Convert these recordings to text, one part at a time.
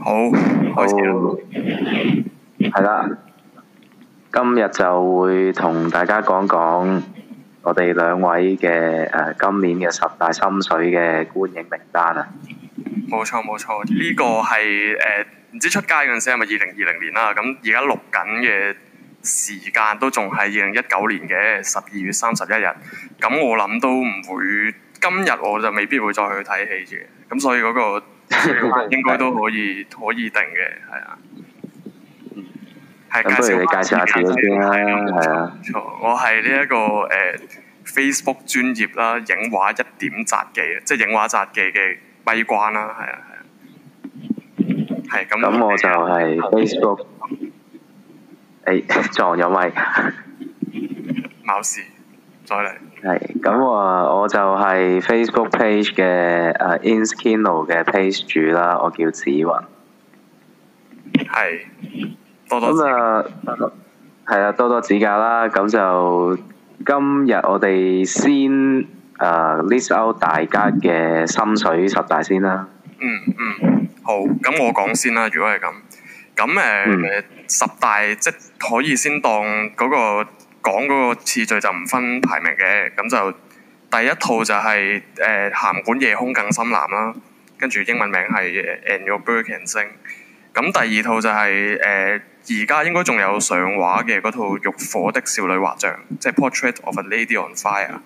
好，開始係啦、哦。今日就會同大家講講我哋兩位嘅誒、呃、今年嘅十大心水嘅觀影名單啊。冇錯，冇錯，呢、這個係誒，唔知出街嗰陣時係咪二零二零年啦。咁而家錄緊嘅時間都仲係二零一九年嘅十二月三十一日。咁我諗都唔會。今日我就未必會再去睇戲嘅，咁所以嗰個應該都可以 可以定嘅，係啊。嗯，係介紹下自己先啊。唔，我係呢一個誒、呃、Facebook 專頁啦，映畫一點札記，即係映畫札記嘅閂關啦，係啊，係啊。係咁。咁我就係 Facebook，誒的、哎、撞咗咪。冇事。 再嚟，係咁啊！我就係 Facebook page 嘅，誒、uh、InsKino 嘅 page 主啦，我叫子雲。係，多多咁啊，係啦，多多指教、嗯啊啊、啦。咁就今日我哋先誒 list out 大家嘅心水十大先啦。嗯嗯，好，咁我講先啦。如果係咁，咁誒，呃嗯、十大即可以先當嗰、那個。講嗰個次序就唔分排名嘅，咁就第一套就係、是、誒《鹹、呃、管夜空更深藍》啦，跟住英文名係《And Your Bird Can Sing》。咁第二套就係誒而家應該仲有上畫嘅嗰套《浴火的少女畫像》，即係《Portrait of a Lady on Fire》。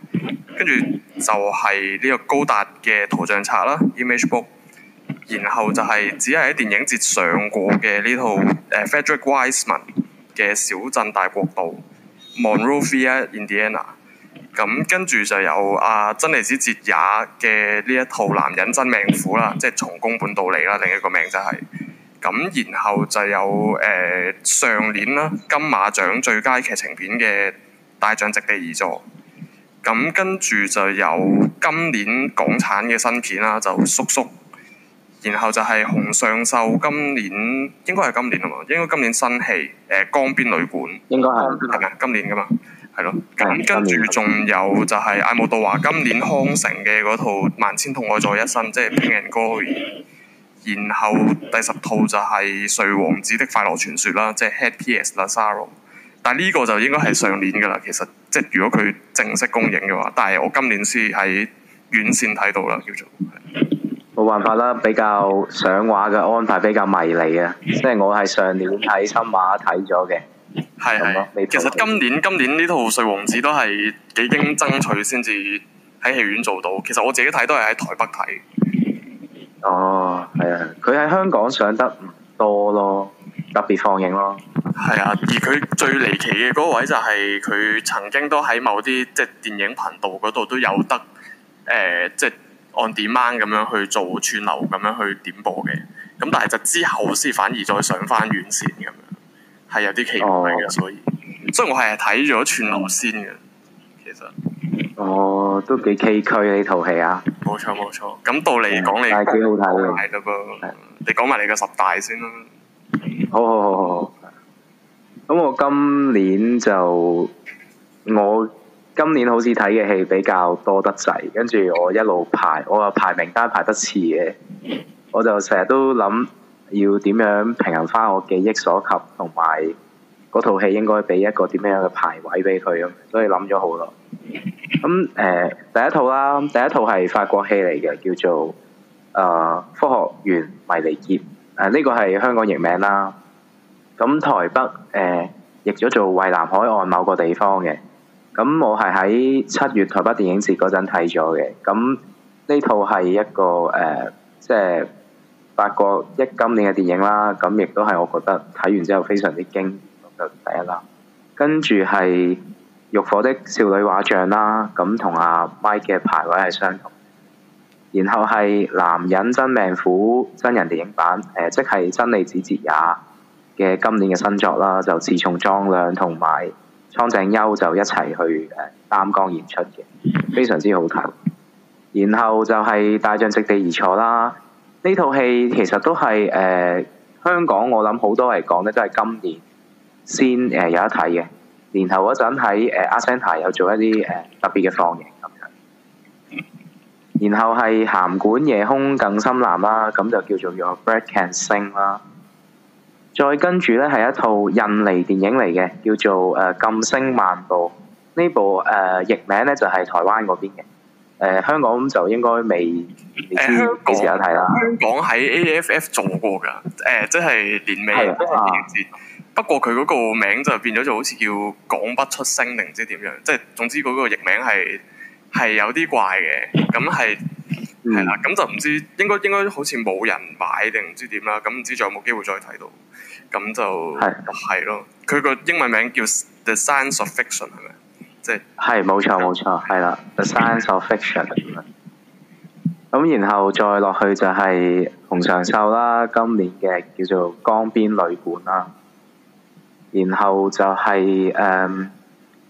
跟住就係呢個高達嘅圖像冊啦，《Image Book》。然後就係只係喺電影節上過嘅呢套《誒、呃、Frederick Wiseman 嘅小鎮大國度》。Monrovia Indiana，咁跟住就有阿真利子哲也嘅呢一套男人真命苦啦，即係從宮本到嚟啦，另一個名就係、是、咁。然後就有誒、呃、上年啦金馬獎最佳劇情片嘅《大象席地而坐》，咁跟住就有今年港產嘅新片啦，就《叔叔》。然後就係洪尚秀，今年應該係今年啊嘛，應該今年新戲，誒、呃《江邊旅館》應該係係咪今年噶嘛？係咯，咁跟住仲有就係艾慕杜華今年康城嘅嗰套《萬千痛愛在一身》，即係《Pain and Glory》。然後第十套就係、是《睡王子的快樂傳說》啦，即係《Happy as》啦，《Lazzaro》但係呢個就應該係上年㗎啦，其實即係如果佢正式公映嘅話，但係我今年先喺院線睇到啦，叫做。冇辦法啦，比較上畫嘅安排比較迷離啊！即係我係上年喺新馬睇咗嘅，係係。其實今年今年呢套《睡王子》都係幾經爭取先至喺戲院做到。其實我自己睇都係喺台北睇。哦，係啊，佢喺香港上得唔多咯，特別放映咯。係啊，而佢最離奇嘅嗰個位就係佢曾經都喺某啲即係電影頻道嗰度都有得誒、呃，即係。On demand 咁樣去做串流咁樣去點播嘅，咁但係就之後先反而再上返院線咁樣，係有啲奇怪嘅。哦，所以，所以我係睇咗串流先嘅，其實。哦，都幾崎嶇呢套戲啊！冇錯冇錯，咁到、嗯、你講的你十大咯，你講埋你嘅十大先啦。好好好好好，咁我今年就我。今年好似睇嘅戲比較多得滯，跟住我一路排，我嘅排名單排得遲嘅，我就成日都諗要點樣平衡翻我記憶所及，同埋嗰套戲應該俾一個點樣嘅排位俾佢咁，所以諗咗好耐。咁誒、呃、第一套啦，第一套係法國戲嚟嘅，叫做《誒、呃、科學員迷離結》呃，誒、這、呢個係香港譯名啦。咁台北誒、呃、譯咗做《蔚藍海岸》某個地方嘅。咁我係喺七月台北電影節嗰陣睇咗嘅，咁呢套係一個誒，即係法國一今年嘅電影啦，咁亦都係我覺得睇完之後非常之驚，就第一啦。跟住係《浴火的少女畫像》啦，咁同阿 Mike 嘅排位係相同。然後係《男人真命苦》真人電影版，誒、呃、即係真利子哲也嘅今年嘅新作啦，就自從莊亮同埋，蒼井優就一齊去誒擔綱演出嘅，非常之好睇。然後就係、是、大象席地而坐啦。呢套戲其實都係誒、呃、香港，我諗好多嚟講咧，都係今年先誒、呃、有得睇嘅。年頭嗰陣喺誒 Art Centre 有做一啲誒、呃、特別嘅放映咁樣。然後係鹹管夜空更深藍啦，咁就叫做《Your Bird Can Sing》啦。再跟住呢係一套印尼電影嚟嘅，叫做《誒、呃、禁聲漫步》。呢部誒譯名呢就係、是、台灣嗰邊嘅。誒、呃、香港就應該未未知幾時有睇啦、呃。香港喺 AFF 做過㗎。誒即係年尾，即係電影節。不過佢嗰個名就變咗，就好似叫講不出聲，定唔知點樣。即係總之，佢嗰個譯名係係有啲怪嘅。咁係。係啦，咁 就唔知應該應該好似冇人買定唔知點啦，咁唔知仲有冇機會再睇到，咁就係咯。佢個是的 英文名叫 The Science of Fiction，《The Science of Fiction》係咪？即係係冇錯冇錯，係啦，《The Science of Fiction》，咁，然後再落去就係《洪常秀》啦，今年嘅叫做《江邊旅館》啦，然後就係、是、誒、嗯、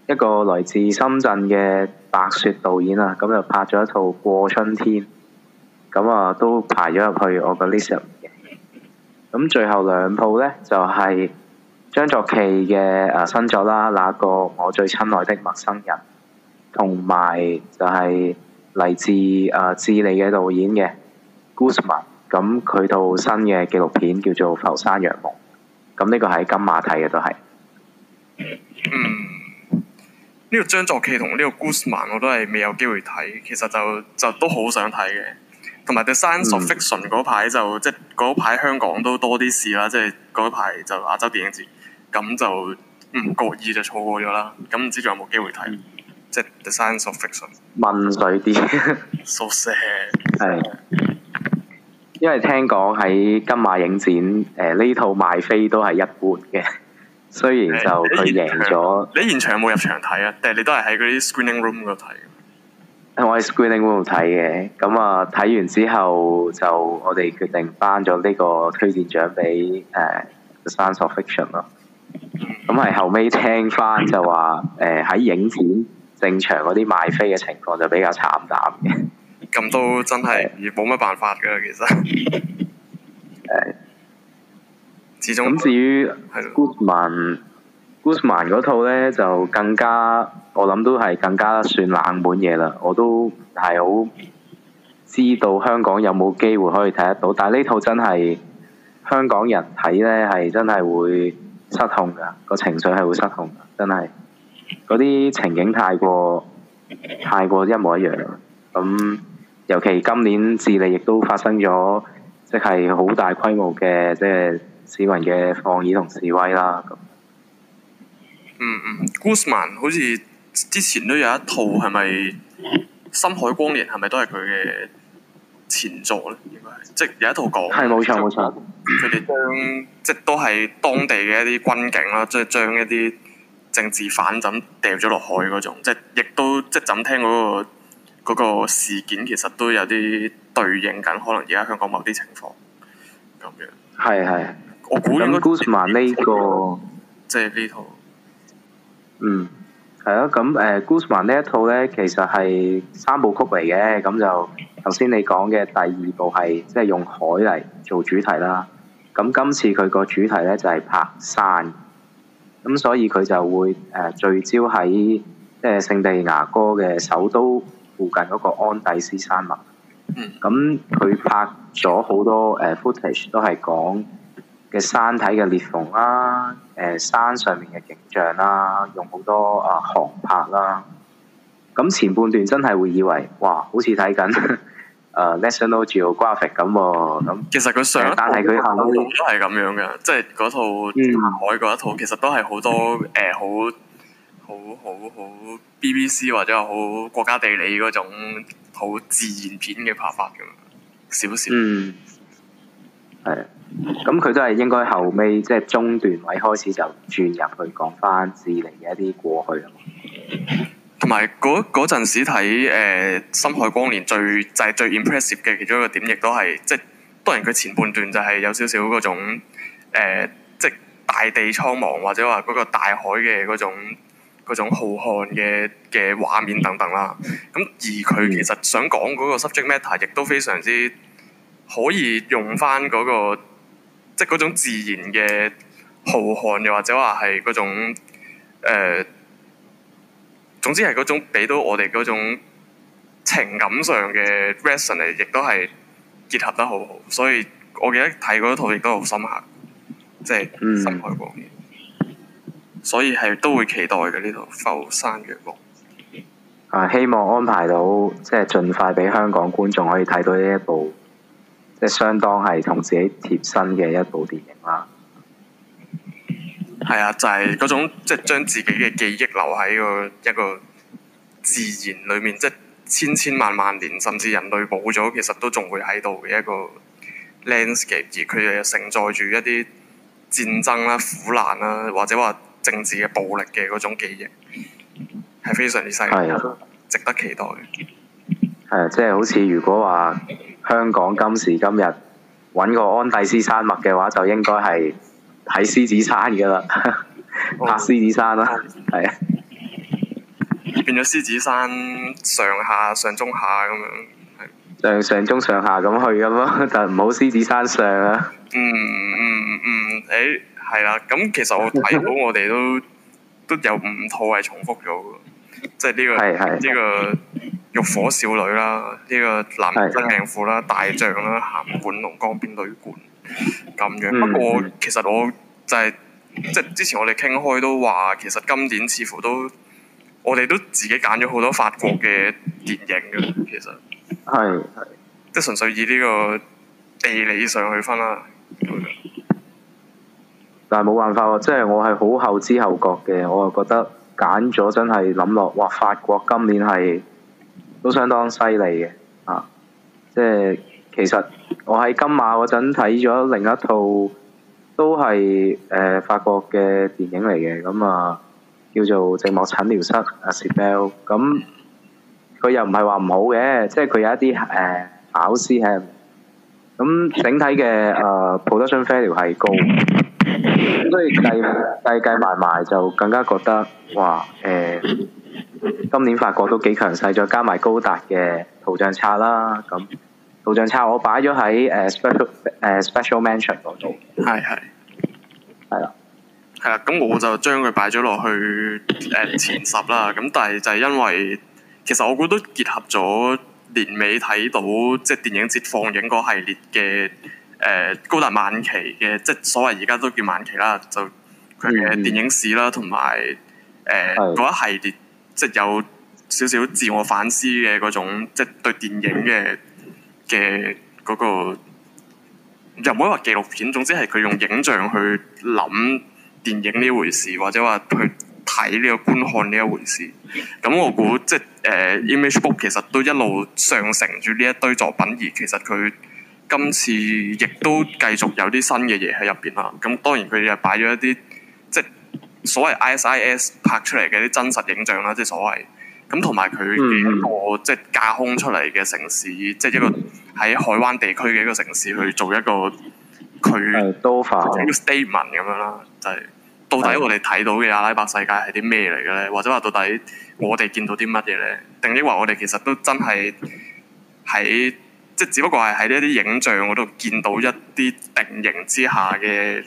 一個來自深圳嘅白雪導演啊，咁就拍咗一套《過春天》。咁啊，都排咗入去我個 list 入面。咁最後兩套呢，就係張作驥嘅誒新作啦，《那個我最親愛的陌生人》，同埋就係嚟自誒智利嘅導演嘅 Guzman。咁佢套新嘅紀錄片叫做《浮山若夢》。咁呢個喺金馬睇嘅都係。嗯。呢個張作驥同呢個 Guzman，我都係未有機會睇，其實就就都好想睇嘅。同埋《The Science of Fictions》嗰排就即係嗰排香港都多啲事啦，即係嗰排就亞洲電影節，咁就唔覺意就錯過咗啦。咁唔知仲有冇機會睇？嗯、即係《The Science of Fictions》。問水啲，宿舍，係。因為聽講喺金馬影展，誒、呃、呢套賣飛都係一般嘅，雖然就佢贏咗。你現場冇入場睇啊？定係你都係喺嗰啲 screening room 度睇？我喺 Screening Room 睇嘅，咁啊睇完之後就我哋決定頒咗呢個推薦獎俾誒、啊《The Science of Fiction》咯、啊。咁係後尾聽翻就話誒喺影片正常嗰啲賣飛嘅情況就比較慘淡嘅。咁都真係冇乜辦法噶，啊、其實。誒，始終咁至於係咯。Goodman。古斯曼嗰套咧就更加，我諗都係更加算冷門嘢啦。我都唔係好知道香港有冇機會可以睇得到，但呢套真係香港人睇咧係真係會失控㗎，個情緒係會失控㗎，真係嗰啲情景太過太過一模一樣。咁尤其今年智利亦都發生咗，即係好大規模嘅，即係市民嘅抗議同示威啦。嗯嗯，Guzman 好似之前都有一套，係咪《深海光年》是是是？係咪都係佢嘅前作咧？應該，即係有一套講。係冇錯冇錯。佢哋即錯將即係都係當地嘅一啲軍警啦，即係將一啲政治犯診掉咗落海嗰種，即係亦都即係就聽嗰個嗰、嗰個事件，其實都有啲對應緊，可能而家香港某啲情況咁樣。係係。我估猜 應該。咁 Guzman 呢個即係呢套。這個嗯，係咯，咁誒，Guzman 呢一套呢，其實係三部曲嚟嘅，咁就頭先你講嘅第二部係即係用海嚟做主題啦，咁今次佢個主題呢就係拍山，咁所以佢就會誒聚焦喺誒聖地牙哥嘅首都附近嗰個安第斯山脈，咁佢拍咗好多誒 footage 都係講嘅山體嘅裂縫啦，誒山上面嘅景象啦、啊，用好多啊航拍啦、啊。咁前半段真係會以為，哇，好似睇緊誒 National Geographic 咁喎。咁、嗯嗯、其實佢上但係佢行路都係咁樣嘅，即係嗰套南、嗯、海嗰一套，其實都係好多誒好，好好好 BBC 或者係好國家地理嗰種好自然片嘅拍法咁，少少。嗯，係。咁佢都係應該後尾即係中段位開始就轉入去講翻智利嘅一啲過去同埋嗰嗰陣時睇誒、呃《深海光年》最就是、最就係最 impressive 嘅其中一個點，亦都係即係當然佢前半段就係有少少嗰種、呃、即係大地蒼茫或者話嗰個大海嘅嗰種嗰種浩瀚嘅嘅畫面等等啦。咁而佢其實想講嗰個 subject matter 亦都非常之可以用翻、那、嗰個。即係嗰種自然嘅浩瀚，又或者話係嗰種誒、呃，總之係嗰種俾到我哋嗰種情感上嘅 reason 嚟，亦都係結合得好好。所以我記得睇嗰套亦都好深刻，即係心海光年。嗯、所以係都會期待嘅呢套《浮生若夢》。啊，希望安排到即係盡快俾香港觀眾可以睇到呢一部。即係相當係同自己貼身嘅一部電影啦。係啊，就係、是、嗰種即係將自己嘅記憶留喺個一個自然裏面，即、就、係、是、千千萬萬年，甚至人類冇咗，其實都仲會喺度嘅一個 landscape，而佢又承載住一啲戰爭啦、啊、苦難啦、啊，或者話政治嘅暴力嘅嗰種記憶，係非常之細膩，啊、值得期待。誒，即係、嗯嗯欸啊、好似如果話香港今時今日揾個安第斯山脈嘅話，就應該係喺獅子山嘅啦，嚇獅子山啦，係 啊樂，變咗獅子山上下上中下咁樣，上上中上下咁去咁咯，但唔好獅子山上啊。嗯嗯嗯，誒係啦，咁其實我睇到我哋都都有五套係重複咗，即係呢個呢個。係係欲火少女啦，呢、這個男人真命婦啦，的大象啦，鹹管龍江邊旅館咁樣。嗯、不過其實我就係即係之前我哋傾開都話，其實今年似乎都我哋都自己揀咗好多法國嘅電影嘅。其實係即都純粹以呢個地理上去分啦。咁樣、嗯、但係冇辦法喎，即、就、係、是、我係好後知後覺嘅，我係覺得揀咗真係諗落哇，法國今年係。都相當犀利嘅。啊，即係其實我喺金馬嗰陣睇咗另一套，都係誒法國嘅電影嚟嘅，咁啊叫做寂寞診療室啊 Sibyl，咁佢又唔係話唔好嘅，即係佢有一啲誒瑕疵嘅，咁整體嘅誒 production value 係高，所以計計計埋埋就更加覺得哇誒～今年法國都幾強勢，再加埋高達嘅圖像冊啦。咁圖像冊我擺咗喺 special 誒、呃、special mention 嗰度。係係係啦，係啦的。咁我就將佢擺咗落去誒前十啦。咁但係就係因為其實我估都結合咗年尾睇到即係、就係、電影節放映嗰系列嘅誒、呃、高達晚期嘅，即、就、係、是、所謂而家都叫晚期啦，就佢嘅電影史啦，同埋誒嗰一系列。即係有少少自我反思嘅嗰種，即係對電影嘅嘅嗰個，又唔可以話紀錄片。總之係佢用影像去諗電影呢回事，或者話去睇呢個觀看呢一回事。咁我估即係誒、呃、Image Book 其實都一路上承住呢一堆作品，而其實佢今次亦都繼續有啲新嘅嘢喺入邊啦。咁當然佢又擺咗一啲，所謂 ISIS 拍出嚟嘅啲真實影像啦，即係所謂咁同埋佢嘅一個、嗯、即係架空出嚟嘅城市，嗯、即係一個喺海灣地區嘅一個城市去做一個佢 statement 咁樣啦。就係到底我哋睇到嘅阿拉伯世界係啲咩嚟嘅咧？或者話到底我哋見到啲乜嘢咧？定抑或我哋其實都真係喺即係只不過係喺呢一啲影像嗰度見到一啲定型之下嘅。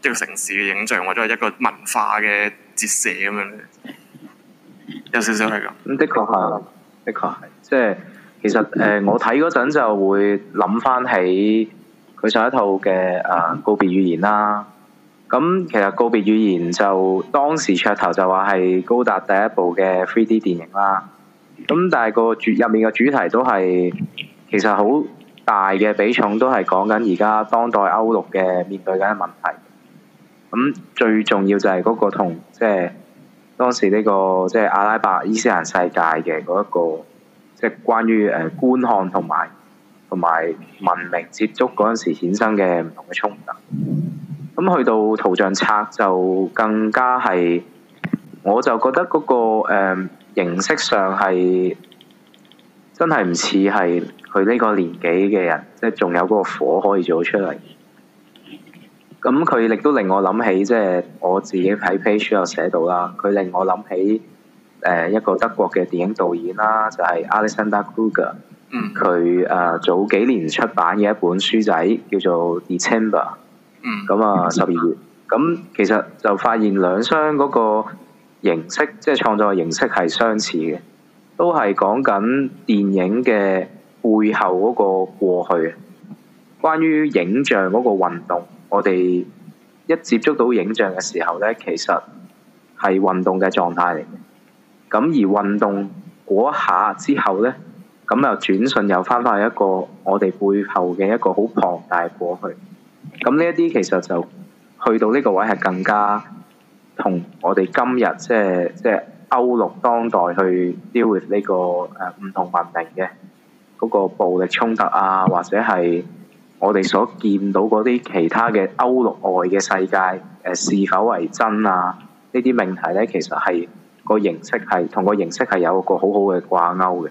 一個城市嘅影像，或者係一個文化嘅折射咁樣咧，有少少係咁。咁的確係，的確係，即係其實誒、呃，我睇嗰陣就會諗返起佢上一套嘅誒、呃、告別語言啦。咁其實告別語言就當時噱頭就話係高達第一部嘅 3D 電影啦。咁但係、嗰個主入面嘅主題都係其實好大嘅比重，都係講緊而家當代歐陸嘅面對緊嘅問題。咁最重要就係嗰個同即係當時呢、這個即係、就是、阿拉伯伊斯蘭世界嘅嗰一個即係、就是、關於誒觀看同埋同埋文明接觸嗰陣時衍生嘅唔同嘅衝突。咁去到圖像冊就更加係我就覺得嗰、那個誒、呃、形式上係真係唔似係佢呢個年紀嘅人，即係仲有嗰個火可以做出嚟。咁佢亦都令我諗起，即係我自己喺 Facebook 又寫到啦。佢令我諗起誒一個德國嘅電影導演啦，就係 Alexander Kluge。嗯。佢誒早幾年出版嘅一本書仔叫做 December。嗯。咁啊，十二月。咁其實就發現兩雙嗰個形式，即係創作形式係相似嘅，都係講緊電影嘅背後嗰個過去。關於影像嗰個運動，我哋一接觸到影像嘅時候呢，其實係運動嘅狀態嚟嘅。咁而運動嗰一下之後呢，咁又轉瞬又翻翻去一個我哋背後嘅一個好龐大過去。咁呢一啲其實就去到呢個位係更加同我哋今日即係即係歐陸當代去 deal with 呢個誒唔同文明嘅嗰個暴力衝突啊，或者係～我哋所見到嗰啲其他嘅歐陸外嘅世界，誒、呃、是否為真啊？呢啲命題呢，其實係個形式係同個形式係有個好好嘅掛鈎嘅。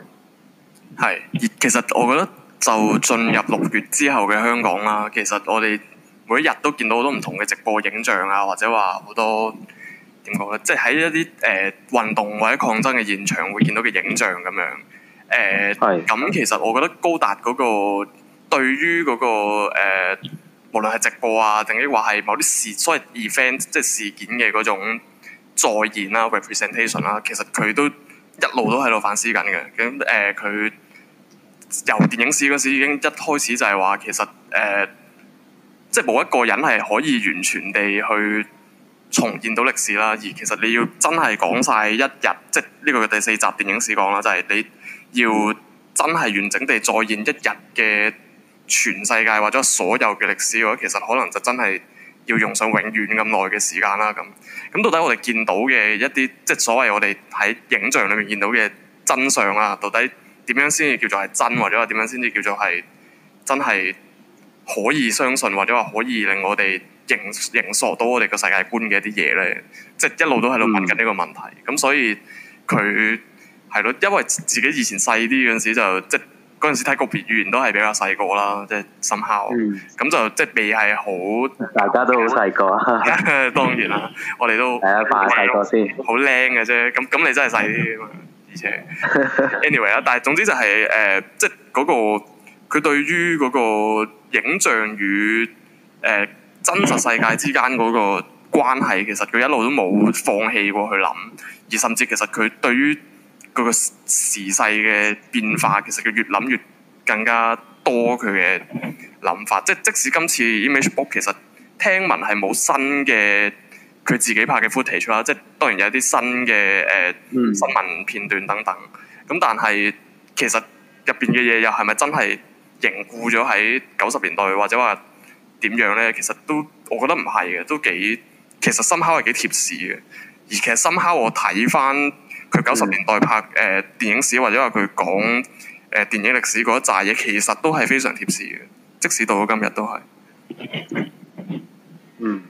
係，其實我覺得就進入六月之後嘅香港啦，其實我哋每一日都見到好多唔同嘅直播影像啊，或者話好多點講呢？即係喺一啲誒、呃、運動或者抗爭嘅現場會見到嘅影像咁樣。誒、呃，係咁是，其實我覺得高達嗰個。對於嗰、那個誒、呃，無論係直播啊，定抑或係某啲事，所謂 event 即係事件嘅嗰種再現啦、啊、representation 啦、啊，其實佢都一路都喺度反思緊嘅。咁、嗯、誒，佢、呃、由電影史嗰時已經一開始就係話，其實誒，即係冇一個人係可以完全地去重現到歷史啦。而其實你要真係講晒一日，即係呢個嘅第四集電影史講啦，就係、是、你要真係完整地再現一日嘅。全世界或者所有嘅歷史，或者其實可能就真係要用上永遠咁耐嘅時間啦。咁咁到底我哋見到嘅一啲，即係所謂我哋喺影像裏面見到嘅真相啊，到底點樣先至叫做係真，或者話點樣先至叫做係真係可以相信，或者話可以令我哋形形塑到我哋嘅世界觀嘅一啲嘢咧？即係一路都喺度問緊呢個問題。咁、嗯、所以佢係咯，因為自己以前細啲陣時就即嗰陣時睇《告別語言》都係比較細個啦，即係深刻。咁就即係、就是、未係好，大家都好細個。 當然啦了， 我哋都係啊，大細個先，好靚嘅啫。咁咁 你真係細啲嘛。而且 anyway 啦，但係總之就係、是、誒，即係嗰個佢對於嗰個影像與誒、呃、真實世界之間嗰個關係， 其實佢一路都冇放棄過去諗，而甚至其實佢對於佢個時勢嘅變化，其實佢越諗越更加多佢嘅諗法，即係即使今次 Image Book 其實聽聞係冇新嘅佢自己拍嘅 footage 啦，即係當然有啲新嘅誒、呃、新聞片段等等。咁但係其實入邊嘅嘢又係咪真係凝固咗喺九十年代或者話點樣咧？其實都我覺得唔係嘅，都幾其實 somehow 係幾貼士嘅。而其實 somehow 我睇翻，佢九十年代拍誒、呃、電影史，或者話佢講誒電影歷史嗰一紮嘢，其實都係非常貼士嘅，即使到到今日都係。嗯。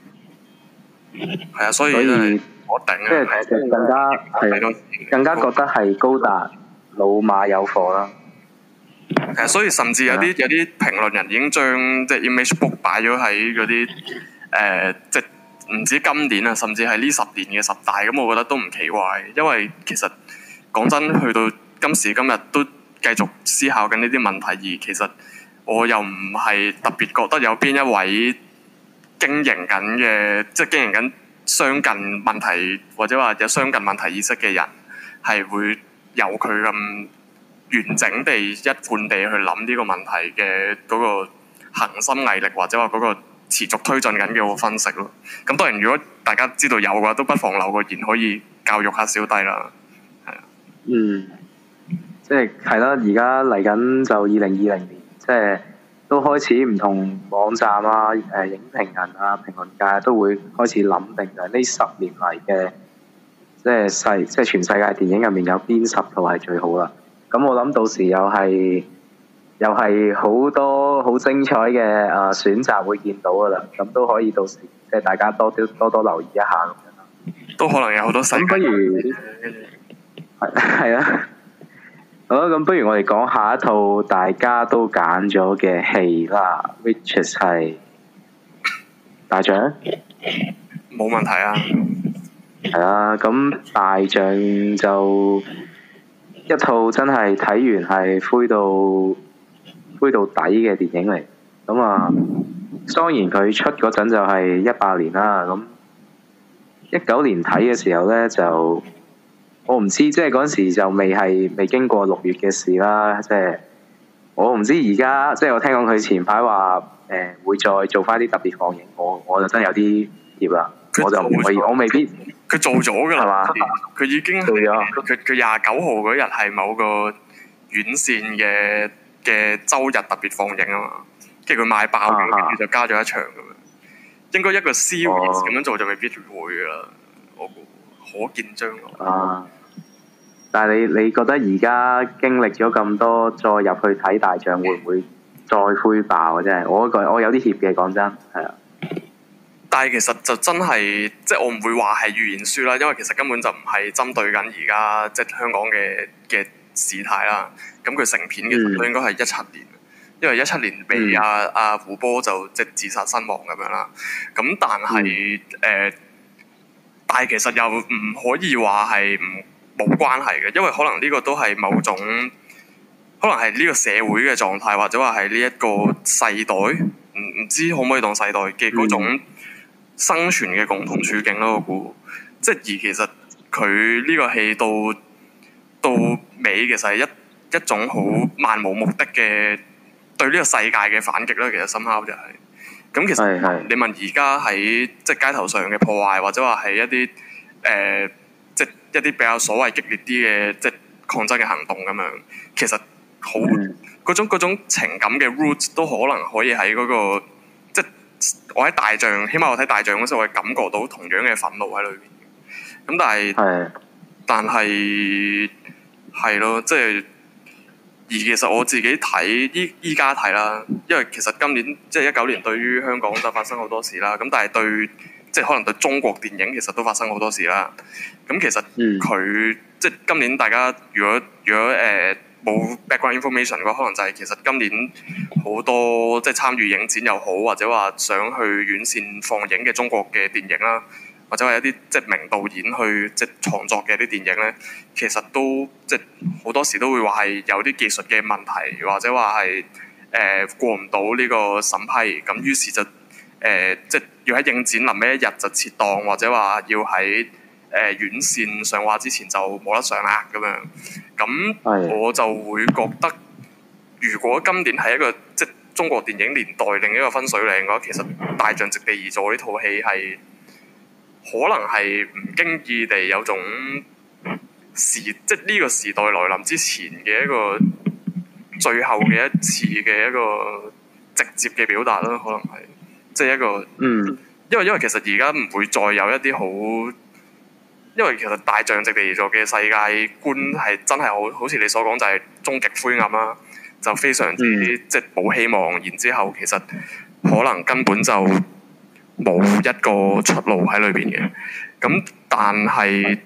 係啊、嗯，所以即、就是、以我頂嘅，係更加係的更加覺得係高達老馬有貨啦。係啊，所以甚至有啲、嗯、有啲評論人已經將即係 Image Book 擺咗喺嗰啲誒即。唔止今年啊，甚至係呢十年嘅十大，咁我覺得都唔奇怪。因為其實講真，去到今時今日都繼續思考緊呢啲問題，而其實我又唔係特別覺得有邊一位經營緊嘅，即係經營緊相近問題或者話有相近問題意識嘅人，係會有佢咁完整地一貫地去諗呢個問題嘅嗰個恆心毅力，或者話嗰個。持續推進緊嘅我分析咯，咁當然如果大家知道有嘅話，都不妨留個言可以教育下小弟啦，係啊，嗯，即係係啦，而家嚟緊就二零二零年，即係都開始唔同網站啊、誒影評人啊、評論界都會開始諗定就呢十年嚟嘅，即係世即係全世界電影入面有邊十套係最好啦，咁我諗到時又係。又係好多好精彩嘅啊、呃、選擇會見到噶啦，咁都可以到時即係大家多多多留意一下，都可能有好多新不如係 啊，啊 好啦，咁不如我哋講下一套大家都揀咗嘅戲啦 ，which is 係大象，冇問題啊，係啊，咁大象就一套真係睇完係灰到～推到底嘅電影嚟，咁、嗯、啊，當然佢出嗰陣就係一八年啦。咁一九年睇嘅時候咧，就我唔知，即係嗰陣時就未係未經過六月嘅事啦。即係我唔知而家，即係我聽講佢前排話誒、呃、會再做翻啲特別放映，我我，我就真係有啲熱啦，我就唔可以，我未必佢做咗㗎啦，係嘛？佢 吧已經做咗了，佢佢廿九號嗰日係某個院線嘅。嘅周日特別放映啊嘛，跟住佢買爆，跟住、啊、就加咗一場咁樣，啊、應該一個 series 咁、啊、樣做就未必會噶啦。我可見將來啊，但係你你覺得而家經歷咗咁多，再入去睇大象會唔會再灰爆啊？真係、嗯、我覺得我有啲怯嘅，講真係啊。但係其實就真係即係我唔會話係預言書啦，因為其實根本就唔係針對緊而家即係香港嘅嘅事態啦。嗯。咁佢成片嘅時候都應該係一七年，嗯、因為一七年被阿、啊、阿、嗯啊、胡波就即自殺身亡咁樣啦。咁但係誒、嗯呃、但係其實又唔可以話係唔冇關係嘅，因為可能呢個都係某種可能係呢個社會嘅狀態，或者話係呢一個世代唔唔知可唔可以當世代嘅嗰種生存嘅共同處境咯。嗯、我估即係而其實佢呢個戲到到尾其實係一。一種好漫無目的嘅對呢個世界嘅反擊啦，其實深刻就係、是、咁。其實你問而家喺即係街頭上嘅破壞，或者話係一啲誒，即、呃、係、就是、一啲比較所謂激烈啲嘅即係抗爭嘅行動咁樣，其實好嗰、嗯、種嗰種情感嘅 roots 都可能可以喺嗰、那個即係、就是、我喺大象，起碼我睇大象嗰時，我係感覺到同樣嘅憤怒喺裏邊。咁但係，但係係咯，即係是的。而其實我自己睇依依家睇啦，因為其實今年即係一九年，對於香港都發生好多事啦。咁但係對即係可能對中國電影其實都發生好多事啦。咁其實佢即係今年大家如果如果誒冇、呃、background information 嘅話，可能就係其實今年好多即係參與影展又好，或者話想去院線放映嘅中國嘅電影啦。或者係一啲即係名導演去即創作嘅啲電影咧，其實都即好多時都會話，係有啲技術嘅問題，或者話，係、呃、誒過唔到呢個審批咁，於是就誒、呃、即要喺影展臨尾一日就撤檔，或者話要喺誒院線上畫之前就冇得上啦，咁樣。咁的我就會覺得，如果今年係一個即中國電影年代另一個分水嶺嘅話，其實《大象席地而坐》呢套戲係。可能係唔經意地有種時，即係呢個時代來臨之前嘅一個最後嘅一次嘅一個直接嘅表達啦。可能係即係一個，嗯，因為因為其實而家唔會再有一啲好，因為其實大象席地而坐嘅世界觀係真係好好似你所講，就係終極灰暗啦，就非常之、嗯、即係冇希望。然之後其實可能根本就。冇一個出路喺裏邊嘅，咁但係，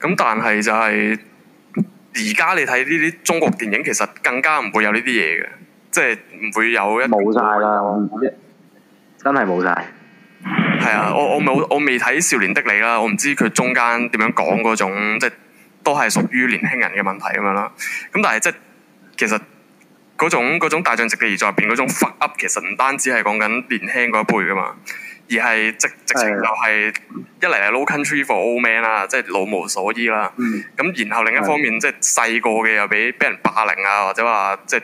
咁但係就係而家你睇呢啲中國電影，其實更加唔會有呢啲嘢嘅，即係唔會有一冇晒啦，我唔知，真係冇晒。係啊，我我冇我未睇《少年的你》啦，我唔知佢中間點樣講嗰種，即係都係屬於年輕人嘅問題咁樣啦。咁但係即係其實。嗰種，種大象直嘅而在入邊嗰種 fuck up 其實唔單止係講緊年輕嗰一輩噶嘛，而係直直情就係一嚟係 No Country for Old Men 啦，即係老無所依啦。咁、嗯、然後另一方面，的即係細個嘅又俾俾人霸凌啊，或者話即係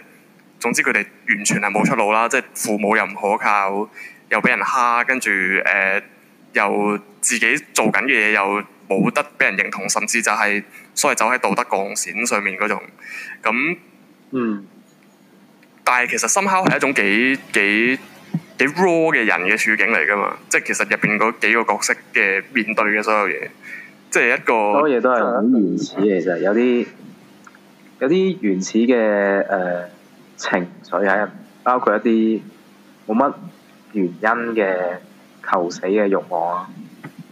總之佢哋完全係冇出路啦。即係父母又唔可靠，又俾人蝦，跟住誒又自己做緊嘅嘢又冇得俾人認同，甚至就係、是、所謂走喺道德鋼線上面嗰種咁嗯。但係其實深烤係一種幾幾幾 raw 嘅人嘅處境嚟㗎嘛，即係其實入邊嗰幾個角色嘅面對嘅所有嘢，即係一個，所有嘢都係好原始嘅。其實有啲有啲原始嘅誒、呃、情緒喺入，包括一啲冇乜原因嘅求死嘅欲望，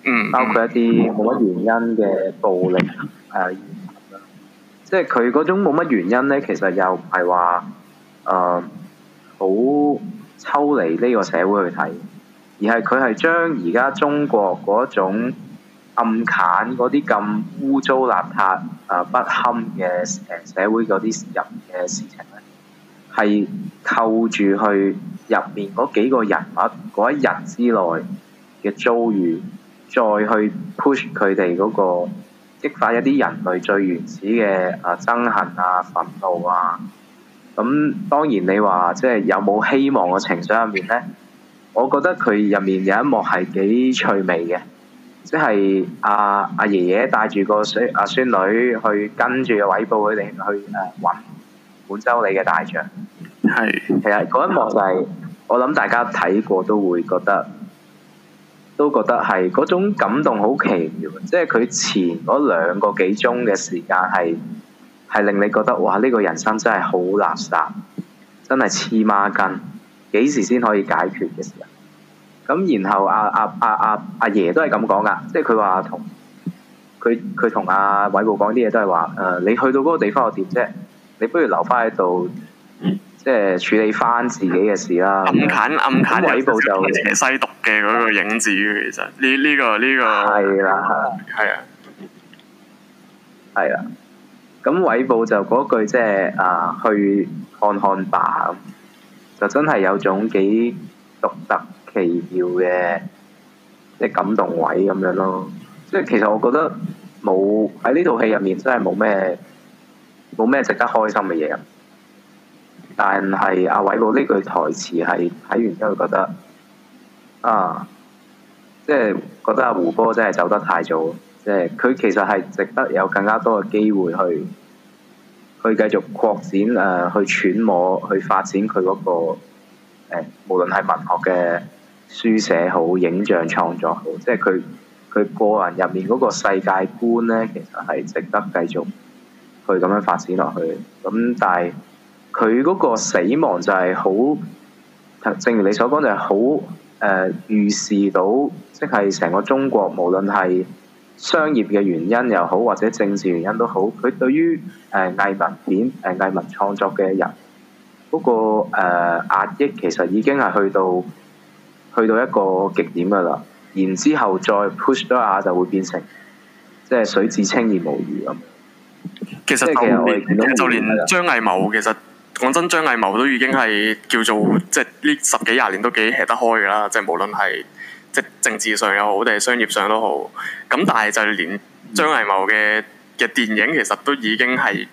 嗯，包括一啲冇乜原因嘅暴力誒、嗯呃、即係佢嗰種冇乜原因咧，其實又唔係話。誒好、uh, 抽離呢個社會去睇，而係佢係將而家中國嗰種暗砍嗰啲咁污糟邋遢，誒不堪嘅社會嗰啲人嘅事情咧，係扣住去入面嗰幾個人物嗰一日之內嘅遭遇，再去 push 佢哋嗰個激發一啲人類最原始嘅誒憎恨啊、憤怒啊。咁當然你話即係有冇希望嘅情緒入面呢？我覺得佢入面有一幕係幾趣味嘅，即係阿阿爺爺帶住個孫阿、啊、孫女去跟住韋布佢哋去揾滿洲里嘅大象。係是，其實嗰一幕就係我諗大家睇過都會覺得，都覺得係嗰種感動好奇妙，即係佢前嗰兩個幾鐘嘅時間係。係令你覺得哇！呢個人生真係好垃圾，真係黐孖筋，幾時先可以解決嘅事？咁然後阿阿阿阿阿爺都係咁講㗎，即係佢話同佢佢同阿偉部講啲嘢都係話誒，你去到嗰個地方又點啫？你不如留返喺度，即係處理返自己嘅事啦。暗揀暗揀，偉部就邪西毒嘅嗰個影子，其實呢呢個呢個係啦，係係啊，係啊。咁韋布就嗰句即係啊，去看看吧，就真係有種幾獨特奇妙嘅即感動位咁樣咯。即係其實我覺得冇喺呢套戲入面真係冇咩冇咩值得開心嘅嘢，啊。但係阿韋布呢句台詞係睇完之後覺得啊，即係覺得阿胡波真係走得太早。誒，佢其實係值得有更加多嘅機會去去繼續擴展誒，去揣摩、去發展佢嗰、那個誒、呃，無論係文學嘅書寫好、影像創作好，即係佢佢個人入面嗰個世界觀咧，其實係值得繼續去咁樣發展落去。咁、嗯、但係佢嗰個死亡就係好，正如你所講，就係好誒預示到，即係成個中國無論係，商業嘅原因又好，或者政治原因都好，佢對於誒、呃、藝文片、誒、呃、藝文創作嘅人嗰、那個誒、呃、壓抑，其實已經係去到去到一個極點㗎喇。然之後再 push 咗下，就會變成即係水至清而無魚咁。其實就連就連張藝謀，其實講真，張藝謀都已經係叫做即係呢十幾廿年都幾吃得開㗎喇，即係無論係。即政治上又好，定係商業上都好，咁但係就連張藝謀嘅嘅電影其實都已經係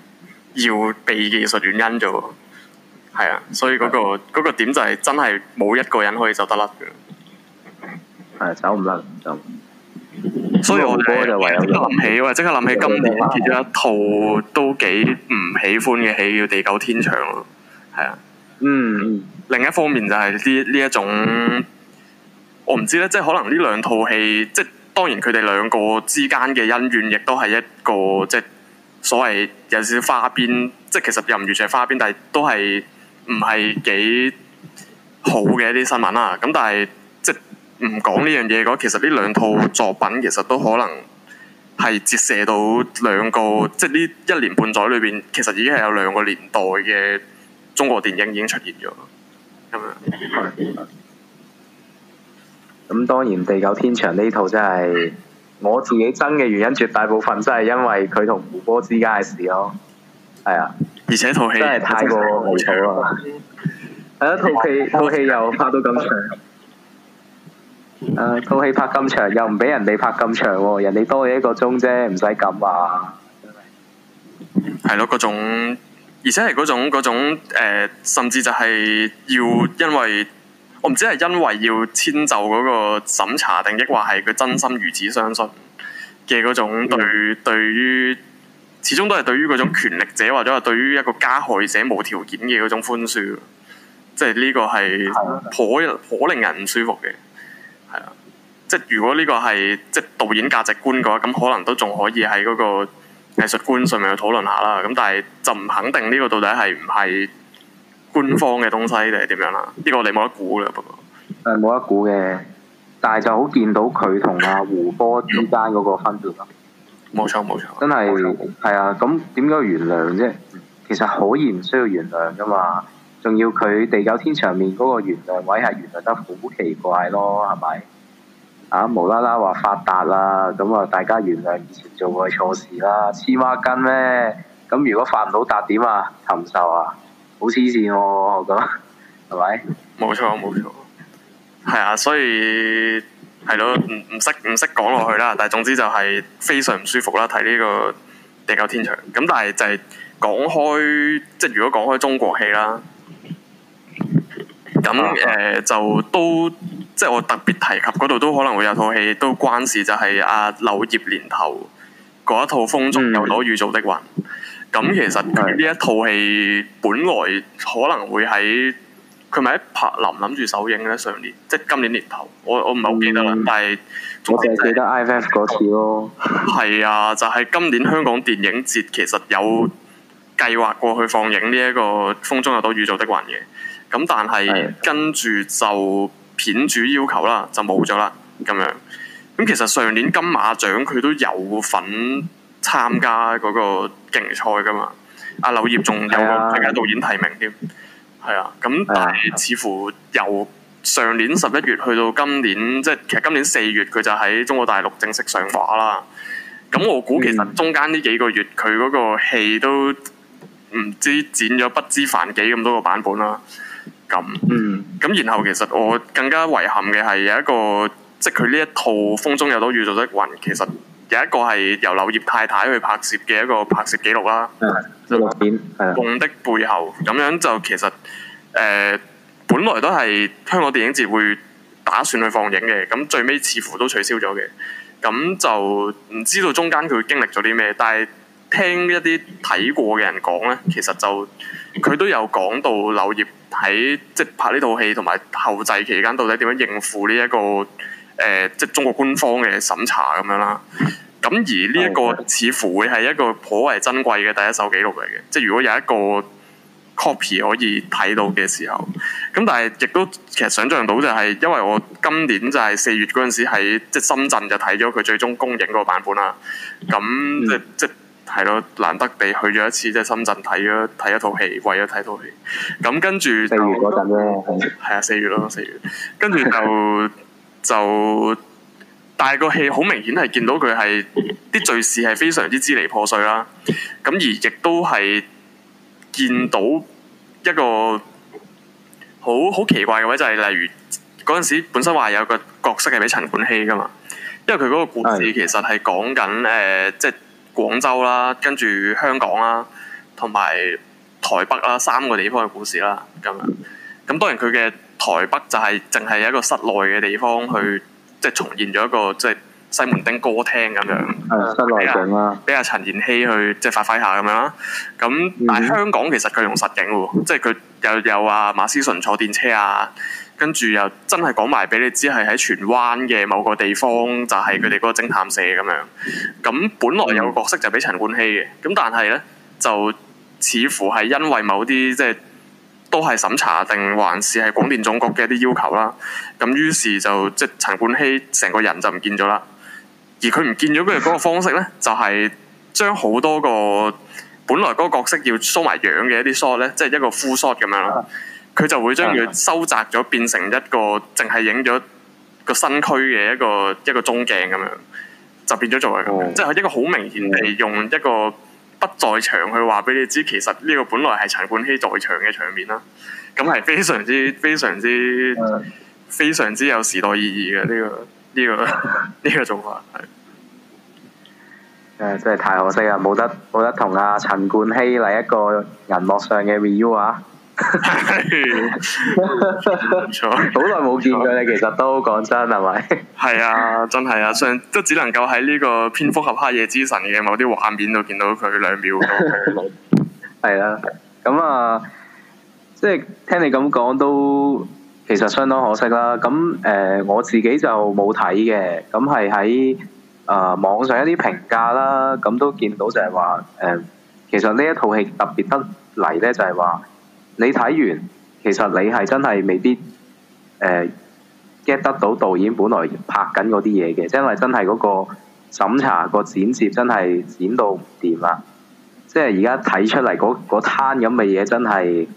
要被技術原因咗。係啊，所以嗰、嗰個嗰係啊點就係真係冇一個人可以走得甩嘅，係走唔甩咁。走所以我哋即刻諗起，喂，即刻諗起今年結咗一套都幾唔喜歡嘅戲叫《地久天長》咯，係啊，嗯，嗯另一方面就係呢呢一種。我唔知咧，即係可能呢兩套戲，即係當然佢哋兩個之間嘅恩怨，亦都係一個即係所謂有少少花邊，即係其實又唔完全係花邊，但係都係唔係幾好嘅一啲新聞啦。咁但係即係唔講呢樣嘢嘅話，其實呢兩套作品其實都可能係折射到兩個，即係呢一年半載裏邊，其實已經係有兩個年代嘅中國電影已經出現咗咁樣。咁當然地久天長呢套真係我自己憎嘅原因，絕大部分真係因為佢同胡波之間嘅事咯。係啊，而且套戲真係太過無彩 啊！係啊，套戲套戲又拍到咁長，誒套戲拍咁長又唔俾人哋拍咁長喎，人哋多你一個鐘啫，唔使咁話。係咯， 嗰種，而且係嗰種嗰種、呃、甚至就係要因為。我唔知係因為要遷就嗰個審查定，抑或係佢真心如此相信嘅嗰種對於、嗯、對於，始終都係對於嗰種權力者，或者係對於一個加害者無條件嘅嗰種寬恕，即係呢個係頗頗令人唔舒服嘅。係啊，即係如果呢個係即係導演價值觀嘅話，咁可能都仲可以喺嗰個藝術觀上面去討論下啦。咁但係就唔肯定呢個到底係唔係官方嘅東西定係點樣啦？呢個我哋冇得估嘅，不過誒冇得估嘅。但係就好見到佢同阿胡波之間嗰個分別啦。冇 錯，冇錯，真係係啊！咁點解要原諒啫？其實可以唔需要原諒噶嘛。仲要佢地久天長面嗰個原諒位係原諒得好奇怪咯，係咪？啊，無啦啦話發達啦，咁啊大家原諒以前做過嘅錯事啦，黐孖筋咩？咁如果發唔到達點啊？禽獸啊？好黐線喎，我覺得係咪？冇錯冇錯，係啊，所以係咯，唔唔識唔識講落去啦。但係總之就係非常唔舒服啦。睇呢個《地久天長》咁，但係就係講開，即係如果講開中國戲啦，咁誒、呃、就都即係我特別提及嗰度都可能會有套戲都關事、啊，就係阿婁燁年頭嗰一套《風中有朵雨做的雲》嗯。咁其實呢一套戲本來可能會喺佢咪喺柏林諗住首映咧上年，即係今年年頭，我我唔係好記得啦。嗯、但係是我淨係記得 IF 嗰次咯。係啊，就係、是、今年香港電影節其實有計劃過去放映呢、這、一個《風中有朵雨做的雲》嘅。咁但係是的 跟住就片主要求啦，就冇咗啦。咁樣咁其實上年金馬獎佢都有份。參加嗰個競賽㗎嘛，阿婁燁仲有個最佳的導演提名添，係啊的，咁但係似乎由上年十一月去到今年，即係其實今年四月佢就喺中國大陸正式上畫啦。咁我估其實中間呢幾個月佢嗰、嗯、個戲都唔知剪咗不知凡幾咁多個版本啦。咁，咁、嗯、然後其實我更加遺憾嘅係有一個，即係佢呢一套《風中有朵雨做的雲》，其實。有一個係由婁燁太太去拍攝嘅一個拍攝記錄啦，錄片。夢的，的，的背後，咁樣就其實誒、呃，本來都係香港電影節會打算去放映嘅，咁最尾似乎都取消咗嘅。咁就唔知道中間佢經歷咗啲咩，但係聽一啲睇過嘅人講呢，其實就佢都有講到婁燁喺即、就是、拍呢套戲同埋後製期間到底點樣應付呢、這、一個誒，即、呃就是、中國官方嘅審查咁樣啦。咁而呢一個似乎會係一個頗為珍貴嘅第一手記錄嚟嘅。即係如果有一個 copy 可以睇到嘅時候，咁但係亦都其實想像到就係因為我今年就係四月嗰陣時喺即係深圳就睇咗佢最終公映嗰個版本啦，咁、嗯、即即係咯，難得地去咗一次即係深圳睇咗睇一套戲，為咗睇套戲，咁跟住四月嗰陣咧，係啊四月咯四月，跟住就就。 就就但係個戲好明顯係見到佢係啲敘事係非常之支離破碎啦，咁而亦都係見到一個好好奇怪嘅位，就係例如嗰陣時本身話有個角色係俾陳冠希噶嘛，因為佢嗰個故事其實係講緊誒即係廣州啦，跟住香港啦，同埋台北啦三個地方嘅故事啦，咁樣咁當然佢嘅台北就係淨係一個室內嘅地方去。即係重現咗一個即係西門町歌廳咁樣，室內景啦，俾阿了、啊、陳妍希去即係發揮下咁樣啦。咁但係香港其實佢用實景喎，即係佢又有啊馬思純坐電車啊，跟住又真係講埋俾你知係喺荃灣嘅某個地方就係佢哋個偵探社咁樣。咁本來有個角色就係俾陳冠希嘅，咁但係咧就似乎係因為某啲即係。都係審查定還是係廣電總局嘅一啲要求啦。咁於是就即係陳冠希成個人就唔見咗啦。而佢唔見咗嘅嗰個方式呢， 就係將好多個本來嗰個角色要 show 埋樣嘅一啲 shot 呢，即係一個 full shot 咁樣。佢就會將佢收窄咗，變成一個淨係影咗個身軀嘅一個一個中鏡咁樣，就變咗做係即係一個好明顯係用一個。不在場去話俾你知，其實呢個本來係陳冠希在場嘅場面啦，咁係非常之、非常之、非常之有時代意義嘅呢、呢個、呢、呢個、呢 個做法係。真係太可惜啊！冇得冇得同阿陳冠希嚟一個銀幕上嘅 review 啊！唔錯，好耐冇見佢啦。其實都講真係咪？係 啊，真係啊，上都只能夠喺呢個《蝙蝠俠：黑夜之神》嘅某啲畫面度見到佢兩秒咁、 啊。係啦，咁啊，即係聽你咁講，都其實相當可惜啦。咁誒、呃，我自己就冇睇嘅，咁係喺誒網上一啲評價啦，咁都見到就係話誒，其實呢一套戲特別得嚟咧，就係話。你睇完，其實你係真係未必誒 get、呃、得到導演本來拍緊嗰啲嘢嘅，因為真係嗰個審查個剪接真係剪到唔掂啦。即係而家睇出嚟嗰嗰攤咁嘅嘢，真係唔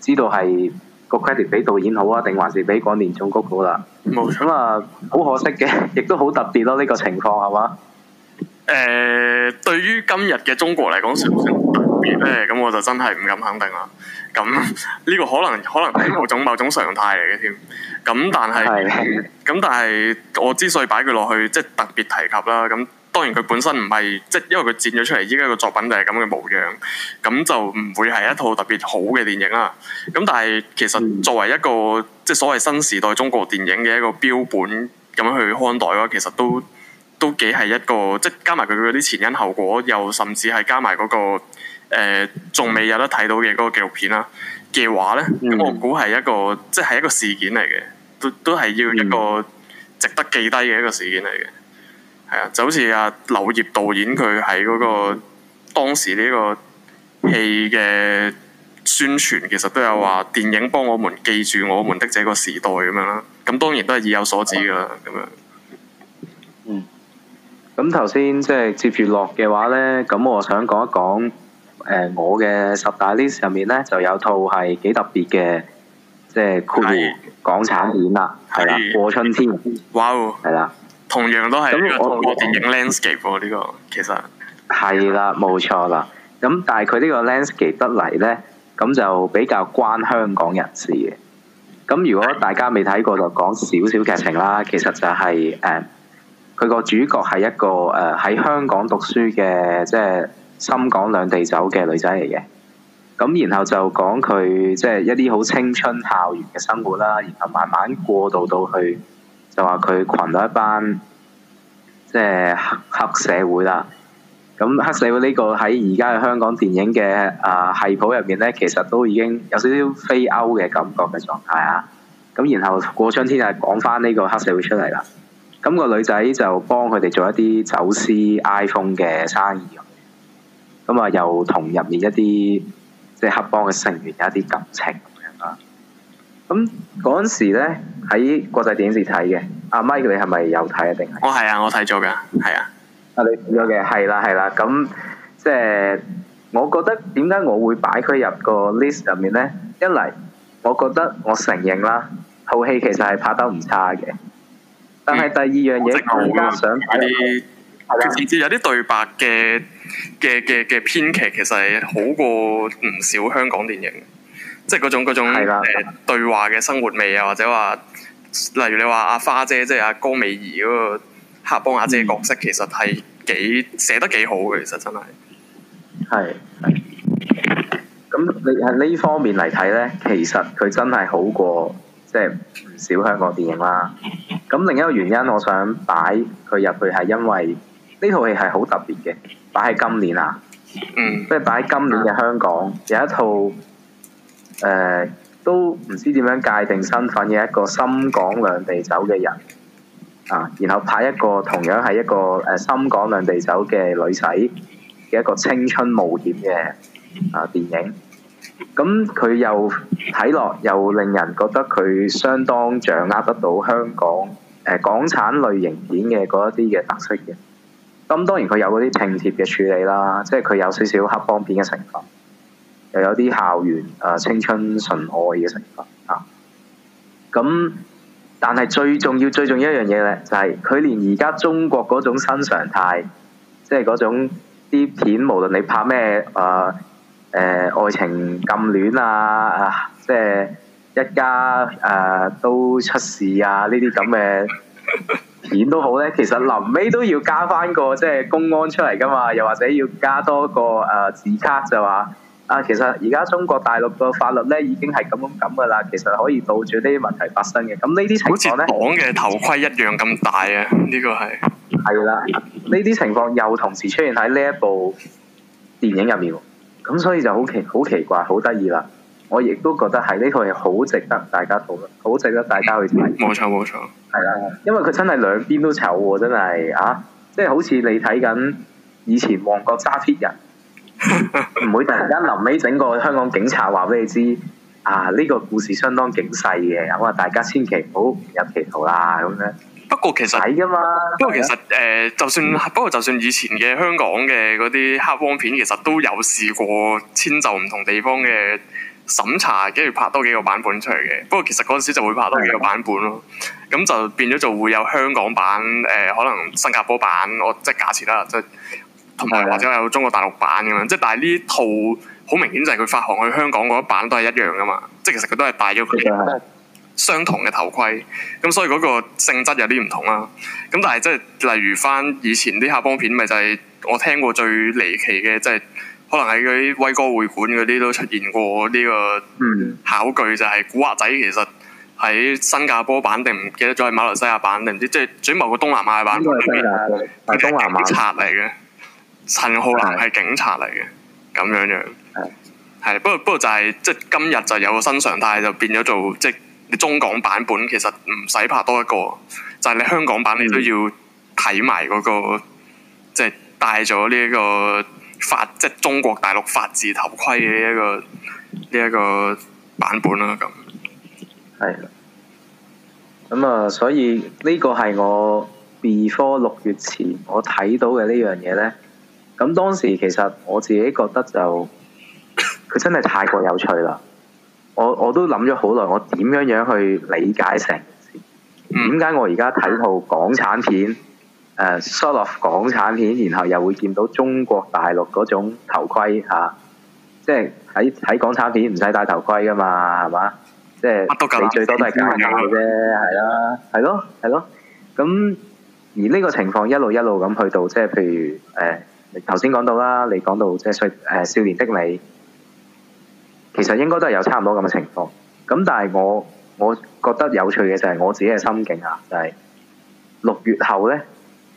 知道係個 credit 俾導演好，是是好沒錯 啊，定還是俾個年中谷好啦。冇錯。咁啊，好可惜嘅，亦都好特別咯。呢、呢個情況係嘛？誒、呃，對於今日嘅中國嚟講，算唔算？誒咁，我就真係唔敢肯定啦。咁 呢個可能可能係某種某種常態嚟嘅添。咁 但係咁 但係我之所以擺佢落去，即係特別提及啦。咁當然佢本身唔係即係因為佢剪咗出嚟，依家個作品就係咁嘅模樣，咁就唔會係一套特別好嘅電影啦。咁 但係其實作為一個即係所謂新時代中國電影嘅一個標本咁樣去看待嘅話，其實都都幾係一個即係加埋佢嗰啲前因後果，又甚至係加埋嗰個。仲未、呃、有得睇到嘅嗰個紀錄片啦嘅話呢，我估係一個、嗯、即係一個事件嚟嘅，都都係要一個值得記低嘅一個事件嚟嘅，係啊，就好似阿、啊、劉業導演佢喺嗰個、嗯、當時呢個戲嘅宣傳，其實都有話電影幫我們記住我們的這個時代咁樣啦。咁當然都係意有所指噶啦，咁樣、嗯、咁頭先即係接住落嘅話呢，咁我想講一講。誒、呃，我嘅十大 list 入面咧，就有套係幾特別嘅，即係括弧的港產片啦，係啦的，的過春天。哇！係啦的，同樣都係一個同電影 landscape 喎，呢個其實係啦，冇的的錯啦。咁但係佢呢個 landscape 得嚟咧，咁就比較關香港人士嘅。咁如果大家未睇過，就講少少劇情啦。其實就係、是、誒，佢、呃、個主角係一個誒喺、呃、香港讀書嘅，即係。即深港兩地走嘅女仔嚟嘅，咁然後就講佢即係一啲好青春校園嘅生活啦。然後慢慢過渡到去就話佢群到一班即係黑黑社會啦。咁黑社會呢個喺而家嘅香港電影嘅啊系譜入邊呢，其實都已經有少少非歐嘅感覺嘅狀態啊。咁然後過春天就講翻呢個黑社會出嚟啦。咁個女仔就幫佢哋做一啲走私 iPhone 嘅生意。咁啊，又同入面一啲即係黑幫嘅成員有一啲感情咁樣啦。咁嗰陣時咧喺國際電視睇嘅，阿 Mike，你係咪有睇啊？定係我係啊？我睇咗㗎，係啊，啊你睇咗嘅係啦係啦。咁即係我覺得點解我會擺佢入個 list 入面咧？一嚟我覺得我承認啦，套戲其實係拍得唔差嘅，但係第二樣嘢我更加想睇。直接有啲對白嘅嘅嘅嘅編劇其實係好過唔少香港電影，即係嗰種嗰種誒的、呃、對話嘅生活味啊，或者話，例如你話阿、啊、花姐即係阿高美儀嗰個黑幫阿姐嘅角色，其實係幾寫得幾好嘅，其實真係係。咁你喺呢方面嚟睇咧，其實佢真係好過即係唔少香港電影啦。咁另一個原因，我想擺佢入去係因為。呢套戲係好特別嘅，擺喺今年啊，嗯、即係擺喺今年嘅香港有一套誒、呃、都唔知點樣界定身份嘅一個深港兩地走嘅人啊，然後拍一個同樣係一個誒、呃、深港兩地走嘅女仔嘅一個青春冒險嘅啊電影，咁、啊、佢又睇落又令人覺得佢相當掌握得到香港誒、呃、港產類型片嘅嗰一啲嘅特色嘅。咁當然佢有嗰啲拼貼嘅處理啦，即係佢有少少黑幫片嘅成分，又有啲校園啊青春純愛嘅成分啊。咁但係最重要、最重要一樣嘢咧，就係佢連而家中國嗰種新常態，即係嗰種啲片，無論你拍咩啊，誒愛情禁戀啊啊，即係一家誒都出事啊呢啲咁嘅。演都好咧，其實臨尾都要加翻個即係公安出嚟噶嘛，又或者要加多個誒、呃、字卡就話啊，其實而家中國大陸個法律咧已經係咁樣咁噶啦，其實可以杜絕呢啲問題發生嘅。咁呢啲情況咧好似黨嘅頭盔一樣咁大啊，呢、呢個係係啦，呢啲情況又同時出現喺呢一部電影入面，咁所以就好奇好奇怪好得意啦。我亦都覺得係呢套嘢好值得大家討論，好值得大家去睇。冇、嗯、錯，冇錯，係啦，因為佢真係兩邊都醜喎，真係啊！即、就、係、是、好似你睇緊以前《旺角揸鐵人》，唔 會突然間臨尾整個香港警察話俾你知啊！呢、這個故事相當警世嘅，我、啊、話大家千祈唔好入歧途啦。咁樣，不過其實唔係㗎嘛。的不過其實誒的、呃，就算、嗯、不過就算以前嘅香港嘅嗰啲黑幫片，其實都有試過遷就唔同地方嘅。審查，跟住拍多幾個版本出嚟嘅。不過其實嗰陣時就會拍多幾個版本咯。咁的就變咗就會有香港版，誒、呃，可能新加坡版，我即係假設啦，即係同埋或者有中國大陸版咁樣。即係的但係呢套好明顯就係佢發行去香港嗰一版都係一樣噶嘛。即係其實佢都係戴咗佢相同嘅頭盔。咁的所以嗰個性質有啲唔同啦。咁但係即係例如翻以前啲黑幫片，咪就係我聽過最離奇嘅，即係。可能喺啲威哥會館嗰啲都出現過呢個考據，就係古惑仔其實喺新加坡版定唔記得咗係馬來西亞版定唔知，即係轉某個東南亞版裏面，東南警察嚟嘅陳浩南係警察嚟嘅咁樣樣係，不過不過就係即係今日就有個新常態就，就變咗做即係你中港版本其實唔使拍多一個，就係、係、你香港版你都要睇埋嗰個即係帶咗呢個。的法即係中國大陸法治頭盔嘅一個呢一個版本啦，咁係。咁、嗯、啊，所以呢個係我 B 科六月前我睇到嘅呢樣嘢呢，咁當時其實我自己覺得就佢真係太過有趣啦。我我都諗咗好耐，我點樣樣去理解成件事，點解我而家睇套港產片？嗯誒，shot、uh, sort of 港產片，然後又會見到中國大陸嗰種頭盔嚇、啊，即係喺喺港產片唔使戴頭盔噶嘛，係嘛？即係你最多都係假裝啫，係啦，係咯吧，係咯。咁而呢個情況一路一路咁去到，即係譬如誒頭先講到啦，你講到，你到即係誒、呃、少年的你，其實應該都係有差唔多咁嘅情況。咁但係我我覺得有趣嘅就係我自己嘅心境啊，就係、是、六月後咧。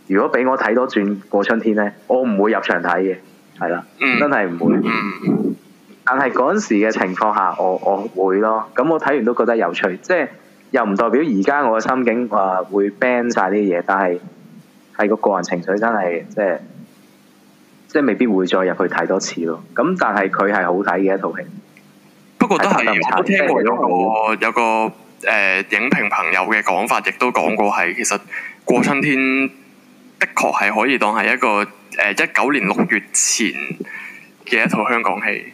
如果俾我睇多轉過春天呢，我唔會入場睇嘅，係啦，真係唔會。但係嗰陣時嘅情況下，我我會咯。咁我睇完都覺得有趣，即係又唔代表而家我嘅心境話會 ban 曬啲嘢。但係係個個人情緒真係即係即係未必會再入去睇多次咯。咁但係佢係好睇嘅一套戲，不過都係我有個誒影評朋友嘅講法，亦都講過係其實過春天。的確係可以當係一個誒一九年六月前嘅一套香港戲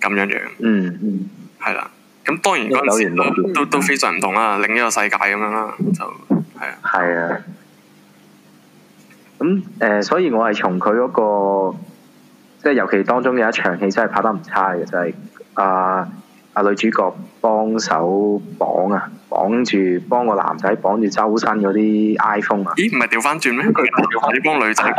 咁樣樣。嗯嗯，係、嗯、啦。咁當然嗰陣時年月都都都非常唔同啦，嗯、另一個世界咁樣啦，就係啊。係啊。咁誒、呃，所以我係從佢嗰、嗰個，即係尤其當中有一場戲真係拍得唔差嘅，就係啊啊女主角幫手綁啊。綁住幫個男仔綁住周身嗰啲 iPhone 啊？咦，唔係調翻轉咩？佢係女幫、啊、 女仔、啊，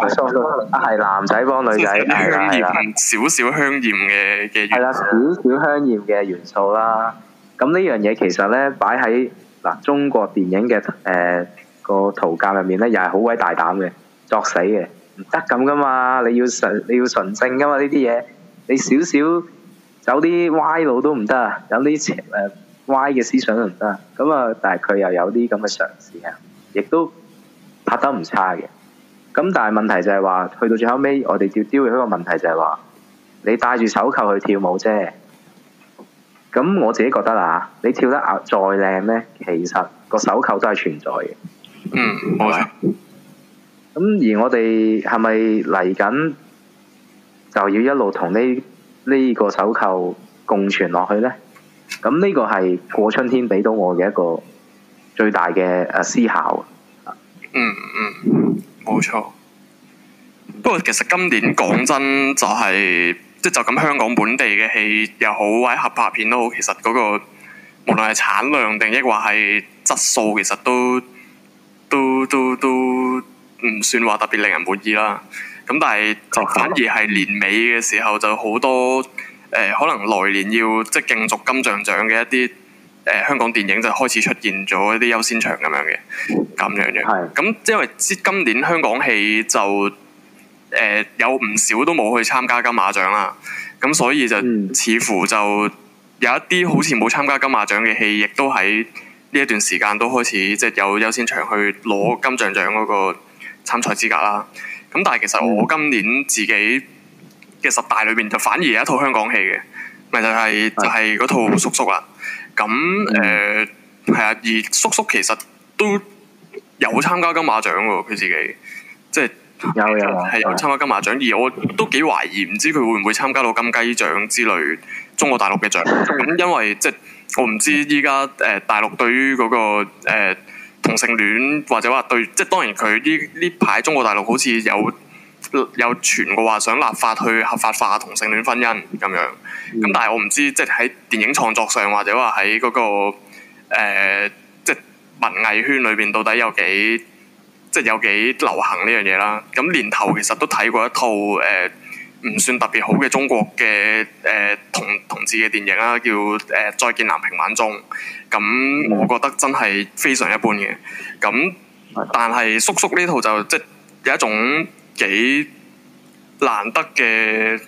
係 男仔幫女仔、啊，係啦，少少香艷嘅嘅係啦，少少香艷嘅元素啦。咁呢樣嘢其實咧擺喺嗱中國電影嘅誒、呃那個圖鑑入面咧，又係好鬼大膽嘅作死嘅，唔得咁噶嘛。你要純你要純正噶嘛呢啲嘢，你少少，少，少走啲歪路都唔得啊，有啲誒。歪嘅思想都唔得，咁啊，但係佢又有啲咁嘅嘗試啊，亦都拍得唔差嘅。咁但係問題就係話，去到最後尾，我哋要丟一個問題就係話，你戴住手扣去跳舞啫。咁我自己覺得啦，你跳得啊再靚呢，其實個手扣都係存在嘅。嗯，冇錯。咁而我哋係咪嚟緊就要一路同呢呢個手扣共存落去呢？咁呢個係過春天俾到我嘅一個最大嘅誒，思考。嗯。嗯嗯，冇錯。不過其實今年講真就係、是，即係就咁、是、香港本地嘅戲又好，或者合拍片都好，其實嗰、那個無論係產量定抑或係質素，其實都都都都唔算話特別令人滿意啦。咁但係就反而係年尾嘅時候就好多。誒可能來年要即係競逐金像獎嘅一啲誒、呃、香港電影就開始出現咗一啲優先場咁樣嘅，咁、Mm. 樣嘅。係。咁因為今年香港戲就誒、呃、有唔少都冇去參加金馬獎啦，咁所以就似乎就有一啲好似冇參加金馬獎嘅戲，亦都喺呢一段時間都開始即係有優先場去攞金像獎嗰個參賽資格啦。咁但係其實我今年自己。Mm. 嘅十大裏面就反而有一套香港戲嘅，咪就係、是、就係、是、嗰套叔叔啦。咁誒係啊，而叔叔其實都有參加金馬獎喎，佢自己即係、就是、有有啊，係，有參加金馬獎。的而我都幾懷疑，唔知佢會唔會參加到金雞獎之類中國大陸嘅獎。咁的因為即係、就是、我唔知依家誒大陸對於嗰、那個、呃、同性戀或者話對，即、就、係、是、當然佢呢呢排中國大陸好似有。有傳過話，想立法去合法化同性戀婚姻咁樣。咁但係我唔知，即係喺電影創作上或者話喺嗰個、呃、即係文藝圈裏邊到底有幾即係有幾流行呢樣嘢啦。咁年頭其實都睇過一套誒唔、呃、算特別好嘅中國嘅誒、呃、同同志嘅電影啦，叫誒、呃《再見南屏晚鐘》。咁我覺得真係非常一般嘅。咁但係叔叔呢套就即係有一種。幾難得嘅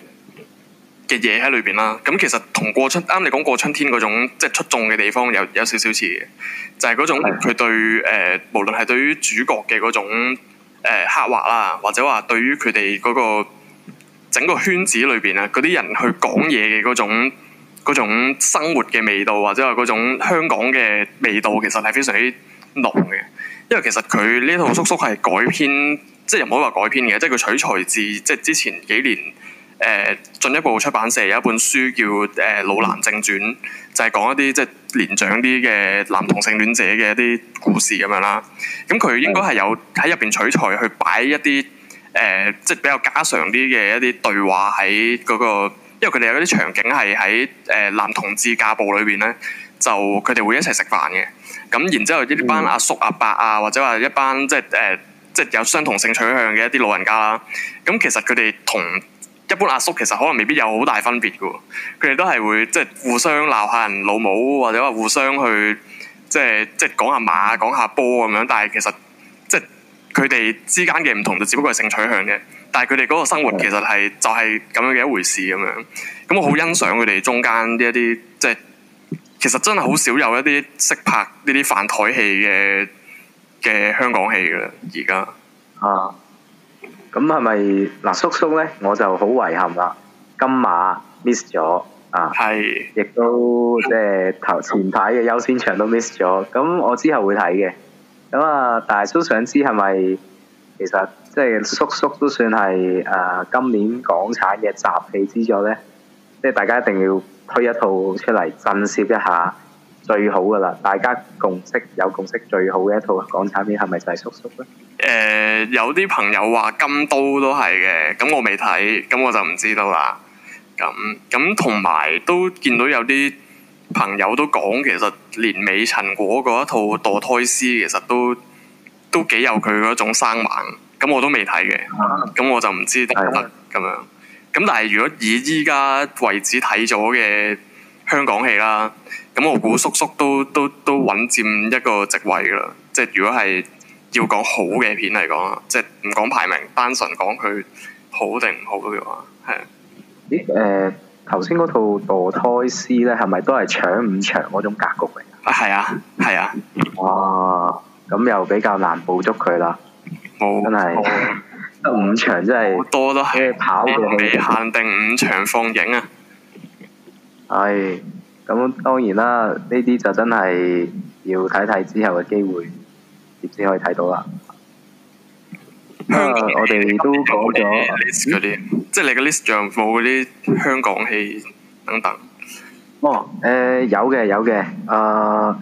嘅嘢喺裏邊啦，咁其實同過春，啱你講過春天嗰種即係出眾嘅地方有有少少似嘅，就係、是、嗰種佢對誒、呃、無論係對於主角嘅嗰種誒、呃、刻畫啦，或者話對於佢哋嗰個整個圈子裏邊啊嗰啲人去講嘢嘅嗰種嗰種生活嘅味道，或者話嗰種香港嘅味道，其實係非常之濃嘅，因為其實佢呢套叔叔係改編，即係又唔好話改編嘅，即係佢取材自即係之前幾年誒、呃、進一步出版社有一本書叫《誒、呃、老男正傳》，就係、是、講一啲即係年長啲嘅男同性戀者嘅一啲故事咁樣啦。咁佢應該係有喺入邊取材去擺一啲誒、呃，即係比較家常啲嘅一啲對話喺嗰、那個，因為佢哋有啲場景係喺誒男同志架步裏邊咧，就佢哋會一齊食飯嘅。咁然之後，一啲班阿叔阿伯啊，或者話一班即係誒，即係有相同性取向嘅一啲老人家啦。咁其實佢哋同一般阿叔其實可能未必有好大分別嘅喎，佢哋都係會即係互相鬧下人老母，或者話互相去即係即係講下馬、講下波咁樣。但係其實即係佢哋之間嘅唔同就只不過係性取向嘅，但係佢哋嗰個生活其實係就係咁樣嘅一回事咁樣。咁我好欣賞佢哋中間呢一啲即係。其實真係好少有一啲識拍呢啲飯台戲嘅嘅香港戲嘅。而家啊，咁係咪嗱叔叔呢，我就好遺憾啦，金馬 miss 咗啊，係，亦都即係頭前排嘅優先場都 miss 咗。咁我之後會睇嘅，咁啊，但係都想知係咪其實即係叔叔都算係啊今年港產嘅集氣之作呢？即係大家一定要。推一套出嚟震懾一下最好噶啦，大家共識，有共識最好嘅一套港產片係咪就係叔叔咧？誒、呃，有啲朋友話金刀都係嘅，咁我未睇，咁我就唔知道啦。咁咁，同埋都見到有啲朋友都講，其實年尾陳果嗰一套墮胎師其實都都幾有佢嗰種生猛，咁我都未睇嘅，咁、啊、我就唔知得唔得咁樣。咁但係如果以依家為止睇咗嘅香港戲啦，咁我估叔叔都都都穩佔一個席位㗎啦。即係如果係要講好嘅片嚟講，即係唔講排名，單純講佢好定唔好嘅話，係啊。誒頭先嗰套墮胎師咧，係咪都係搶五場嗰種格局嚟㗎？啊係啊係啊！啊啊 哇！咁又比較難捕捉佢啦，哦、真係是。哦五場真係多咯，即係跑過去限定五場放映啊！係咁，當然啦，呢啲就真係要睇睇之後嘅機會，先可以睇到啦。我哋都講咗啲，個嗯、即係你嘅 list 上冇嗰啲香港戲等等。哦，誒、呃、有嘅有嘅，誒、呃、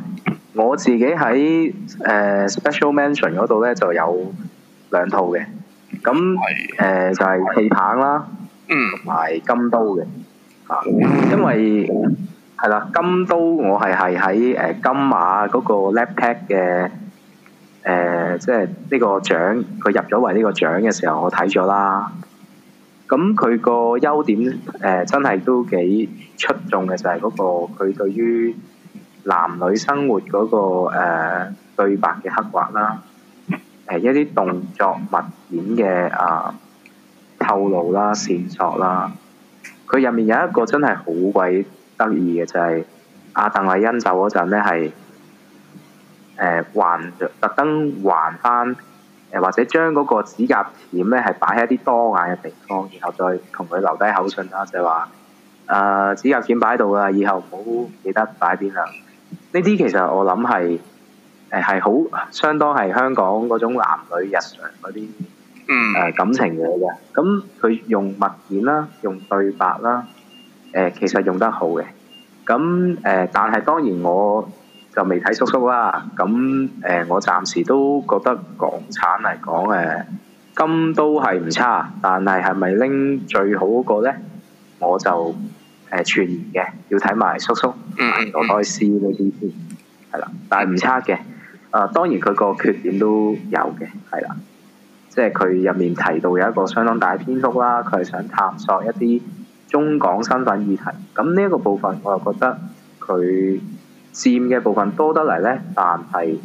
我自己喺誒、呃、special mention 嗰度咧就有兩套嘅。咁誒、呃、就係氣棒啦，同埋金刀嘅嚇、啊，因為係啦，金刀我係係喺誒金馬嗰個 lapack 嘅誒，即係呢個獎佢入咗為呢個獎嘅時候，我睇咗啦。咁佢個優點誒、呃、真係都幾出眾嘅，就係、是、嗰、那個佢對於男女生活嗰、那個誒、呃、對白嘅刻畫啦。一啲動作物件嘅啊透露啦、線索啦，佢入面有一個真係好鬼得意嘅，就係、是、阿鄧麗欣走嗰陣咧，係誒、呃、還特登還翻誒、呃，或者將嗰個指甲鉗咧係擺喺一啲多眼嘅地方，然後再同佢留低口訊啦，就係話誒指甲鉗擺度啊，以後唔好記得擺邊啦。呢啲其實我諗係。誒係好相當係香港嗰種男女日常嗰啲誒感情嘢嘅，咁佢用物件啦，用對白啦，誒、呃、其實用得好嘅。咁誒、呃，但係當然我就未睇叔叔啦。咁誒、呃，我暫時都覺得港產嚟講誒，金都係唔差，但係係咪拎最好嗰個咧？我就誒存疑嘅，要睇埋叔叔，嗯嗯、我開撕啲先係啦，但係唔差嘅。啊，當然佢個缺點都有嘅，係啦，即係佢入面提到有一個相當大篇幅啦，佢係想探索一啲中港身份議題。咁呢一個部分，我又覺得佢佔嘅部分多得嚟呢，但係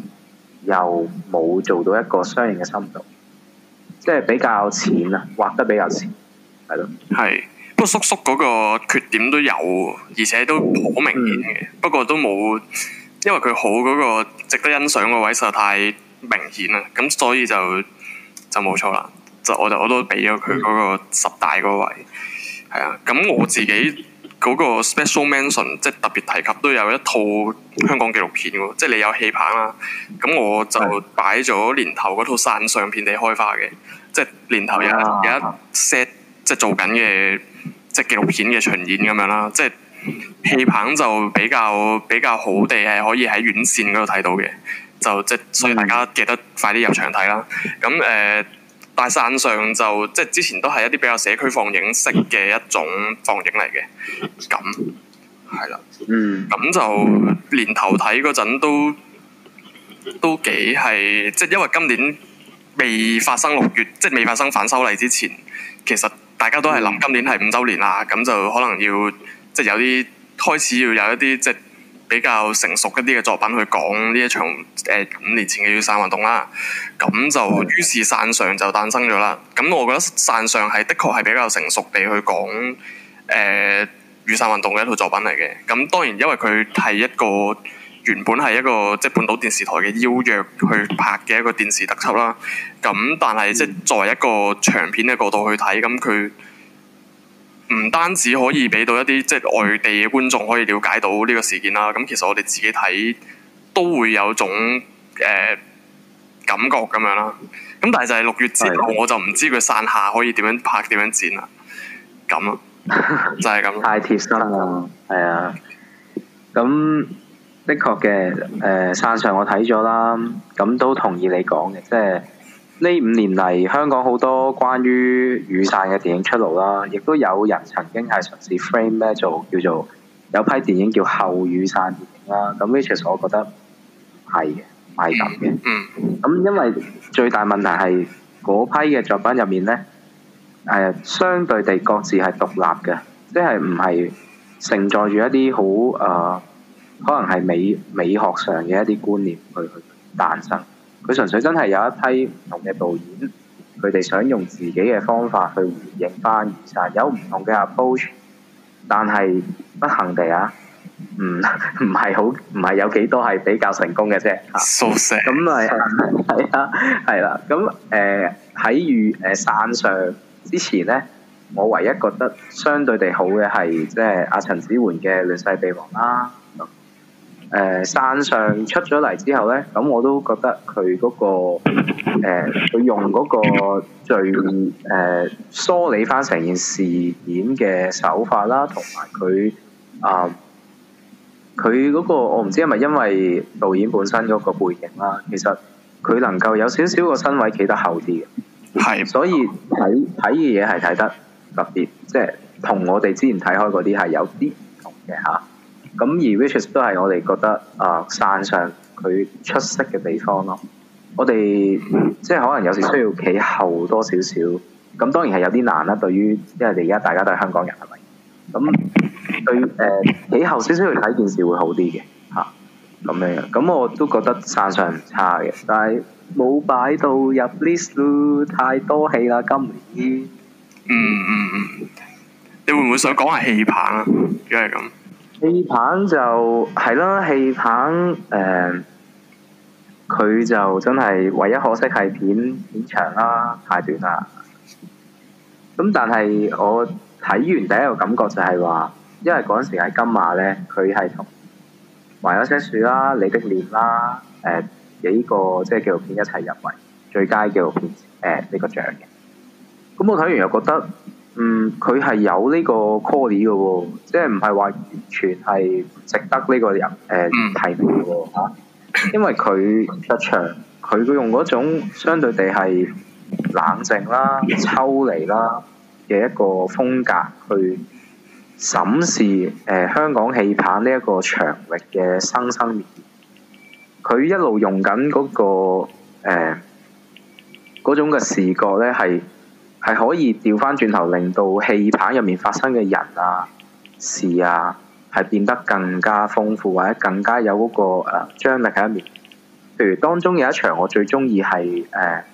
又冇做到一個相應嘅深度，即係比較淺啊，畫得比較淺，係咯。係，不過叔叔嗰個缺點都有，而且都好明顯嘅，嗯、不過都冇。因為佢好嗰個值得欣賞個位實在太明顯啦，咁所以就就冇錯啦，就我就我都俾咗佢嗰個十大個位，係啊，咁我自己嗰個 special mention 即係特別提及都有一套香港紀錄片喎，即係你有戲棚啦，咁我就擺咗年頭嗰套《傘上遍地開花》嘅，即係年頭有有一 set Yeah. 即係做緊嘅即係紀錄片嘅巡演咁樣啦，即係。即戲棚就比較比較好地係可以喺院線嗰度睇到嘅，就即所以大家記得快啲入場睇啦。咁誒、呃，大傘上就即之前都係一啲比較社區放映式嘅一種放映嚟嘅。咁係啦，嗯，咁就年頭睇嗰陣都都幾係，即因為今年未發生六月，即未發生反修例之前，其實大家都係諗今年係五周年啦，咁就可能要。即係有啲開始要有一啲即係比較成熟一啲嘅作品去講呢一場誒、五年前嘅雨傘運動啦，咁就於是傘上就誕生咗啦。咁我覺得傘上係的確係比較成熟地去講誒、呃、雨傘運動嘅一套作品嚟嘅。咁當然因為佢係一個原本係一個即係半島電視台嘅邀約去拍嘅一個電視特輯啦。咁但係即係作為一個長片嘅角度去睇，咁佢。唔單止可以俾到一啲即係外地嘅觀眾可以了解到呢個事件啦，咁其實我哋自己睇都會有種誒、呃、感覺咁樣啦。咁但係就係六月之後我就唔知佢散下可以點樣拍，點樣剪啦，咁咯， 就係咁 太貼身啦，係啊，咁的確嘅誒，散、呃、上我睇咗啦，咁都同意你講嘅，即係。呢五年嚟，香港好多關於雨傘嘅電影出爐啦，亦都有人曾經係嘗試 frame 咩做叫做有批電影叫後雨傘電影啦。咁其實我覺得係嘅，係噉嘅。嗯。咁因為最大問題係嗰批嘅作品入面咧，誒，相對地各自係獨立嘅，即係唔係承載住一啲好誒，可能係美美學上嘅一啲觀念去去誕生。佢純粹真係有一批唔同嘅導演，佢哋想用自己嘅方法去回應翻《雨傘》，有唔同嘅 approach，但係不幸地啊，唔唔係好唔係有幾多係比較成功嘅啫。咁咪係啊，係啦。 咁誒喺《雨誒傘》呃、上之前咧，我唯一覺得相對地好嘅係即係阿陳梓桓嘅《亂世備忘》啦。誒、呃、山上出咗嚟之後咧，咁、嗯、我都覺得佢嗰、嗰個佢、呃、用嗰個最誒、呃、梳理翻成件事件嘅手法啦，同埋佢啊佢嗰、嗰個我唔知係咪因為導演本身嗰個背景啦，其實佢能夠有少少個身位企得後啲嘅，係的所以睇睇嘅嘢係睇得特別，即係同我哋之前睇開嗰啲係有啲唔同嘅嚇。咁而 w i c h e s 都係我哋覺得啊，散尚佢出色嘅地方咯。我哋即係可能有時需要企後多少少，咁當然係有啲難啦。對於因為哋而家大家都係香港人係咪？咁對誒，企、呃、後少少去睇件事會好啲嘅嚇咁樣。咁我都覺得散上唔差嘅，但係冇擺到入 list 咯，太多戲啦今年。嗯嗯嗯，你會唔會想講下戲棚啊？如果係咁。氣棒就係咯，氣棒誒，佢、呃、就真係唯一可惜係片片長啦、啊，太短啦、啊。咁但係我睇完第一個感覺就係話，因為嗰陣時喺金馬咧，佢係同埋還有些樹啦、你的臉啦、啊、誒、呃、幾個即係紀錄片一齊入圍最佳紀錄片誒呢個獎嘅。咁我睇完又覺得。嗯，佢係有呢個 quality 嘅喎，即係唔係話完全係值得呢個人誒、呃、提名嘅喎，因為佢嘅場，佢佢用嗰種相對地係冷靜啦、抽離啦嘅一個風格去審視誒、呃、香港戲棚呢一個場域嘅生生滅滅，佢一路用緊、那、嗰個誒嗰、呃、種嘅視覺咧係。係可以調翻轉頭，令到戲棚入面發生嘅人啊、事啊，係變得更加豐富，或者更加有嗰、那個誒、呃、張力喺一面。譬如當中有一場我最中意係誒，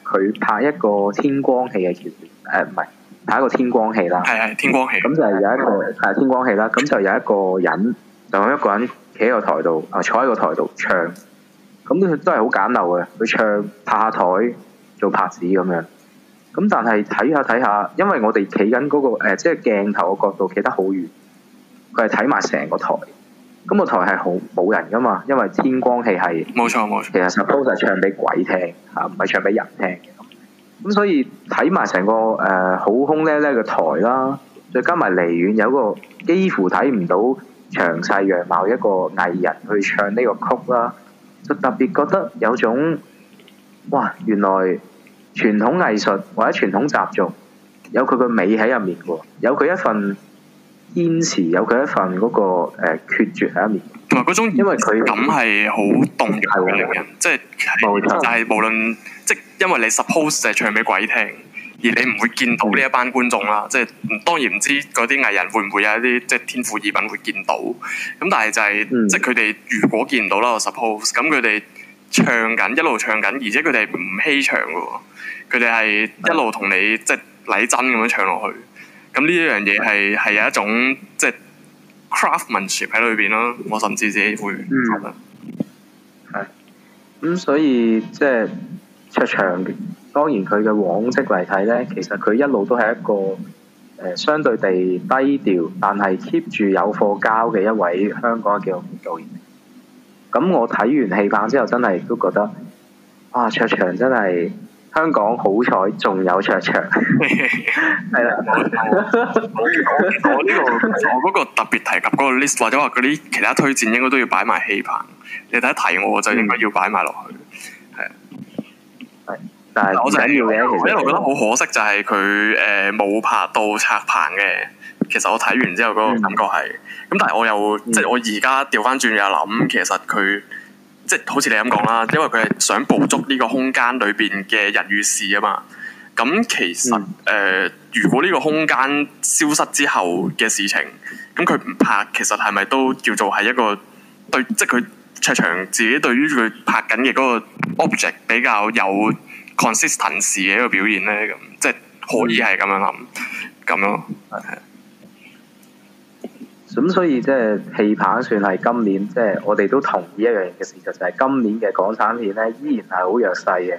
佢、呃、拍一個天光戲嘅前，唔係拍一個天光戲啦。係係天光戲。咁就係有一個係的天光戲啦。咁就有一個人就一個人企喺個台度，啊、呃、坐喺個台度唱。咁都真係好簡陋嘅，佢唱拍下台做拍子咁樣子。咁但係睇下睇下，因為我哋企緊嗰個、呃、即係鏡頭嘅角度企得好遠，佢係睇埋成個台。咁個台係好冇人噶嘛，因為天光戲係冇錯冇錯。冇錯冇錯，其實 suppose 冇錯係唱俾鬼聽嚇，唔係唱俾人聽。咁所以睇埋成個誒好、呃、空咧咧嘅台啦，再加埋離遠有個幾乎睇唔到詳細樣貌一個藝人去唱呢個曲啦，就特別覺得有種哇原來。傳統藝術或者傳統習俗，有佢個美喺入面喎，有佢一份堅持，有佢一份嗰、那個誒、呃、決絕喺入面，同埋嗰種因為佢感係好動容嘅令人，即係的就係、是、無論即係論、就是、因為你 suppose 就係唱俾鬼聽，而你唔會見到呢一班觀眾啦，即係、嗯就是、當然唔知嗰啲藝人會唔會有一啲即係天賦異稟會見到，咁但係就係即係佢哋如果見到啦，suppose 咁佢哋。唱緊一路唱緊，而且佢哋唔欺場嘅喎，佢哋係一路同你的即係禮真咁樣唱落去。咁呢一樣嘢係係有一種即係 craftmanship 喺裏邊咯。我甚至自己會覺得係。咁所以即係卓翔，當然佢嘅往績嚟睇呢，其實佢一路都係一個誒、呃、相對地低調，但係 keep 住有貨交嘅一位香港嘅叫，導演。咁我睇完戲棚之後，真係都覺得，啊，卓翔真係香港好彩，仲有卓翔。係 啦是的， 冇錯，我我呢個我嗰個特別提及嗰個 list，或者話嗰啲其他推薦，應該都要擺埋戲棚。你睇一睇，我就應該要擺埋落去。係啊，係， 但係我真係我一路覺得好可惜就，就係佢誒冇拍到拆棚嘅。其實我睇完之後嗰個感覺係咁，嗯、但係我又、嗯、即係我而家調翻轉又諗，其實佢即係好似你咁講啦，因為佢係想捕捉呢個空間裏邊嘅人與事啊嘛。咁其實誒、嗯呃，如果呢個空間消失之後嘅事情，咁佢唔拍，其實係咪都叫做係一個對即係佢桌場自己對於佢拍緊嘅嗰個 object 比較有 consistency 嘅一個表現咧？咁即係可以係咁樣諗咁咯，嗯。咁所以即係戲棚算係今年，即係我哋都同意一樣嘅事實，就係今年嘅港產片咧，依然係好弱勢嘅，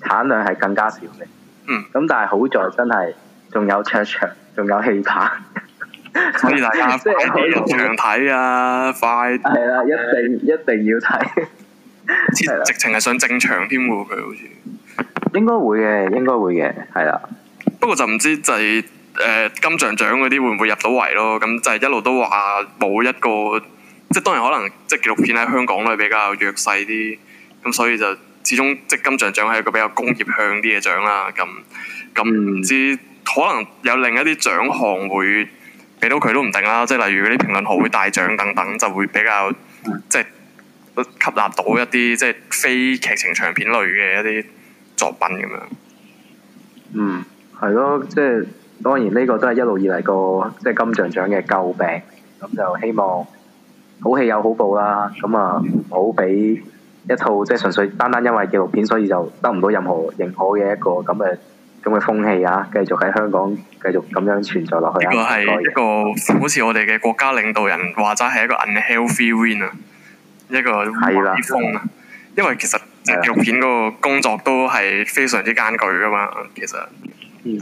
產量係更加少嘅。嗯。咁但係好在真係仲有長長，仲有戲棚。所以大家可以長睇啊！快，係啦，一定一定要睇。直情係上正場添喎，佢好似。應該會嘅，應該會嘅，係啦。不過就唔知就係。誒、呃、金像獎嗰啲會唔會入到圍咯？咁就係一路都話冇一個，即係當然可能即係紀錄片喺香港都比較弱勢啲，咁所以就始終即係金像獎係一個比較工業向啲嘅獎啦。咁咁唔知、嗯、可能有另一啲獎項會俾到佢都唔定啦。即係例如嗰啲評論學會大獎等等，就會比較即係吸納到一啲即係非劇情長片類嘅一啲作品咁樣。嗯，係咯，即係。當然呢個都係一路以嚟個即係金像獎嘅詬病，咁就希望好戲有好報啦。咁啊，唔好俾一套即係、就是、純粹單單因為紀錄片所以就得唔到任何認可嘅一個咁嘅咁嘅風氣啊，繼續喺香港繼續咁樣存在落去。呢個係一個好似我哋嘅國家領導人話齋係一個 unhealthy win 啊，一個歪風啊。的因為其實紀錄的片嗰個工作都係非常之艱巨噶嘛，其實。嗯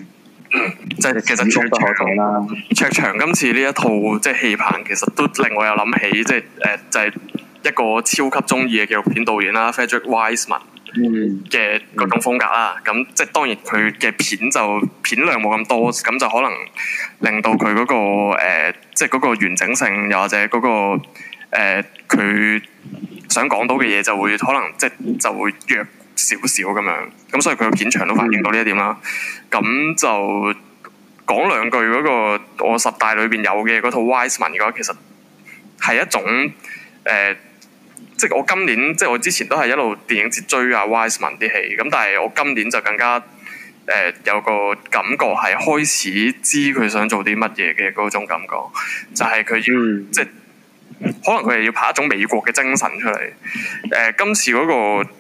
嗯嗯、即係其實卓翔啦，卓翔今次呢一套即係戲棚，其實都令我有諗起即係誒、呃，就係、是、一個超級中意嘅紀錄片導演啦，Frederick Wiseman 嘅嗰種風格啦。咁、嗯啊、即係當然佢嘅片就片量冇咁多，咁就可能令到佢嗰、那個誒、呃，即係嗰個完整性，又或者嗰、那個誒，佢、呃、想講到嘅嘢就會可能即係就會弱。少少咁樣，咁所以佢個片長都反映到呢一點啦。咁就講兩句嗰、那個我十大裏邊有嘅嗰套《Wiseman》嘅話，其實係一種誒、呃，即係我今年，即係我之前都係一路電影節追阿《Wiseman》啲戲，咁但係我今年就更加誒、呃、有個感覺係開始知佢想做啲乜嘢嘅嗰種感覺，就係、是、佢要、嗯、即係可能佢係要拍一種美國嘅精神出嚟。誒、呃，今次嗰、那個。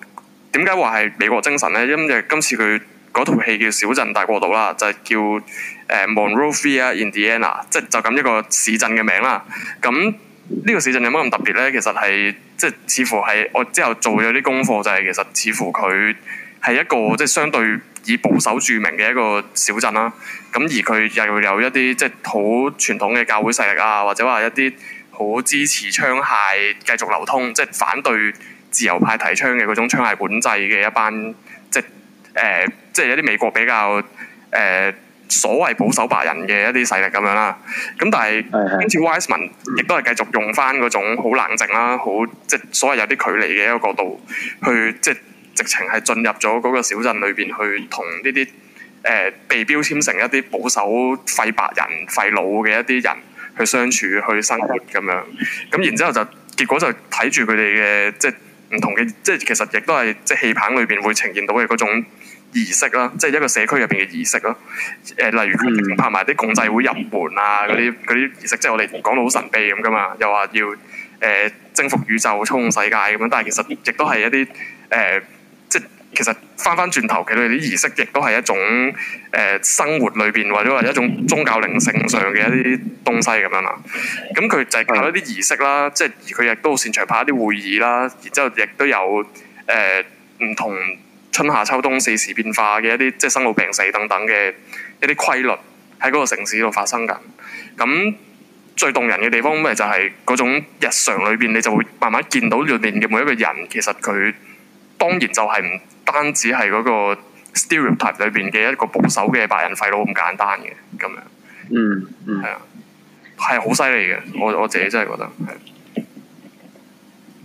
點解話係美國精神呢？因為今次佢嗰套戲叫《小鎮大過度》啦，就係、是、叫 Monrovia, Indiana，即係就咁一個市鎮嘅名啦。咁、這、呢個市鎮有乜咁特別呢？其實係即係似乎係我之後做咗啲功課、就是，就係其實似乎佢係一個即係、就是、相對以保守著名嘅一個小鎮啦。咁而佢又有一啲即係好傳統嘅教會勢力啊，或者話一啲好支持槍械繼續流通，即、就、係、是、反對。自由派提倡嘅嗰種槍械管制嘅一班，即係誒、呃、即係一啲美國比較誒、呃、所謂保守白人嘅一啲勢力咁樣啦。咁但係跟住 Wiseman 亦都係繼續用翻嗰種好冷靜啦，好即係所謂有啲距離嘅一個角度去，即係直情係進入咗嗰個小鎮裏邊去同呢啲誒被標籤成一啲保守廢白人廢老嘅一啲人去相處去生活咁樣，咁然之後，後就結果就睇住佢哋嘅即係。即唔同嘅，即係其實亦都係即係戲棚裏邊會呈現到嘅嗰種儀式啦，即係一個社區入邊嘅儀式咯。誒、呃，例如拍埋啲共濟會入門啊，嗰啲嗰啲儀式，即係我哋講到好神秘咁噶嘛，又話要誒、呃、征服宇宙、衝世界咁樣，但係其實亦都係一啲誒、呃、即。其實返返轉頭，其實啲儀式亦都係一種誒、呃、生活裏邊，或者係一種宗教靈性上嘅一啲東西咁樣啦。咁、嗯、佢、嗯、就係拍一啲儀式啦，即係佢亦都擅長拍一啲會議啦。然之後亦都有誒唔、呃、同春夏秋冬四時變化嘅一啲，即係生老病死等等嘅一啲規律喺嗰個城市度發生㗎。咁、嗯、最動人嘅地方咪就係嗰種日常裏邊，你就會慢慢見到裏面嘅每一個人，其實佢當然就係唔～單止係嗰個 stereotype 裏邊嘅一個保守嘅白人廢佬咁簡單嘅咁樣，嗯嗯，係、嗯、啊，係好犀利嘅。我我自己真係覺得係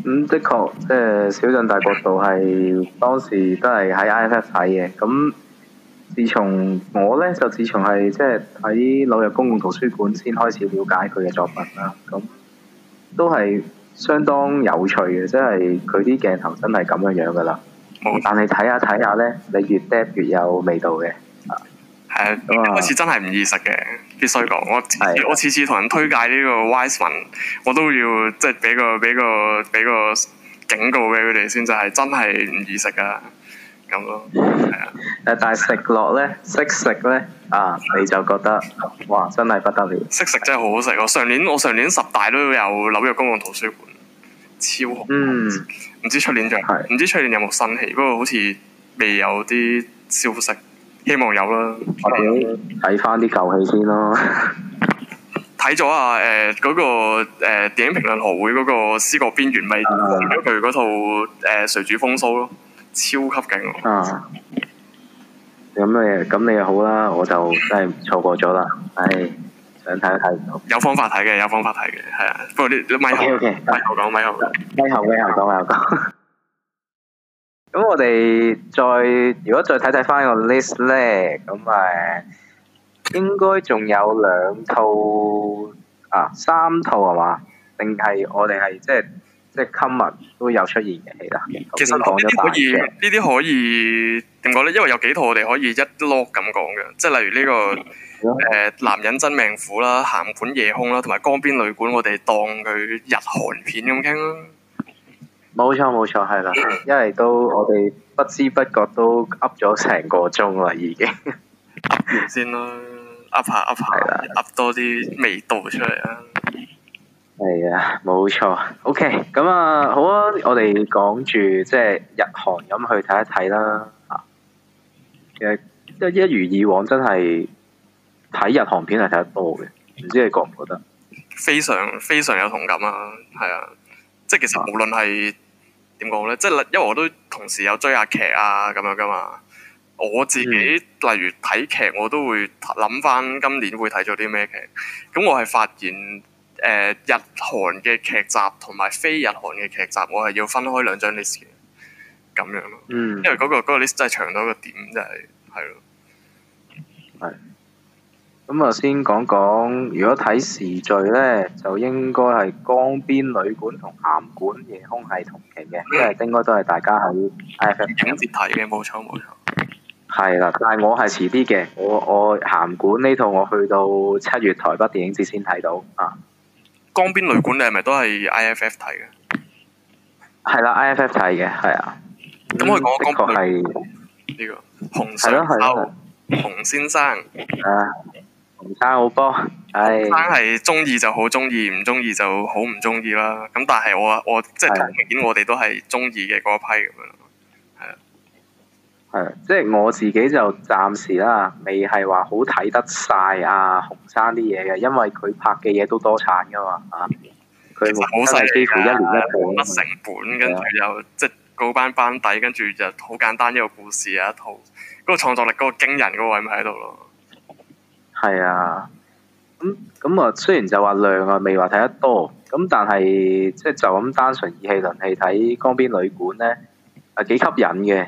咁、嗯、的確，即係《小鎮大國度》係當時都係喺 IFF 睇嘅。咁自從我咧就自從係即係喺紐約公共圖書館先開始了解佢嘅作品啦。咁都係相當有趣嘅，即係佢啲鏡頭真係咁嘅樣㗎啦。但你睇下睇下呢，你越 d 越有味道嘅。係，啊，啱、啊、開始真係唔易食嘅，必須講。啊、我我次次同人推介呢個 Wiseman，我都要即係俾個俾個俾個警告俾佢哋先，就係真係唔易食啊。咁咯。但係食落呢，識食呢，啊，你就覺得哇，真係不得了。識食真係好好食啊！我上年我上年十大都有紐約公共圖書館。超好，唔、嗯、知出年仲，唔是的 知出年有冇新戲，是的 不過好似未有啲消息，希望有啦。我哋睇翻啲舊戲先咯 。睇、呃、咗、那個呃、啊，誒，嗰個誒電影評論學會嗰個《思覺邊緣》咪接咗佢嗰套誒《誰主風騷》咯，超級勁。啊！咁你咁你又好啦，我就真係錯過咗啦，唉。 想睇睇唔到有，有方法睇嘅，有方法睇嘅，係啊。不過你咪頭咪頭講咪頭講。咁 我哋再如果再睇睇翻個 list 咧，咁啊，應該仲有兩套啊，三套係嘛？定係我哋係即係即係 comment 都有出現嘅，記得。其、其實呢啲可以，呢啲可以點講咧？因為有幾套我哋可以一 lock 咁講嘅，即係例如呢、這個。誒、呃、男人真命苦啦，鹹館夜空啦，同埋江邊旅館，我哋當佢日韓片咁傾啦。冇錯冇錯，係啦， 因為都我哋不知不覺都噏咗成個鐘啦，已經 完。噏先啦，噏下噏下，噏的多啲味道出嚟啊！係啊，冇錯。OK，咁啊，好啊，我哋講住即係日韓咁去睇一睇啦嚇。其實即一，一如以往，真係。睇日韓片係睇得多嘅，唔知你覺唔覺得？非常非常有同感啊！係啊，即係其實無論係點講咧，即係因為我都同時有追下劇啊咁樣噶嘛。我自己、嗯、例如睇劇，我都會諗翻今年會睇咗啲咩劇。咁我係發現誒、呃、日韓嘅劇集同埋非日韓嘅劇集，我係要分開兩張 list 嘅，咁樣咯。嗯，因為嗰、嗰個嗰、嗰個 list 真係長到一個點，就係係咯，係、啊。咁啊，先講講，如果睇時序咧，就應該係江邊旅館同鹹館夜空係同期嘅，都係應該都係大家喺 IFF 電影節睇嘅，冇錯冇錯。係啦，但係我係遲啲嘅，我我鹹館呢套我去到七月台北電影節先睇到啊。江邊旅館你係咪都係 I F F 睇嘅？係啦，I F F 睇嘅，係啊。咁我講嘅確係是呢、這個洪尚秀洪先生 啊。洪生好多，洪生係中意就好中意，唔中意就好唔中意啦。咁但係我我即係明件，我哋都係中意嘅嗰批咁樣咯。係啊，係啊，即係的我,我自己就暫時啦，未係話好睇得晒阿、啊、洪生啲嘢嘅，因為佢拍嘅嘢都多產噶嘛，吓佢好身係幾乎一年一部，乜、啊、成本的跟住又即係高班班底，跟住就好簡單一、這個故事一套，嗰、那個創作力嗰、那個驚人嗰位咪喺度咯。係啊，咁咁啊，雖然就話量啊，未話睇得多，咁但係即係就咁、是、單純以戲論戲睇江邊旅館咧，啊，幾吸引嘅，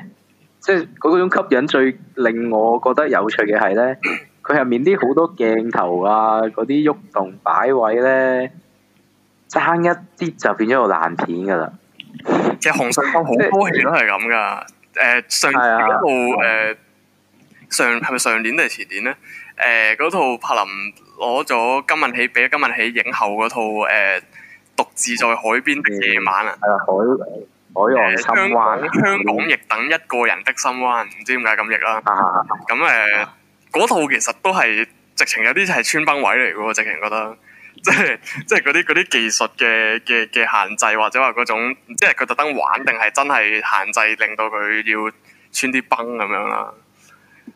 即係嗰嗰種吸引最令我覺得有趣嘅係咧，佢入面啲好多鏡頭啊，嗰啲喐動擺位咧，爭一啲就變咗個爛片噶啦。即係洪尚秀好多戲都係咁噶，誒上一路誒，啊、上係咪上年定係前年咧？誒嗰、呃、套柏林攞咗金敏喜畀金敏喜影后嗰套誒、呃、獨自在海邊的夜晚啊、嗯，海海我深心灣、呃、香港、香港亦等一個人的深灣，唔知點解咁譯啦。咁誒嗰套其實都係直情有啲係穿崩位嚟嘅喎，直情覺得即係即係嗰啲啲技術嘅嘅嘅限制，或者話嗰種即係佢特登玩定係真係限制，令到佢要穿啲崩咁樣啦。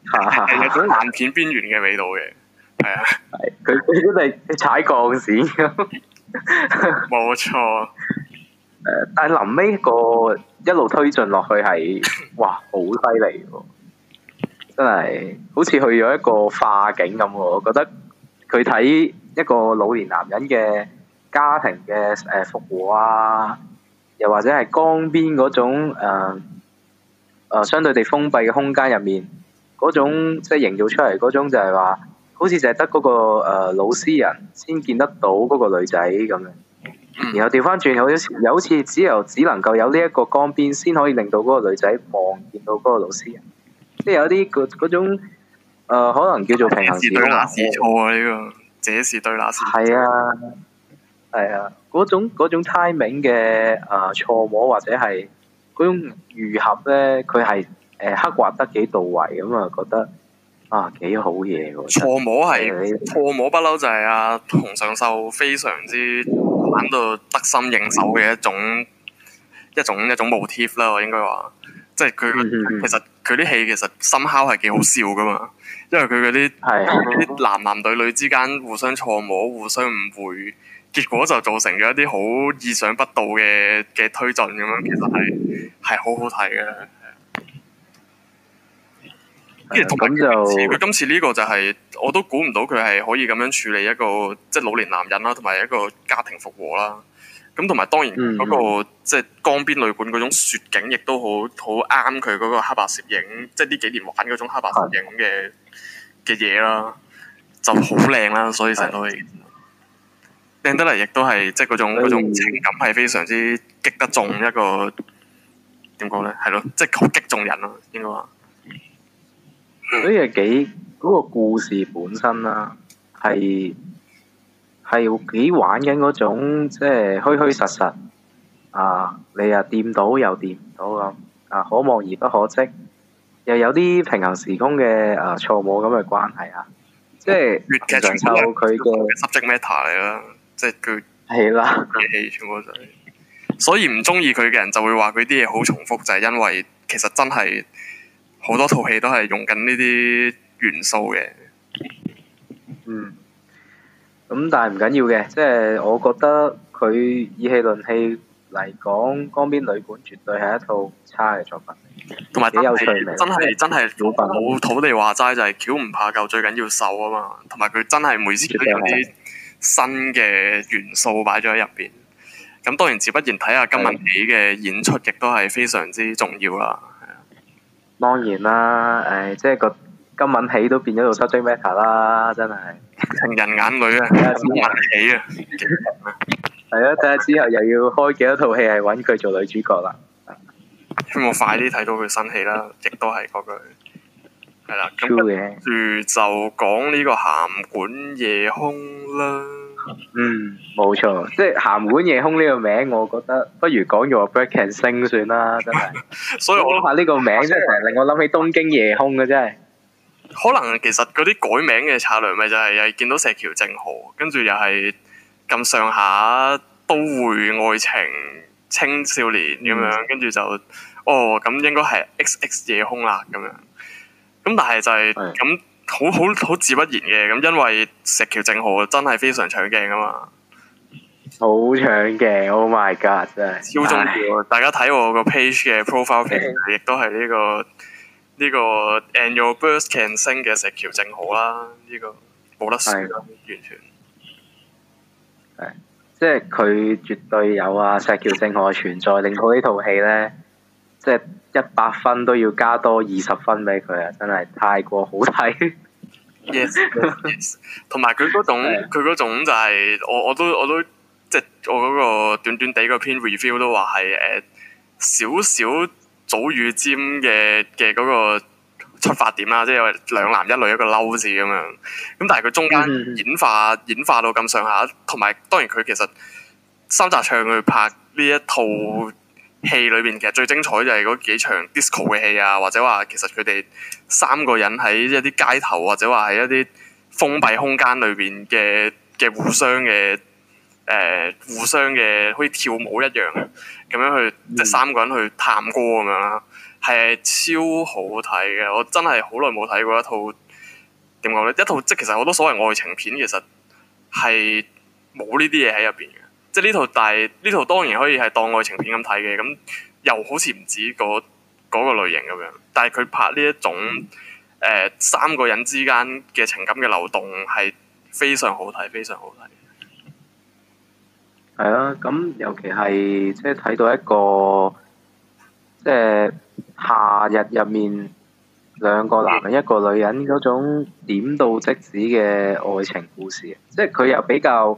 吓吓吓！有 種硬片邊緣嘅味道嘅，係啊，佢佢都係踩鋼線冇錯。誒，但係臨尾個一路推進落去係，哇，好犀利喎！真係好似去咗一個化境咁喎。我覺得佢睇一個老年男人嘅家庭嘅誒復和啊，又或者係江邊嗰種誒誒、呃呃、相對地封閉嘅空間入面。嗰種即係營造出嚟嗰種就係話，好似就係得嗰個、呃、老詩人先見得到嗰個女仔咁樣，然後調翻轉好似好似只有只能夠有呢一個江邊先可以令到嗰個女仔望見到嗰個老詩人，即係有啲嗰嗰種、呃、可能叫做平衡時光錯啊呢個，這是對那時錯。係啊，係啊，嗰、啊啊、種，種 timing 嘅誒、呃、錯摸或者係嗰種遇合咧，佢係。誒，刻畫得幾到位咁啊，覺得啊幾好嘢喎！錯摸係錯、哎、摸、啊，不嬲就係阿洪尚秀非常之玩到得心應手嘅一種一種一種 motif 啦，我應該話，即係佢、嗯、哼其實佢啲戲其實深敲係幾好笑噶嘛，因為佢嗰啲啲男男女女之間互相錯摸、互相誤會，結果就造成咗一啲好意想不到嘅嘅推進咁樣，其實係係、嗯、哼好好睇嘅。跟住同埋佢今次，佢今、嗯、次呢個就係、是、我都估唔到佢係可以咁樣處理一個即係、就是、老年男人啦，同埋一個家庭復和啦。咁同埋當然嗰、那個即係、嗯、江邊旅館嗰種雪景，亦都好好啱佢嗰個黑白攝影，即係呢幾年玩嗰種黑白攝影嘅嘅嘢啦，就好靚啦。嗯、所以成套戲靚得嚟，亦都係即係嗰種情感係非常之激得中一個點講咧？係咯，即係好擊中人咯，應該話。所以係幾嗰個故事本身啦、啊，係係幾玩緊嗰種即係虛虛實實啊！你又掂到又掂唔到咁啊，可望而不可即，又有啲平行時空嘅啊錯誤咁嘅關係啊，即係越劇就佢嘅 subject matter 嚟啦，即係佢係啦，所以唔中意佢嘅人就會話佢啲嘢好重複，就係、是、因為其實真係。好多套戲都係用緊呢啲元素嘅，嗯，咁但係唔緊要嘅，即係我覺得佢以戲論戲嚟講，《江邊旅館》絕對係一套唔差嘅作品，同埋幾有趣，真係真係老土地話齋，就係橋唔怕舊，最緊要瘦」啊嘛。同埋佢真係每次都有啲新嘅元素擺咗喺入邊。咁當然，自不然睇下金敏喜嘅演出，亦都係非常之重要啦。當然啦，誒，即係個金敏喜都變咗做吸睛 maker 啦，真係。情人眼裏啊，看看金敏喜啊，係啊，睇下之後又要開幾多套戲係搵佢做女主角有有啦。希望快啲睇到佢新戲啦，亦都係嗰句。係啦，跟住就講呢個咸管夜空啦。嗯，冇錯，即係《鹹碗夜空》呢個名，我覺得不如講《Your Bird Can Sing》算啦，真係。所以我諗下呢個名，真係令我諗起東京夜空嘅，真係。可能其實嗰啲改名嘅策略咪就係又係見到石橋靜河，跟住又係咁上下都會愛情青少年咁樣，跟住、嗯、就哦咁應該係 X X 夜空啦咁樣。咁但係就係咁。好好好，自不然嘅，咁因為石橋正豪真係非常搶鏡啊嘛！好搶鏡，Oh my god！真係超重要！ 大家睇我個 page 嘅 profile page，亦都係呢個呢、呢個 And Your Bird Can Sing 嘅石橋正豪啦，呢、呢個冇得咁 完全係 即係佢絕對有啊！石橋正豪嘅存在令到呢套戲咧。即係一百分都要加多二十分俾佢啊！真係太過好睇。Yes，同埋佢嗰種佢嗰 種就係、是、我我都我都即係、就是、我嗰個短短地嗰篇 review 都話係誒少少祖與占嘅嘅嗰個出發點啦，即係兩男一女一個嬲字咁樣。咁但係佢中間演化、mm hmm. 演化到咁上下，同埋當然佢其實三集唱去拍呢一套。Mm hmm. 戲裏面其實最精彩就係嗰幾場 disco 嘅戲啊，或者話其實佢哋三個人喺一啲街頭或者話喺一啲封閉空間裏邊嘅嘅互相嘅誒、呃、互相嘅好似跳舞一樣咁樣去即三個人去探歌咁樣啦，係超好睇嘅，我真係好耐冇睇過一套點講呢？一套即其實好多所謂愛情片其實係冇呢啲嘢喺入邊即係呢套，但係呢套當然可以係當愛情片咁睇嘅，咁又好似唔止嗰嗰個類型咁樣。但係佢拍呢一種誒、呃、三個人之間嘅情感嘅流動係非常好睇，非常好睇。係啊，咁尤其係即係睇到一個即係夏日入面兩個男人一個女人嗰種點到即止嘅愛情故事，即係佢又比較。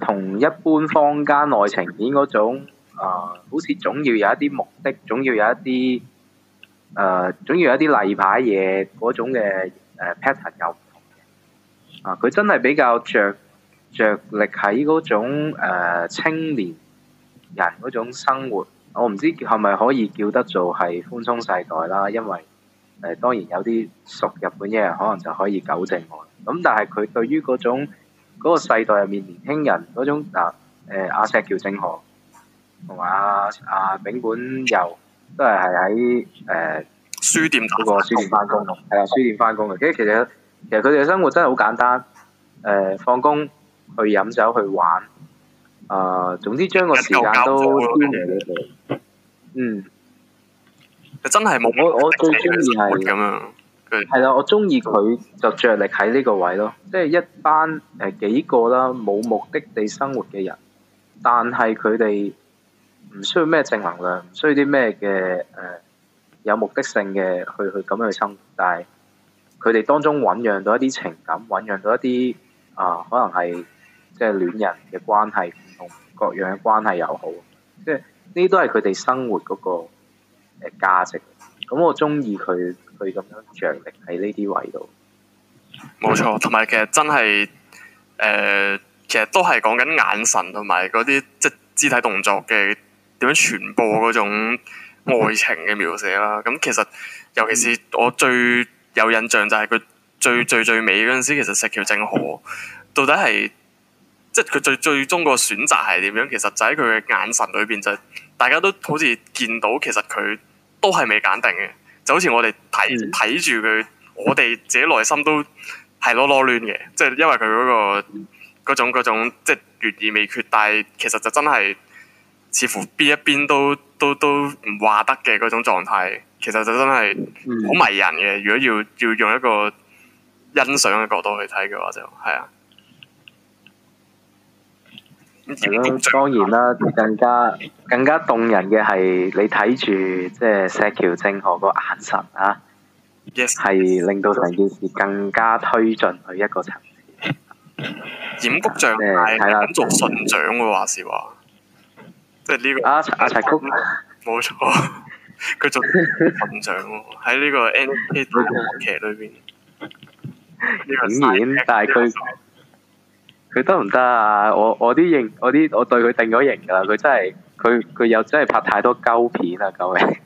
同一般坊間愛情片嗰種啊、呃，好似總要有一啲目的，總要有一啲誒、呃，總要有一啲例牌嘢嗰種嘅誒、呃、pattern 有唔同嘅。啊，佢真係比較着著著力喺嗰種、呃、青年人嗰種生活。我唔知係咪可以叫得做係寬鬆世代啦，因為誒、呃、當然有啲熟日本嘢可能就可以糾正我。咁、嗯、但係佢對於嗰種嗰個世代入面年輕人嗰種啊，阿石橋正河，同埋阿阿柄本遊都係係喺誒書店嗰個書店翻工咯，啊書店翻工嘅，其實其實佢哋嘅生活真係好簡單，誒放工去飲酒去玩，啊總之將個時間都你哋。嗯，真係冇我我最鍾意係咁樣。係啦，我中意佢就着力喺呢個位咯，即係一班誒幾個啦，冇目的地生活嘅人，但係佢哋唔需要咩正能量，唔需要啲咩嘅、誒有目的性嘅去去咁樣去生活。但係佢哋當中醞釀到一啲情感，醞釀到一啲啊、呃、可能係即係戀人嘅關係同各樣嘅關係又好，即係呢啲都係佢哋生活嗰個誒、呃、價值，咁我中意佢。佢咁樣着力喺呢啲位度，冇錯，同 埋其實真係誒、呃，其實都係講緊眼神同埋嗰啲即係肢體動作嘅點樣傳播嗰種愛情嘅描寫啦。咁其實尤其是我最有印象就係佢最 最最，最美嗰陣時，其實石橋正河到底係即係佢最最終個選擇係點樣？其實就喺佢嘅眼神裏邊，就是、大家都好似見到其實佢都係未揀定嘅。就好似我哋睇睇住佢，我哋自己內心都係囉囉攣嘅，即、就、係、是、因為佢嗰、那個嗰種嗰種，即係懸意未決，但係其實就真係似乎邊一邊都都都唔話得嘅嗰種狀態，其實就真係好迷人嘅。嗯、如果要要用一個欣賞嘅角度去睇嘅話就，就係啊。係咯，當然啦！更加更加動人嘅係你睇住即係石橋正河個眼神啊，係 Yes, 令到成件事更加推進去一個層次。染谷丈介 做信長喎話時話，即係呢個阿阿、啊、齊谷冇沒錯，佢 做信長喎喺呢個 N T 大劇裏邊，當 然，但係佢。佢得唔得啊？我我啲型，我啲我，我，我對佢定咗型噶啦。佢真係，佢佢又真係拍太多鳩片啦！救命！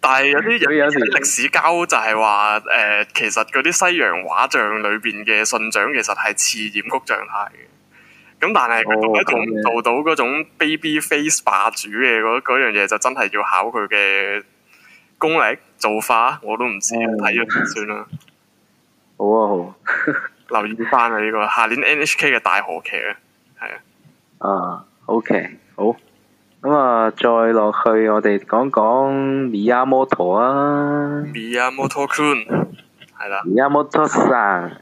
但係有啲 有啲歷史交就係話，誒、呃，其實嗰啲西洋畫像裏邊嘅信長其實係似點曲像態嘅。咁但係我做一做做到嗰種 baby face 霸主嘅嗰嗰樣嘢，就真係要考佢嘅功力造化。我都唔知，睇咗、哦、算啦、啊。好啊，好啊。 留意翻啊、這個！呢個下年 NHK 嘅大河劇啊，係啊，啊、uh, OK 好，咁、嗯、啊再落去我哋講講宮本啊，Miyamoto 宮本君，係啦，宮本さん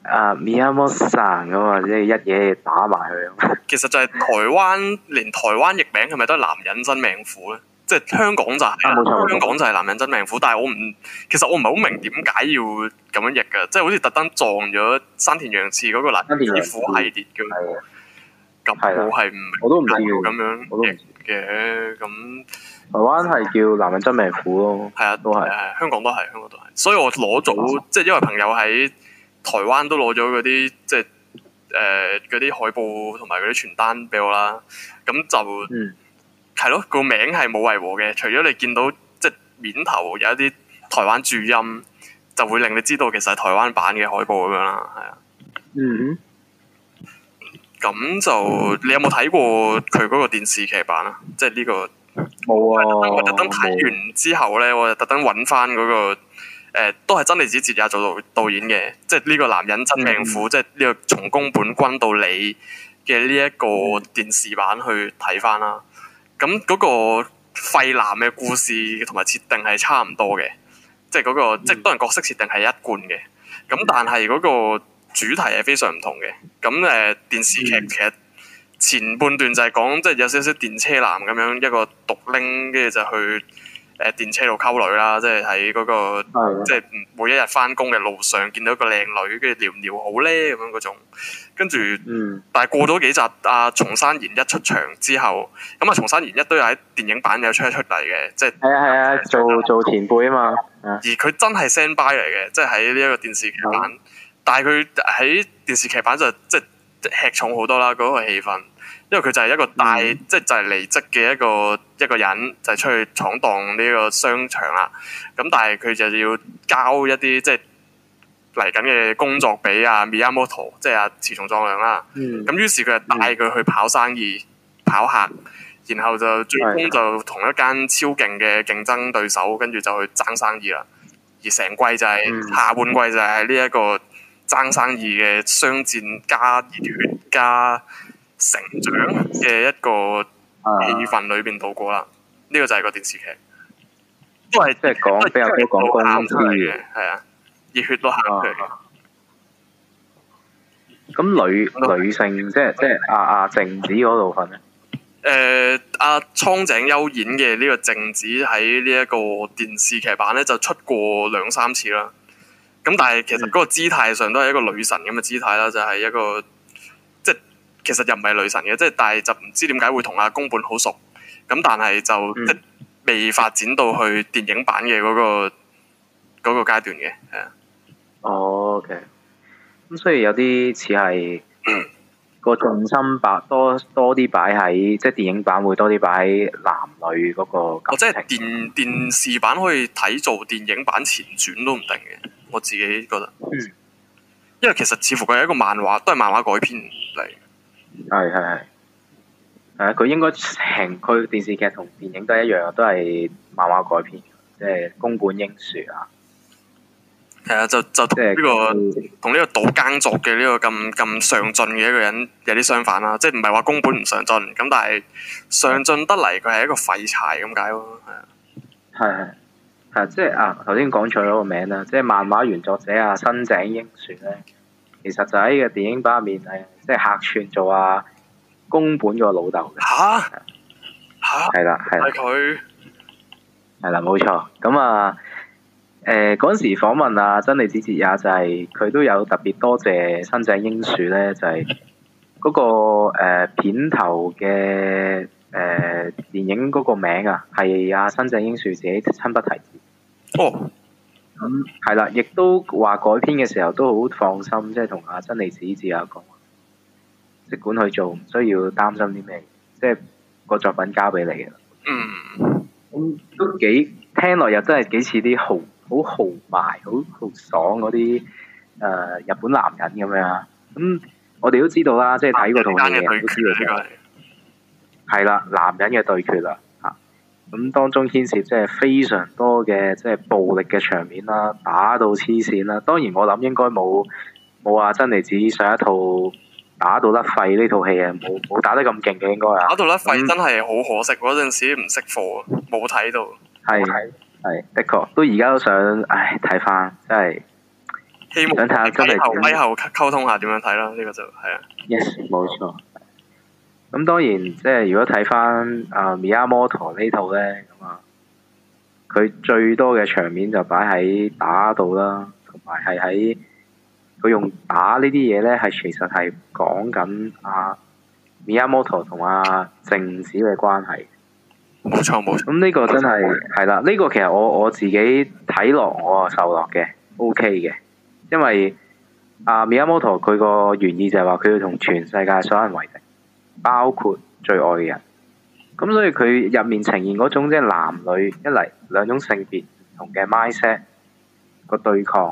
啊，m 宮本さん咁啊，即係、啊、一嘢打埋佢。 其實就係台灣，連台灣譯名係咪都係男人真命苦咧？即係香港就係，香港就係男人真命苦。但係我唔，其實我唔係好明點解要咁樣譯嘅，即係好似特登撞咗山田洋次嗰個男之苦系列咁，咁我係唔明點解要咁樣譯嘅。咁台灣係叫男人真命苦咯，係啊，都係香港都係，香港都係。所以我攞咗，即係因為朋友喺台灣都攞咗嗰啲，即係誒嗰啲海報同埋嗰啲傳單俾我啦。咁就嗯。係咯，個名係冇違和嘅。除咗你見到即係面頭有一啲台灣注音，就會令你知道其實係台灣版嘅海報咁樣啦。係啊，嗯，咁就你有冇睇過佢嗰個電視劇版啊？即係呢、這個冇啊我。我特登睇完之後咧，有我就特登揾翻嗰個、呃、都係真利子哲也做導演嘅，即係呢個男人真命苦，嗯、即係呢個從宮本君到你嘅呢一個電視版去睇翻啦。咁嗰個廢男嘅故事同埋設定係差唔多嘅，即係、那、嗰個即係當然角色設定係一貫嘅，咁但係嗰個主題係非常唔同嘅。咁誒、呃、電視劇其實前半段就係講即係有少少電車男咁樣一個獨拎，跟住就去。誒電車度溝女啦，即係喺嗰個，的即係每一日翻工嘅路上見到一個靚女，跟住聊唔聊好咧咁樣嗰種，跟住，嗯、但係過咗幾集，阿、啊、重山賢一出場之後，咁啊松山賢一都有喺電影版有出一出嚟嘅，即係，係啊係啊，做做前輩啊嘛，而佢真係 send by 嚟嘅，即係喺呢一個電視劇版，嗯、但係佢喺電視劇版就即係、就是、吃重好多啦嗰、那個戲份。因為佢就係一個大，嗯、即係就係離職嘅一個一個人，就係、是、出去闖蕩呢個商場啦。咁但係佢就要交一啲即係嚟緊嘅工作俾阿 Miyamoto，即係阿池松壯亮啦。咁於、嗯、是佢就帶佢去跑生意、嗯、跑客，然後就最終就同一間超勁嘅競爭對手，跟住就去爭生意啦。而成季就係、是嗯、下半季就係呢一個爭生意嘅商戰加熱血加成長嘅一個氣氛裏邊度過啦，呢、啊、個就係個電視劇，都係即係講比較多喊戲嘅，係啊，熱血都喊出嚟。咁女女性即係即係阿阿靜子嗰度份咧？誒，阿蒼井優演嘅呢個靜子喺呢一個電視劇版咧就出過兩三次啦。咁但係其實嗰個姿態上都係一個女神咁嘅姿態啦，就係、是、一個。其實又唔係女神嘅，即係但係就唔知點解會同阿宮本好熟咁，但係就，但就、嗯、即未發展到去電影版嘅嗰、那個嗰、那個、階段嘅係啊。哦，OK。咁雖然有啲似係個重心擺多多啲擺喺即係電影版會多啲擺男女嗰個、哦。即係電電視版可以睇做電影版前傳都唔定嘅。我自己覺得，嗯、因為其實似乎佢係一個漫畫，都係漫畫改編嚟。係係係，係啊！佢應該成套電視劇同電影都係一樣，都係漫畫改編，即係宮本英樹啊。係啊，就就同呢個同呢個島耕作嘅呢個咁咁上進嘅一個人有啲相反啦。即係唔係話宮本唔上進咁，但係上進得嚟佢係一個廢柴咁解咯。係啊，係係，係啊！即係啊，頭先講錯咗個名啦。即係漫畫原作者啊，新井英樹咧。其實就喺個電影版入面，係即係客串做阿宮本個老豆嘅。吓吓係啦係啦係佢係啦冇錯咁啊！誒嗰陣時訪問阿、啊、真利子哲也就係、是、佢都有特別多謝新井英樹咧，就係、是、嗰、那個誒、呃、片頭嘅誒、呃、電影嗰個名啊，係啊，新井英樹自己親筆題字。哦。咁係啦，亦都話改編嘅時候都好放心，即係同阿真理子子阿哥，即管去做，唔需要擔心啲咩，即係個作品交俾你啦。嗯，咁、嗯、都幾聽落又真係幾似啲豪好豪邁、好豪爽嗰啲誒日本男人咁樣。咁、嗯、我哋都知道啦，即係睇過套戲都知道嘅。係啦，男人嘅對決啦。了咁當中牽涉即係非常多嘅即係暴力嘅場面啦，打到黐線啦。當然我諗應該冇冇話真係只上一套打到甩肺呢套戲啊，冇冇打得咁勁嘅應該啊。打到甩肺真係好可惜，嗰陣、嗯、時唔識貨，冇睇到。係係，的確都而家都想，唉，睇翻，真係希望想睇下睇後睇後溝通下點樣睇啦，呢、呢個就係啊。Yes，冇錯。咁當然，即係如果睇翻啊，Mia Moto 呢套咧咁啊，佢最多嘅場面就擺喺打度啦，同埋係喺佢用打呢啲嘢咧，係其實係講緊啊，Mia Moto 同阿靜子嘅關係。冇錯冇錯。咁呢、嗯呢個真係係啦，呢錯、呢個其實我我自己睇落我受落嘅，O.K. 嘅，因為 Mia Moto 佢個原意就係話佢要同全世界所有人為敵。包括最愛嘅人，咁所以佢入面呈現嗰種即係、就是、男女一嚟兩種性別唔同嘅 mindset 個對抗，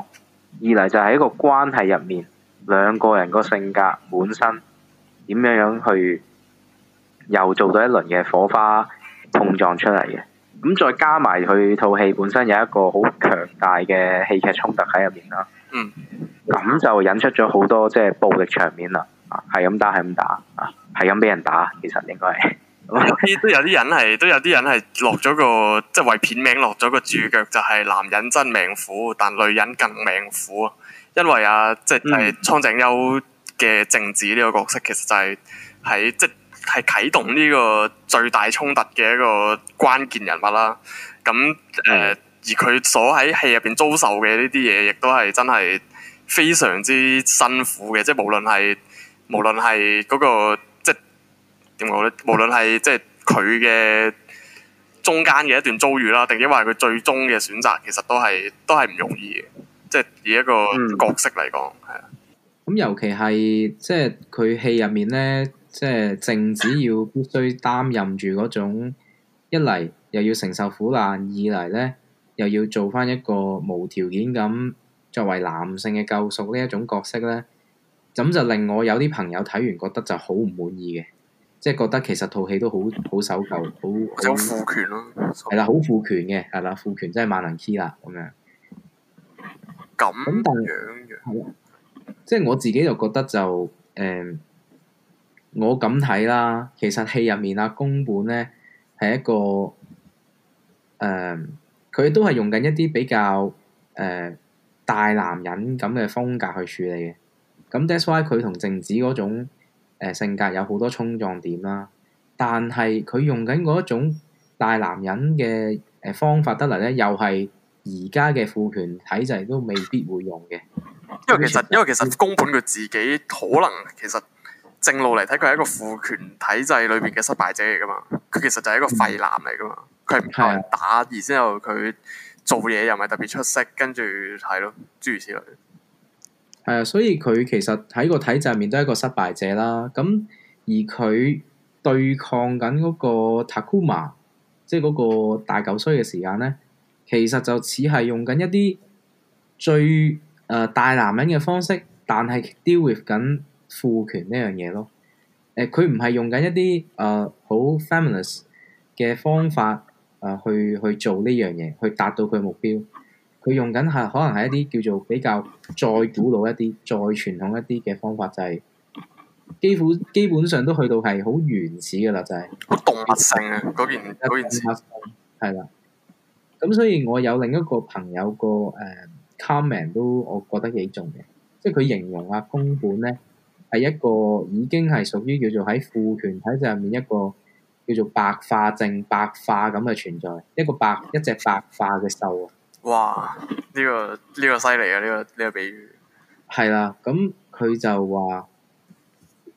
二嚟就喺一個關係入面，兩個人個性格本身點樣樣去又做到一輪嘅火花碰撞出嚟嘅，咁再加埋佢套戲本身有一個好強大嘅戲劇衝突喺入面啦，嗯，咁就引出咗好多即係暴力場面啦。啊，係咁打，係咁打啊，係咁俾人打。其實應該係 有啲都有啲人係都有啲人係落咗個，即係為片名落咗個註腳，就係、是、男人真命苦，但女人更命苦啊。因為阿、啊嗯、即係蒼井優嘅靜子呢個角色，其實就係喺即係啟動呢個最大衝突嘅一個關鍵人物啦。咁誒、呃，而佢所喺戲入邊遭受嘅呢啲嘢，亦都係真係非常之辛苦嘅，即係無論係。無論係嗰個即係點講咧，無論係即係佢嘅中間嘅一段遭遇啦，定抑或係佢最終嘅選擇，其實都係都係唔容易嘅。即係以一個角色嚟講，係啊。咁尤其係即係佢戲入面咧，即係淨只要必須擔任住嗰種一嚟又要承受苦難，二嚟咧又要做返一個無條件咁作為男性嘅救贖呢一種角色咧。咁就令我有啲朋友睇完，覺得就好唔滿意嘅，即、就、係、是、覺得其實套戲都好好守舊，好有父權咯。係啦，好父權嘅係啦，父權真係萬能 key 啦。咁樣咁，這樣，但係即係我自己就覺得就誒、呃，我咁睇啦。其實戲入面阿宮本咧係一個誒，佢、呃、都係用緊一啲比較誒、呃、大男人咁嘅風格去處理嘅。咁 that's why 佢同靜子嗰種性格有好多衝撞點啦，但係佢用緊嗰一種大男人嘅誒方法得嚟咧，又係而家嘅父權體制都未必會用嘅。因為其實，其實因為其實宮本佢自己 可能其實正路嚟睇，佢係一個父權體制裏邊嘅失敗者嚟噶嘛。佢其實就係一個廢男嚟噶嘛。佢唔靠人打，而之後佢做嘢又唔係特別出色， 跟住係咯，諸如此類。係啊，所以佢其實喺個體制入面都係一個失敗者啦。咁而佢對抗緊嗰個 Takuma，即係嗰個大嚿衰嘅時間咧，其實就似係用緊一啲最誒、呃、大男人嘅方式，但係 deal with 緊父權呢樣嘢咯。誒、呃，佢唔係用緊一啲誒好 feminist 嘅方法誒、呃、去去做呢樣嘢，去達到佢目標。佢用緊係可能係一啲叫做比較再古老一啲、再傳統一啲嘅方法，就係幾乎基本上都去到係好原始嘅啦，就係、是、好動物性啊嗰邊嗰邊係啦。咁邊像所以，我有另一個朋友個誒、uh, comment 都我覺得幾重嘅，即係佢形容阿、啊、宮本咧係一個已經係屬於叫做喺父權體上面一個叫做白化症、白化咁嘅存在，一個白一隻白化嘅獸啊。哇！呢、這個呢、這個犀利啊！呢、這個呢、這個比喻係啦，咁佢就話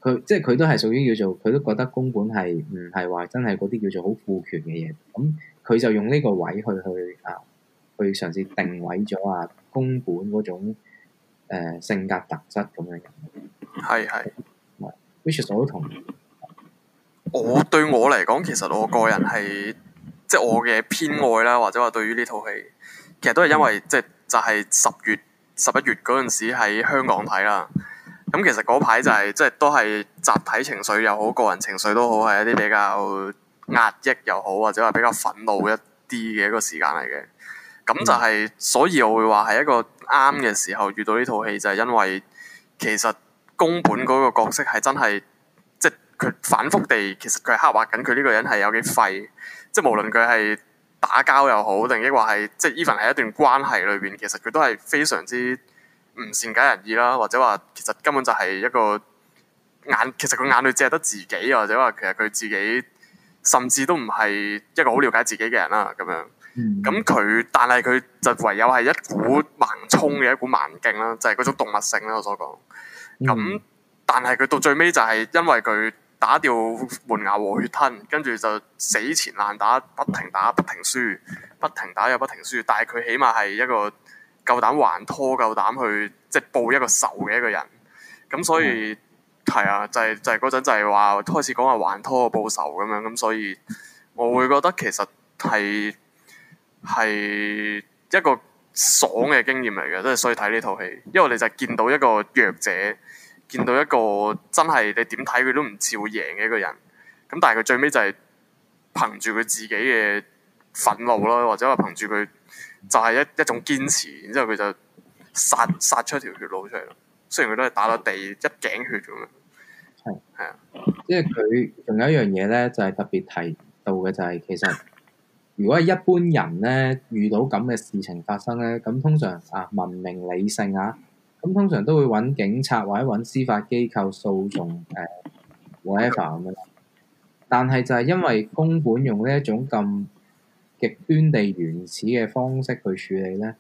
佢即係佢都係屬於叫做佢都覺得宮本係唔係話真係嗰啲叫做好賦權嘅嘢。咁佢就用呢個位去去啊去嘗試定位咗啊宮本嗰種誒、呃、性格特質咁樣嘅係係，which is 我都同意。 我對我嚟講，其實我個人係即係我嘅偏愛啦，或者話對於呢套戲。其實都係因為即係就係、是、十月十一月嗰陣時喺香港睇啦。咁其實嗰排就係即係都係集體情緒又好，個人情緒都好，係一啲比較壓抑又好，或者話比較憤怒一啲嘅一個時間嚟嘅。咁就係、是、所以我會話係一個啱嘅時候遇到呢套戲，就係、是、因為其實宮本嗰個角色係真係即係佢反覆地其實佢係刻畫緊佢呢個人係有幾廢，即、就、係、是、無論佢係。打交又好，定抑或係即係 even 係一段關係裏邊，其實佢都係非常之唔善解人意啦，或者話其實根本就係一個眼，其實佢眼裏只係得自己，或者話其實佢自己甚至都唔係一個好了解自己嘅人啦，咁樣。咁佢、嗯、但係佢就唯有係一股盲衝嘅一股盲勁啦，就係、是、嗰種動物性啦，我所講。咁但係佢到最尾就係因為佢。打掉門牙和血吞，跟住就死纏爛打，不停打，不停輸，不停打，又不停輸。但係佢起碼係一個夠膽還拖、夠膽去即係報一個仇嘅一個人。咁所以係、嗯、啊，就係、是、就係嗰陣就係話開始講話還拖報仇咁樣。咁所以我會覺得其實係係一個爽嘅經驗嚟嘅，即係睇呢套戲，因為你就見到一個弱者。見到一個真係你點睇佢都唔似會贏嘅一個人，咁但係佢最尾就係憑住佢自己嘅憤怒囉，或者話憑住佢就係一一種堅持，然之後佢就殺殺出條血路出嚟咯。雖然佢都係打到地一頸血咁樣，係係，係即係佢仲有一樣嘢咧，就係、係、特別提到嘅就係、係、其實如果係一般人咧，遇到咁嘅事情發生咧，咁通常啊文明理性啊。咁通常都會揾警察或者揾司法機構訴訟誒 whatever 咁樣，但係就係因為宮本用呢一種咁極端地原始嘅方式去處理咧，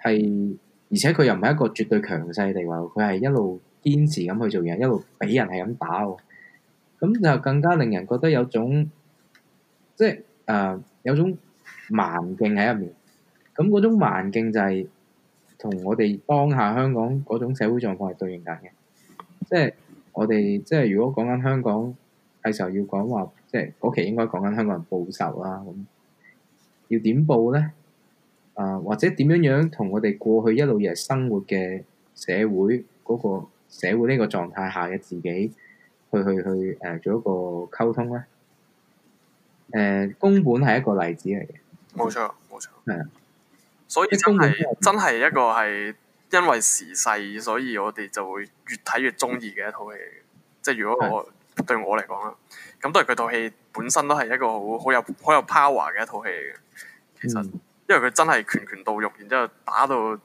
係而且佢又唔係一個絕對強勢地位。佢係一路堅持咁去做嘢，一路俾人係咁打喎，咁就更加令人覺得有種即係誒、呃、有種蠻勁喺入面，咁嗰種蠻勁就係、是。同我哋當下香港嗰種社會狀況係對應緊嘅，即係我哋即係如果講緊香港係時候要講話，即係嗰期應該講緊香港人報仇啦。咁、嗯、要點報呢？啊、呃，或者點樣樣同我哋過去一路亦生活嘅社會嗰、嗰個社會呢個狀態下嘅自己去去去誒、呃、做一個溝通咧？誒、呃，宮本係一個例子嚟嘅，冇錯冇錯，係啊。嗯所以真係真係一個係因為時勢，所以我哋就會越睇越中意嘅一套戲。即係如果我是的 對我嚟講啦，咁都係佢套戲本身都係一個好好有好有 power 嘅一套戲嘅。其實因為佢真係拳拳到肉，然之後打到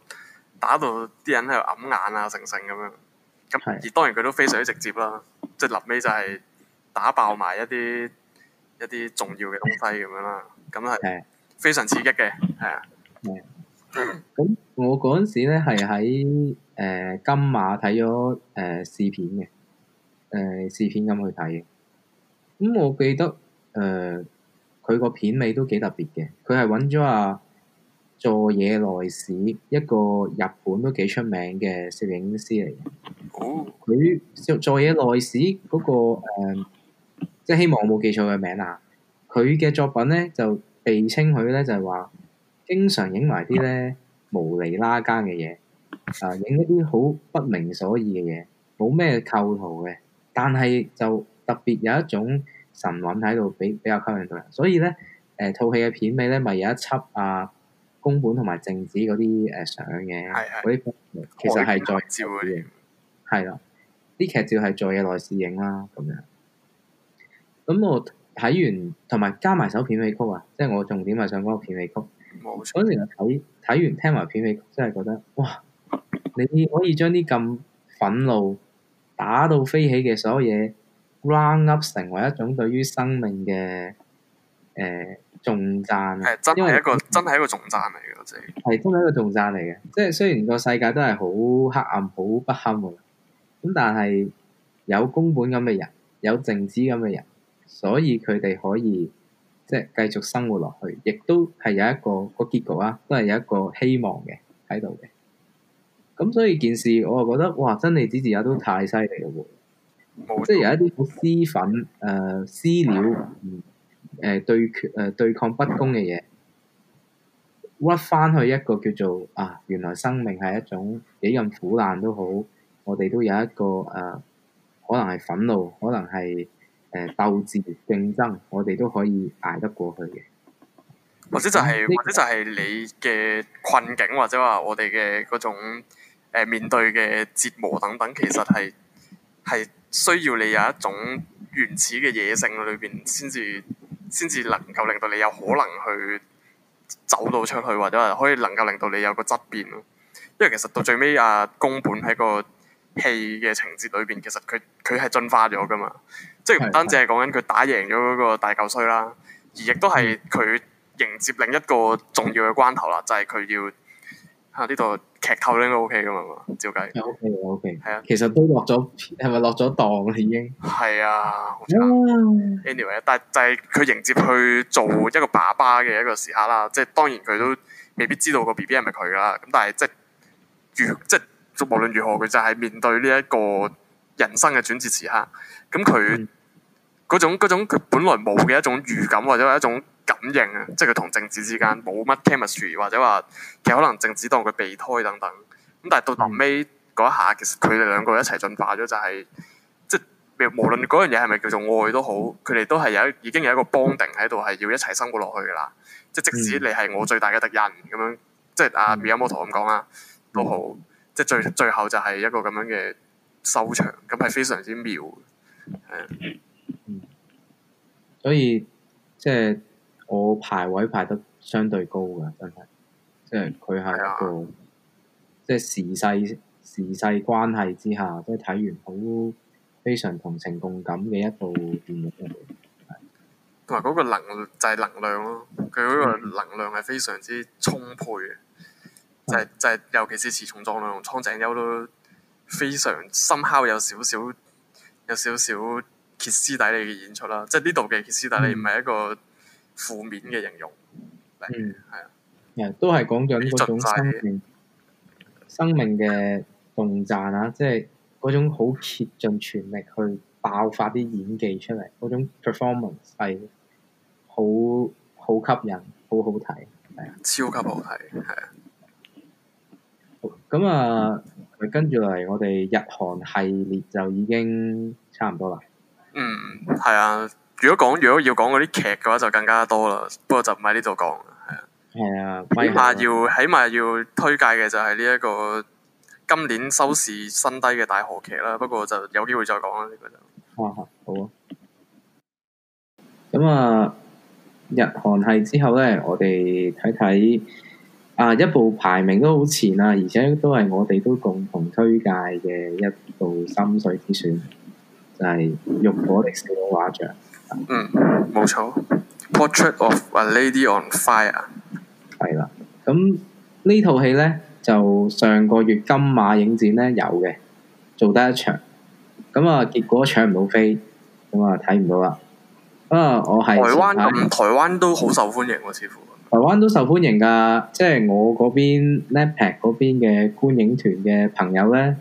打到啲人喺度揞眼啊，成成咁樣。咁是的 而當然佢都非常之直接啦，即係臨尾就係打爆埋一啲一啲重要嘅東西咁樣啦。咁係非常刺激嘅，係啊。咁、嗯、我嗰陣時咧，係喺誒金馬睇咗誒試片嘅，誒試片咁去睇嘅。咁我記得誒佢個片尾都幾特別嘅，佢係揾咗啊佐野內史一個日本都幾出名嘅攝影師嚟嘅。佢佐佐野內史嗰個、呃、即係希望我冇記錯佢名啊。佢嘅作品咧就被稱佢咧就係、是、話。經常影埋啲咧無厘拉更嘅嘢，啊影一啲好不明所以嘅嘢，冇咩構圖嘅，但係就特別有一種神韻喺度，比比較吸引到人。所以咧，誒、呃、套戲嘅片尾咧，咪、就是、有一輯啊宮本同埋靜子嗰啲誒相嘅，嗰啲是其實係再照嘅嘢，係啦的，啲劇照係在嘢內攝影啦咁樣。咁我睇完，同埋加埋首片尾曲啊，即、就、係、是、我重點係上嗰個片尾曲。嗰陣時睇睇完聽埋片尾，真係覺得哇！你可以將啲咁憤怒打到飛起嘅所有嘢 round up，成為一種對於生命嘅誒頌讚。係、呃、真係一個為真係一個頌讚嚟嘅，真係係真係一個頌讚嚟嘅。即係雖然個世界都係好黑暗、好不堪嘅，咁但係有公本咁嘅人，有正知咁嘅人，所以佢哋可以。即係繼續生活落去，亦都係有一個個結局啊，都係有一個希望嘅喺度嘅。咁所以件事，我啊覺得哇，真係子治也都太犀利咯！錯即係有一啲好私憤、誒、呃、私了、誒、呃、對誒、呃、對抗不公嘅嘢，屈翻去一個叫做啊，原來生命係一種幾咁苦難都好，我哋都有一個誒、呃，可能係憤怒，可能係。誒，鬥、呃、志競爭，我哋都可以捱得過去嘅，就是，或者就係或者就係你嘅困境，或者話我哋嘅嗰種誒、呃、面對嘅折磨等等，其實係係需要你有一種原始嘅野性裏邊，先至先至能夠令到你有可能去走到出去，或者話可以能夠令到你有個質變咯。因為其實到最尾啊宮本喺個戲嘅情節裏邊，其實佢佢係進化咗噶嘛。即係唔單止係講緊佢打贏咗嗰個大舊衰啦，而亦都係佢迎接另一個重要嘅關頭啦，就係、是、佢要吓呢度劇透咧，應該 O K 噶嘛？照計係 O K 係啊。其實都落咗，係咪落咗檔啦已經？係啊 ，Anyway，好但係就係佢迎接去做一個爸爸嘅一個時刻啦。即係當然佢都未必知道個 B B 係咪佢㗎啦。咁但係即係如即係無論如何，佢就係面對呢一個人生嘅轉折時刻。咁佢。 嗰種嗰種佢本來冇嘅一種預感，或者話一種感應啊，即係佢同靜子之間冇乜 chemistry，或者話其實可能靜子當佢備胎等等。咁但係到臨尾嗰一下，其實佢哋兩個一齊進化咗、就係，就係即係無論嗰樣嘢係咪叫做愛都好，佢哋都係有一已經有一個 bonding 喺度，係要一齊生活落去噶啦。即係即使你係我最大嘅敵人咁樣，即係阿米亞莫圖咁講啦，都好。即係最最後就係一個咁樣嘅收場，咁係非常之妙，嗯嗯、所以即係我排位排得相對高噶，真係即係佢係一部、啊、即係時勢時勢關係之下，即係睇完好非常同情共感嘅一部電影。同埋嗰個能就係、是、能量咯，佢嗰個能量係非常之充沛嘅、嗯就是，就係就係尤其是池松壯亮同蒼井優都非常深刻，有少少有少少。歇斯底里嘅演出啦，即係呢度嘅歇斯底里唔係一個負面嘅形容嚟，係啊，都係講緊呢種生生命嘅動盪啊，即係嗰種好竭盡全力去爆發啲演技出嚟嗰種 performance 係好好吸引，好好睇，係啊，超級好睇，係啊。咁 啊，跟住嚟，我哋日韓系列就已經差唔多啦。嗯，係啊。如果講，如果要講嗰啲劇嘅話，就更加多啦。不過就唔喺呢度講，係啊。係啊，呢下、啊、要起碼要推介嘅就係呢一個今年收視新低嘅大河劇啦。不過就有機會再講啦，呢、這個就、啊。好啊。咁啊，日韓系之後呢，我哋睇睇啊一部排名都好前啊，而且都係我哋都共同推介嘅一部心水之選。就係《浴火的少女畫像》。嗯，冇錯，《Portrait of a Lady on Fire》係啦。咁呢套戲咧，就上個月金馬影展咧有嘅，做得一場。咁啊，結果搶唔到飛，咁啊睇唔到啦。啊，我係台灣、嗯，台灣都好受歡迎喎、啊，似乎。台灣都受歡迎㗎，即係我嗰邊 Netpac 嗰邊嘅觀影團嘅朋友咧，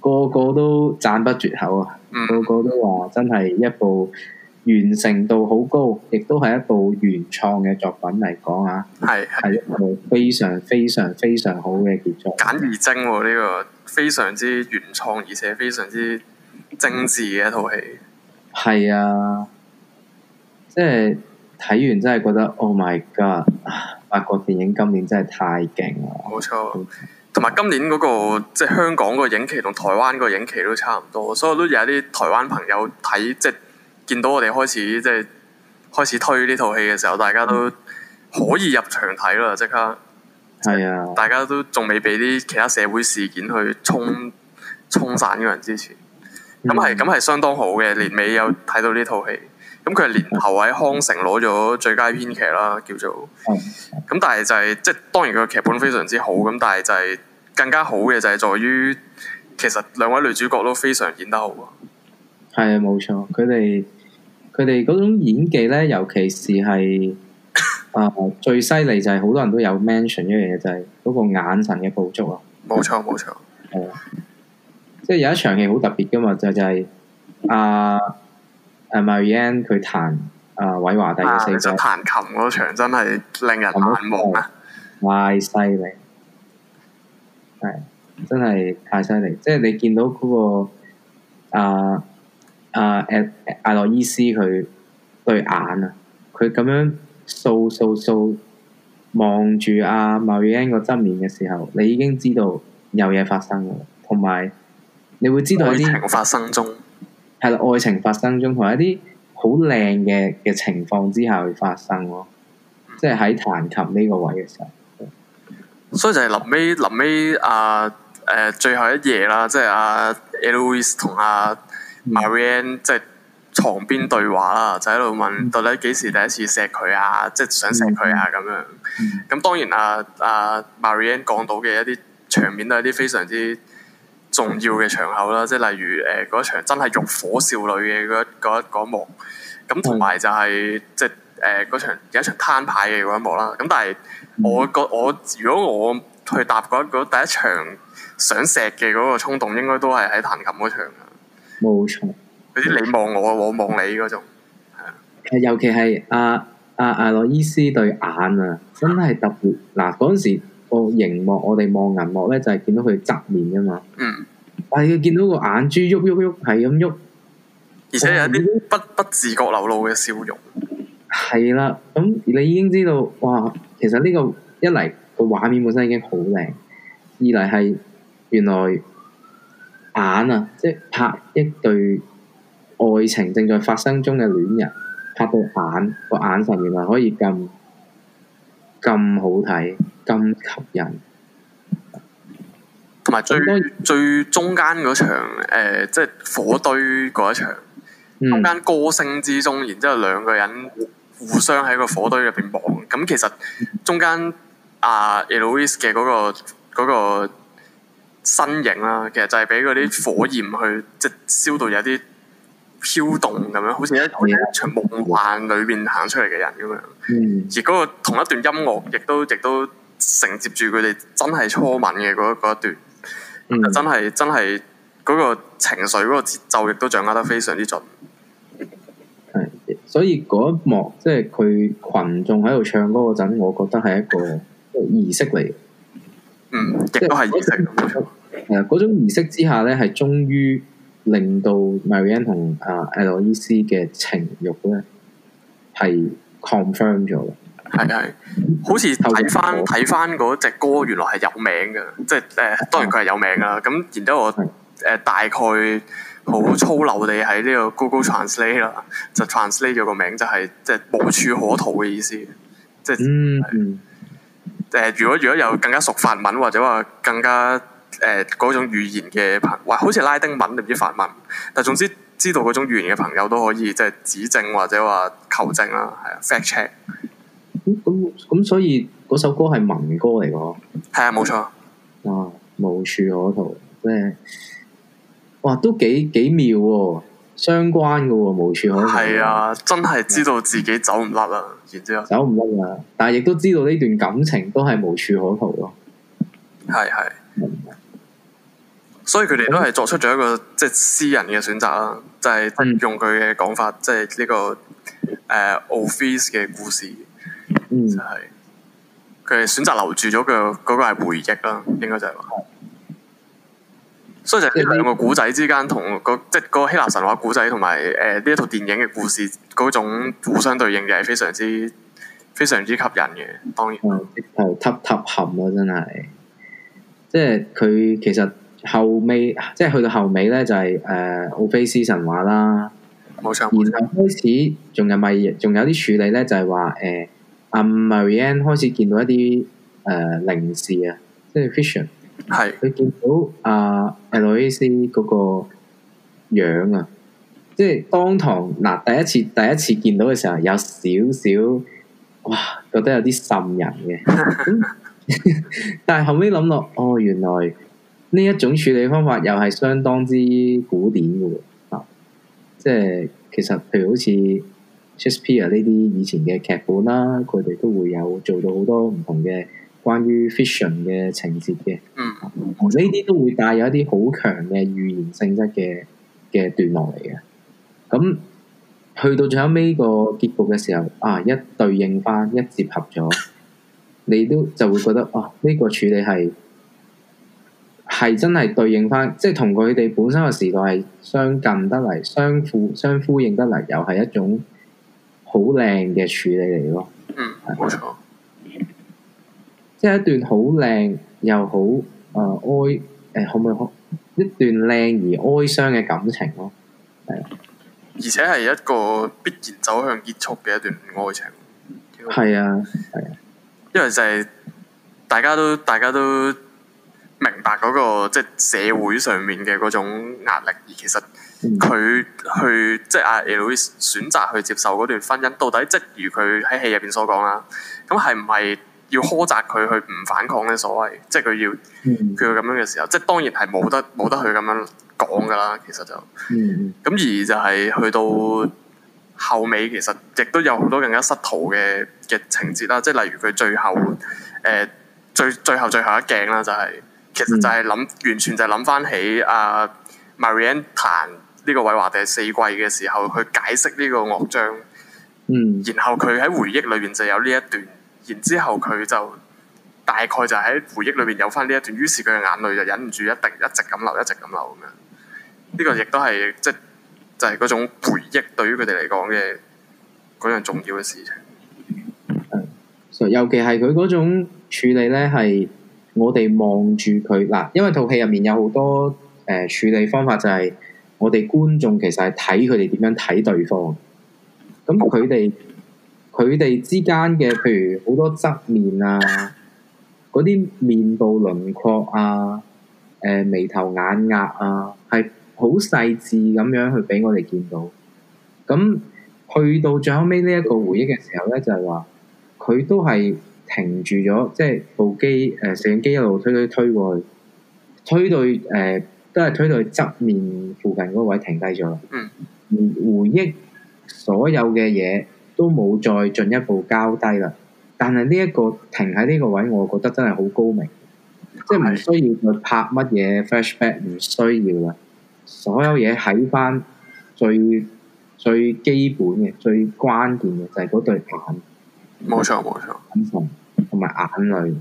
個個都讚不絕口啊！嗯、個個都話真係一部完成度好高，亦都係一部原創嘅作品嚟講啊，係係一部非常非常非常好嘅傑作。簡而精呢，啊這個非常之原創，而且非常之精緻嘅一套戲。係、嗯、啊，即係睇完真係覺得 Oh my God！法國電影今年真係太勁啦。冇錯。同埋今年嗰、嗰個即係香港個影期同台灣個影期都差唔多，所以都有啲台灣朋友睇，即係見到我哋開始即係開始推呢套戲嘅時候，大家都可以入場睇啦，即刻。係啊的！大家都仲未俾啲其他社會事件去沖沖散嘅人之前，咁係咁係相當好嘅年尾有睇到呢套戲。咁佢係年頭喺康城攞咗最佳編劇啦，叫做。係、就係。咁但係就係即係當然佢個劇本非常之好，咁但係就係、係。更加好嘅就係在於，其實兩位女主角都非常演得好。係啊，冇錯，佢哋佢哋嗰種演技呢，尤其是係 啊最犀利就係好多人都有 mention 一樣嘢，就係、是、嗰個眼神嘅捕捉啊。冇錯，冇錯，係啊 即係有一場戲好特別㗎嘛，就就係阿啊，啊 Marianne 佢彈啊韋華第嘅四手、啊、彈琴嗰場，真係令人難忘啊！啊太犀利！係，真係太犀利！即係你見到嗰、那個、啊啊啊、阿阿艾艾洛伊斯佢對眼啊，佢咁樣掃掃掃望住阿 Marianne 個側面嘅時候，你已經知道有嘢發生啦。同埋你會知道一啲情發生中，係啦，愛情發生中同一啲好靚嘅嘅情況之下會發生咯，即係喺彈琴呢個位嘅時候。所以就係臨尾，臨尾啊誒最後一夜啦，即係阿 Héloïse 同阿 Marianne 即係床邊對話啦，嗯、就喺度問到底幾時第一次錫佢啊，即係、嗯、想錫佢啊咁樣。咁、嗯、當然啊啊 Marianne 講到嘅一啲場面都係啲非常之重要嘅場口啦，即係例如誒嗰場真係浴火少女嘅嗰一,一幕。咁同埋就係即係。就是誒嗰、呃、場有一場攤牌嘅嗰一幕啦，咁但係我覺、嗯、我,我如果我去搭嗰第一場想錫嘅嗰個衝動，應該都係喺彈琴嗰場。冇錯，啲你望我， 我望你嗰種，尤其係、啊啊、阿阿阿羅伊斯對眼啊，真係特別。嗱、嗯啊，嗰陣時個熒幕我哋望銀幕咧，就係、是、見到佢側面㗎嘛。嗯。係要見到個眼珠喐喐喐，係咁喐，而且有啲不不自覺流露嘅笑容。係啦，咁你已經知道，哇！其實呢、呢個一嚟個畫面本身已經好靚，二嚟係原來眼啊，即係拍一對愛情正在發生中嘅戀人，拍到眼個眼神原來可以咁咁好睇、咁吸引，同埋最該最中間嗰場即係、呃即係、火堆嗰一場，嗯、中間歌聲之中，然之後兩個人。互相喺個火堆入邊望，咁其實中間阿 Eloise 嘅嗰個嗰、嗰個身影啦，其實就係俾嗰啲火焰去即係燒到有啲飄動咁樣，好似喺一場夢幻裏邊行出嚟嘅人咁樣，而嗰個同一段音樂亦都亦都承接住佢哋真係初吻嘅嗰一段，嗯、真係真係嗰、嗰個情緒嗰、嗰個節奏亦都掌握得非常之準。所以嗰一幕，即係佢群眾喺度唱歌嗰陣，我覺得係一個儀式嚟。嗯，亦都係儀式。係啊，嗰種儀式之下咧，係終於令到 Marianne 同啊、uh, Héloïse 嘅情慾咧係 confirm 咗。係係，好似睇翻睇翻嗰隻歌，原來係有名嘅，即係誒、呃，當然佢係有名啦。咁、啊、然之後我，誒是、呃、大概。好粗陋地喺呢個 Google Translate 啦，就 translate 咗個名就係、是、即係無處可逃嘅意思，即係誒、嗯嗯呃。如果如果有更加熟法文或者話更加誒嗰、呃、種語言嘅朋友，哇！好似拉丁文定唔知法文，但係總之知道嗰種語言嘅朋友都可以即係指正或者話求證啦，係啊，fact check。咁咁咁，所以嗰首歌係民歌嚟㗎，係啊，冇錯。啊，無處可逃，即係。哇，都幾幾妙喎，相關嘅，無處可逃。係啊，真係知道自己走唔甩啦，然之後走唔甩啦，但係亦都知道呢段感情都係無處可逃咯。係係，嗯、所以佢哋都係作出咗一個即係、就係、私人嘅選擇啦，就係、係、用佢嘅講法，即係呢個誒、uh, Office 嘅故事，就係、係、佢、嗯、選擇留住咗、個嗰個係回憶啦，應該就係、係。嗯所以就係呢兩個古仔之間，同個即係個希臘神話古仔同埋誒呢一套電影嘅故事嗰種互相對應，嘅係非常之非常之吸引嘅。當然，係塔塔含咯，真係。即係佢其實後尾，即係去到後尾咧，就係、是、誒、呃、奧菲斯神話啦。冇錯。然後開始仲有咪仲有啲處理咧，就係、是、話誒阿、呃啊、Marianne 開始見到一啲誒、呃、靈視啊，即係 Vision。係，你是見到阿 Alex 嗰個樣啊，即係當堂嗱，啊，第一次第一次見到嘅時候，有少少哇，覺得有啲滲人嘅。 但係後尾諗落，哦，原來呢一種處理方法又係相當之古典嘅喎。啊，即係其實，譬如好似 Shakespeare 呢啲以前嘅劇本啦，啊，佢哋都會有做到好多唔同嘅。關於 fiction 嘅情節嘅，呢啲，嗯、都會帶有一啲好強嘅預言性質嘅嘅段落嚟嘅。咁去到最後尾個結局嘅時候，啊，一對應翻，一接合咗，你都就會覺得，哇，啊，呢，這個處理係係真係對應翻，即係同佢哋本身嘅時代係相近得嚟，相呼相呼應得嚟，又係一種好靚嘅處理嚟咯。嗯，冇錯即係一段好靚又好誒、呃、哀誒、呃，可唔可以一段靚而哀傷嘅感情咯？係啊，而且係一個必然走向結束嘅一段愛情。係啊，係。因為就係大家都大家都明白嗰、那個即係、就是、社會上面嘅嗰種壓力，而其實佢去即係、就、阿、是、Elvis 選擇去接受嗰段婚姻，到底即如佢喺戲入邊所講啦，咁係唔係？要苛責佢去唔反抗嘅所謂，即係佢要佢要咁樣嘅時候，即係當然係冇得冇得去咁樣講㗎啦。其實就咁、嗯、而就係、是、去到後尾，其實亦都有好多更加失途嘅嘅情節啦。即係例如佢最後誒、呃、最最後最後一鏡啦、就是，就係其實就係諗、嗯、完全就係諗翻起阿 Marianne 彈呢個韋華第四季嘅時候去解釋呢個樂章，嗯、然後佢喺回憶裏邊就有呢一段。然之後佢就大概就喺回憶裏面有翻呢一段，於是佢嘅眼淚就忍唔住一定一直咁流，一直咁流咁樣。呢個亦都係即就係嗰種回憶對於佢哋嚟講嘅嗰樣重要嘅事情。尤其係佢嗰種處理呢，係我哋望住佢嗱，因為套戲入面有好多誒處理方法，就係我哋觀眾其實係睇佢哋點樣睇對方。咁佢哋。佢哋之間嘅譬如好多側面啊，嗰啲面部輪廓啊，誒、呃、眉頭眼額啊，係好細緻咁樣去俾我哋見到。咁去到最後尾呢一個回憶嘅時候咧，就係話佢都係停住咗，即係部機誒攝影機一路推，推推推過去，推到誒、呃、都係推到去側面附近嗰位停低咗。嗯，而回憶所有嘅嘢。都冇再進一步交低啦，但係呢一個停喺呢個位，我覺得真係好高明，即係唔需要再拍乜嘢 flashback，唔需要啦。所有嘢喺翻最最基本嘅、最關鍵嘅就係嗰對眼，冇錯冇錯，眼神同埋眼淚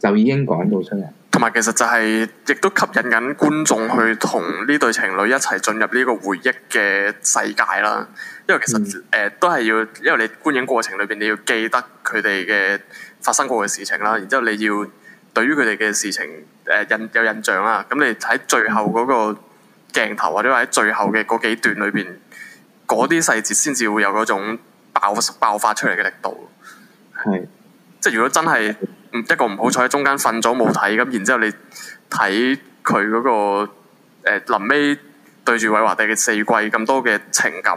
就已經講到出嚟。同埋，其實就係亦都吸引緊觀眾去同呢對情侶一齊進入呢個回憶嘅世界啦。因為其實誒都係要，因為你觀影過程裏邊你要記得佢哋嘅發生過嘅事情啦。然之後你要對於佢哋嘅事情誒印有印象啊。咁你喺最後嗰個鏡頭或者喺最後嘅嗰幾段裏邊，嗰啲細節先至會有嗰種爆爆發出嚟嘅力度。係，即係如果真係。一個唔好彩喺中間瞓咗冇睇咁，然之後你睇佢嗰個誒，臨、呃、尾對住韋華帝嘅四季咁多嘅情感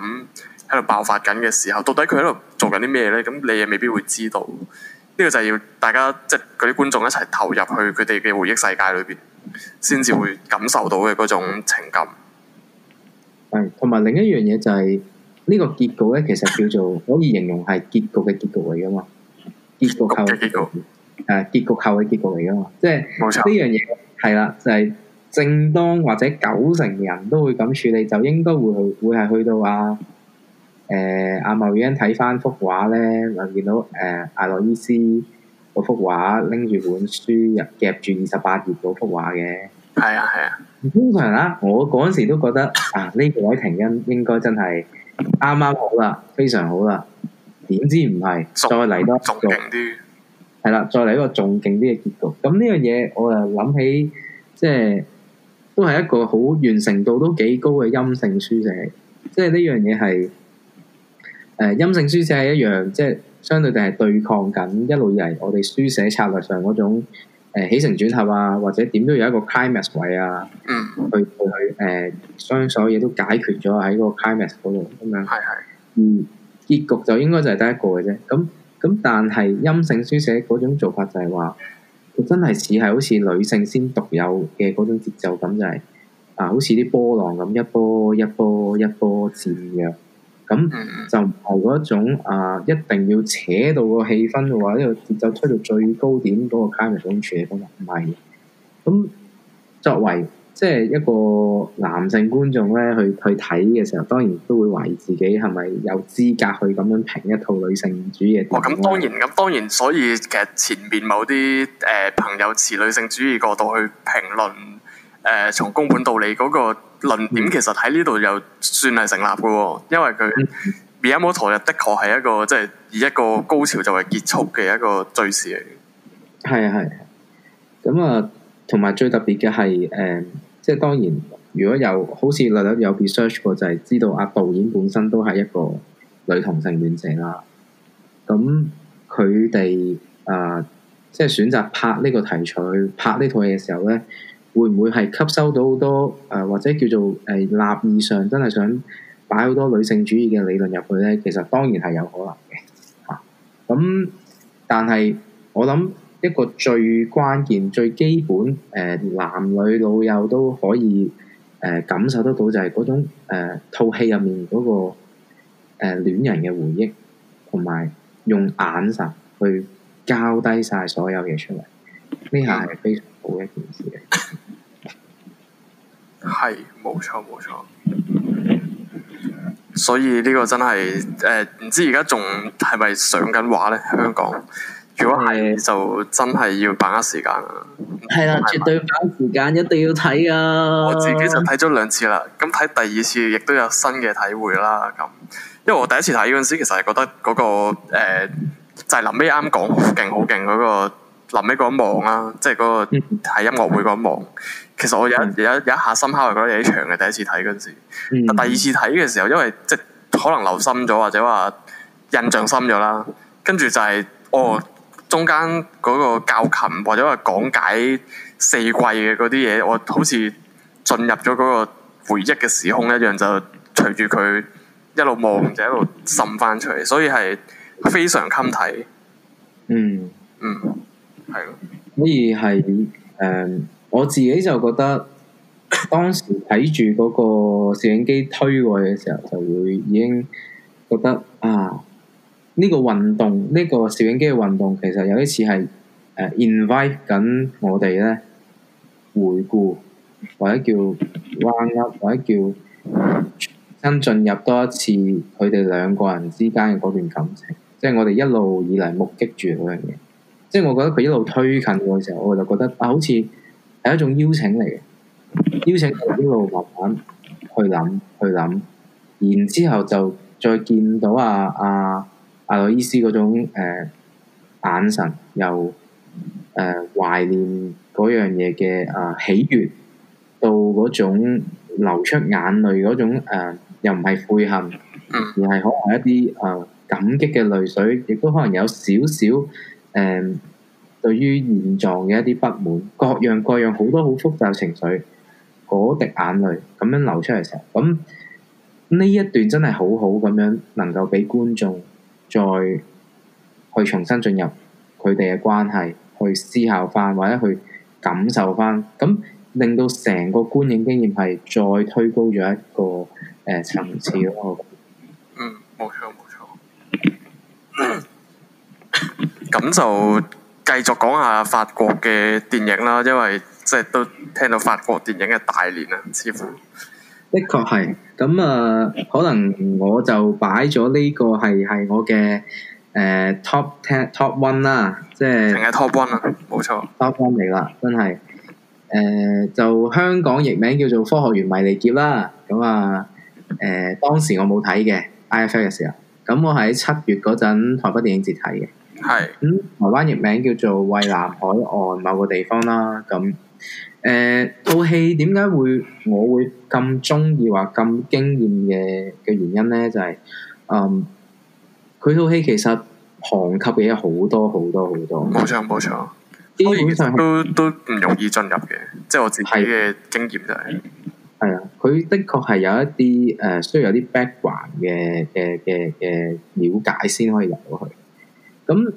喺度爆發緊嘅時候，到底佢喺度做緊啲咩咧？咁你又未必會知道。呢、這個就係要大家即係嗰啲觀眾一齊投入去佢哋嘅回憶世界裏邊，先至會感受到嘅嗰種情感。係，同埋另一樣嘢就係、是、呢、這個結局咧，其實叫做可以形容係結局嘅結局嚟㗎嘛？結局嘅結、結局。誒，結局後嘅結局嚟噶嘛？即係呢沒錯 樣嘢係啦，就係、是、正當或者九成人都會咁處理，就應該會去，會係去到啊誒阿茂爾恩睇翻幅畫咧，就見到誒、呃、阿洛伊斯嗰幅畫拎住本書入夾住二十八頁嗰幅畫嘅。係啊係啊，啊通常啊，我嗰陣時都覺得啊呢位停音應該真係啱啱好啦，非常好啦，點知唔係，再嚟多一度。係啦，再嚟一個仲勁啲嘅結局。咁呢樣嘢，我又諗起，即係都係一個好完成度都幾高嘅陰性書寫。即係呢樣嘢係，誒、呃，陰性書寫係一樣，即係相對地係對抗緊一路以嚟，我哋書寫策略上嗰種誒、呃、起承轉合啊，或者點都有一個 climax 位啊。嗯。去去去，誒、呃，將所有嘢都解決咗喺個 climax 度咁樣。係係的。嗯，結局就應該就係得一個嘅啫。咁。咁但係陰性書寫嗰種做法就係話，佢真係似係好似女性先獨有嘅嗰種節奏咁就係、是，啊好似啲波浪咁一波一波一波漸弱，咁、嗯、就唔係嗰種啊一定要扯到個氣氛嘅話，呢、這個節奏出到最高點嗰個 timing 嗰種處理方法唔係咁作為即係一個男性觀眾咧，去去睇嘅時候，當然都會懷疑自己係咪有資格去咁樣評一套女性主義片、哦。咁當然，咁當然，所以其實前面某啲誒、呃、朋友持女性主義角度去評論誒、呃，從公本道理嗰個論點，其實喺呢度又算係成立嘅喎，因為佢《變阿、嗯、摩多》又的確係一個即係以一個高潮作為結束嘅一個敘事嚟。係啊係。咁、嗯、啊，同埋、嗯、最特別嘅係誒。呃即係當然，如果有好似略略有 research 過，就係、是、知道阿、啊、導演本身都係一個女同性戀者啦。咁佢哋啊，即係選擇拍呢個題材拍呢套嘢嘅時候咧，會唔會係吸收到好多誒、呃、或者叫做誒、呃、立意上真係想擺好多女性主義嘅理論入去咧？其實當然係有可能嘅嚇。咁、啊、但係我諗。一個最關鍵、最基本，誒、呃、男女老幼都可以誒、呃、感受得到就，就係嗰種套戲入面嗰、嗰個誒、呃、戀人嘅回憶，同埋用眼神去交低晒所有嘢出嚟，呢下係非常好嘅一件事。係 冇錯冇錯。所以呢個真係誒，唔、呃、知而家仲係咪上緊畫咧？香港。如果係的就真係要把握時間啊！係啦的，吧絕對把握時間，一定要睇啊！我自己就睇咗兩次啦。咁睇第二次亦都有新嘅體會啦。咁因為我第一次睇嗰陣時，其實係覺得嗰、嗰個、呃、就係臨尾啱講勁好勁嗰個臨尾嗰一望啦，即係嗰個喺音樂會嗰一望。嗯、其實我有有有一下深刻係覺得有啲長嘅第一次睇嗰陣時，嗯、但第二次睇嘅時候，因為即可能留心咗或者話印象深咗啦，跟住就係、是、哦。中間嗰個教琴或者話講解四季嘅嗰啲嘢，我好似進入咗嗰個回憶嘅時空一樣，就隨住佢一路望就一路滲翻出嚟，所以係非常襟睇。嗯嗯，係咯、嗯。所以係誒，um, 我自己就覺得當時睇住嗰個攝影機推過嘅時候，就會已經覺得啊～呢個運動，呢個攝影機嘅運動，其實有啲似係 invite 緊我哋咧，回顧或者叫彎曲，或者叫，up, 或者叫新進入多一次佢哋兩個人之間嘅嗰段感情。即係我哋一路以嚟目擊住嗰樣嘢，即係我覺得佢一路推近我嘅時候，我就覺得啊，好似係一種邀請嚟嘅邀請，一路慢慢去諗去諗，然之後就再見到啊啊！阿羅伊斯嗰種、呃、眼神，又誒、呃、懷念嗰樣嘢嘅啊喜悅，到嗰種流出眼淚嗰種、呃、又唔係悔恨，而係可能一啲誒、呃、感激嘅淚水，亦都可能有少少誒、呃、對於現狀嘅一啲不滿，各樣各樣好多好複雜情緒，嗰滴眼淚咁樣流出嚟時候，咁呢一段真係好好咁樣能夠俾觀眾。再去重新進入佢哋嘅關係，去思考翻或者去感受翻，咁令到成個觀影經驗係再推高咗一個誒、呃、層次咯。嗯，冇錯冇錯。咁 就繼續講下法國嘅電影啦，因為即係都聽到法國電影嘅大年啊，似乎。的確係，咁啊、呃，可能我就擺咗呢個係係我嘅誒、呃、top ten top one 啦，即係。淨係 top one 啊，冇錯，top one 嚟啦，真係。誒、呃，就香港譯名叫做《科學園迷離劫》啦，咁啊，誒、呃、當時我冇睇嘅 IFC 嘅時候，咁我喺七月嗰陣台北電影節睇嘅，係是，咁、嗯、台灣譯名叫做《蔚藍海岸》某個地方啦，咁。誒，套戲點解會我會咁中意，話咁驚艷嘅嘅原因咧，就係、是，嗯，佢套戲其實行級嘢，好多好多好多。冇錯冇錯，基本上都都唔 容易進入嘅， 即係我自己嘅經驗就係、是。係啊，佢的確係有一啲誒、呃，需要有啲 background 嘅嘅嘅嘅了解先可以入到去。咁，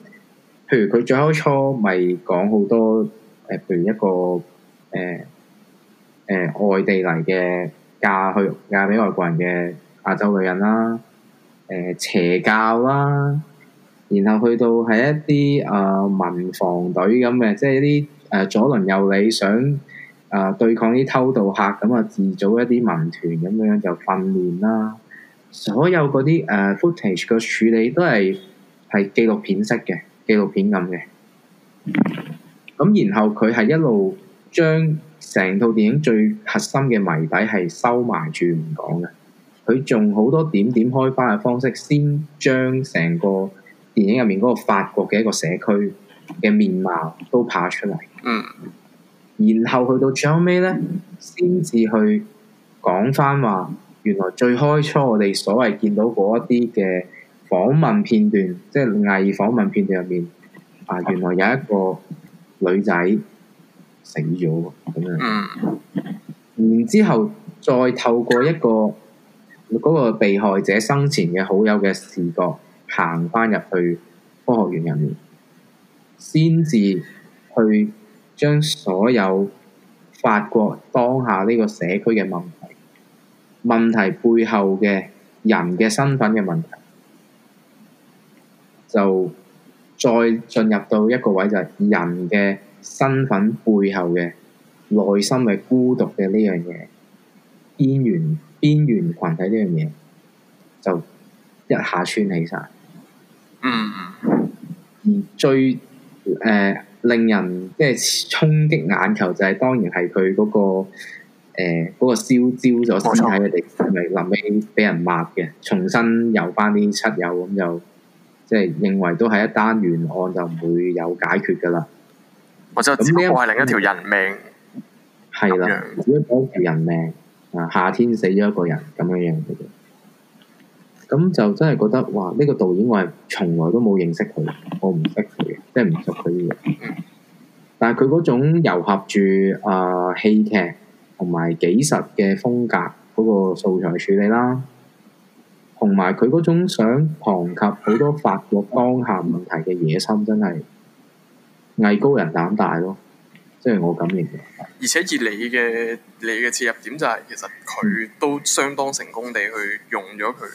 譬如佢最開初咪講好多誒，譬、呃、如一個。誒誒、呃呃、外地嚟嘅嫁去嫁俾外國人嘅亞洲女人啦，誒、呃、邪教啦，然後去到係一啲啊、呃、民防隊咁嘅，即係啲誒左鄰右里想啊、呃、對抗啲偷渡客咁啊自組一啲民團咁樣就訓練啦，所有嗰啲誒 footage 嘅處理都係係紀錄片式嘅紀錄片咁嘅，咁然後佢係一路。將成套電影最核心嘅謎底係收埋住唔講嘅，佢仲好多點點開花嘅方式，先將成個電影入面嗰個法國嘅一個社區嘅面貌都拍出嚟。嗯，然後去到最後尾呢，先至、嗯、去講翻話，原來最開初我哋所謂見到嗰一啲嘅訪問片段，即、就、係、是、偽訪問片段入面，啊，原來有一個女仔。死咗咁樣然之後再透過一個嗰個被害者生前嘅好友嘅視覺行翻入去科學院入面，先至去將所有法國當下呢個社區嘅問題、問題背後嘅人嘅身份嘅問題，就再進入到一個位，就係人嘅。身份背後嘅內心嘅孤獨嘅呢樣嘢，邊緣邊緣群體呢樣嘢就一下穿起晒。嗯，而最誒、呃、令人即係衝擊眼球就係、是、當然係佢嗰個誒嗰、呃嗰個、燒焦咗身體嘅地方，係咪臨尾俾人抹嘅，重新遊翻啲七友咁，就即係認為都係一單懸案，就唔會有解決噶啦。我就只不過，另一條人命，係啦， 樣只不過一條人命。啊，夏天死咗一個人，咁樣樣嘅。咁就真係覺得，哇！呢個導演我係從來都冇認識佢，我唔識佢嘅，即係唔熟佢嘅。但係佢嗰種糅合住啊，戲劇同埋紀實嘅風格嗰個素材處理啦，同埋佢嗰種想旁及好多法國當下問題嘅野心，真係。藝高人膽大咯，即係我咁認為。而且以你嘅你嘅切入點，就係其實佢都相當成功地去用咗佢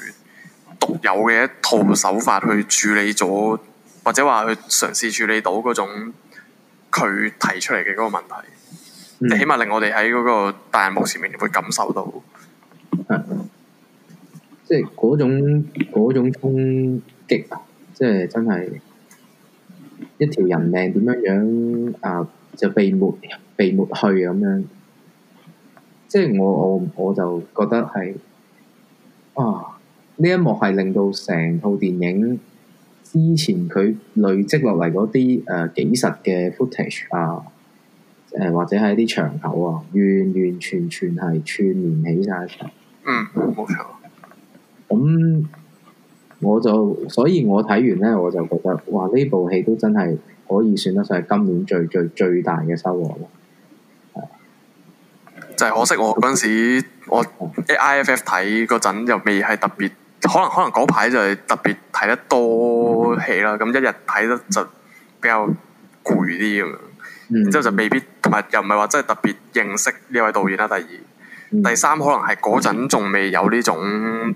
獨有嘅一套手法去處理咗，或者話去嘗試處理到嗰種佢提出嚟嘅嗰個問題。即係。嗯。起碼令我哋喺嗰個大幕前面會感受到。即係嗰種嗰種衝擊啊！即係真係。一條人命點樣樣啊，就被抹被抹去咁樣，即係我我我就覺得係啊，呢一幕係令到成套電影之前佢累積落嚟嗰啲誒紀實嘅 footage 啊誒、呃、或者係啲場口啊完完全全係串聯起晒，嗯冇錯咁。我就所以，我睇完呢，我就覺得，哇！呢部戲都真係可以算得上係今年最最最大嘅收穫啦。就係可惜我嗰陣時，我 IFF 睇嗰陣又未係特別，可能可能嗰排就特別睇得多戲啦，咁、嗯、一日睇得就比較攰啲咁。嗯、然之後就未必同埋又唔係話真係特別認識呢位導演啦。第二，嗯、第三可能係嗰陣仲未有呢種。嗯嗯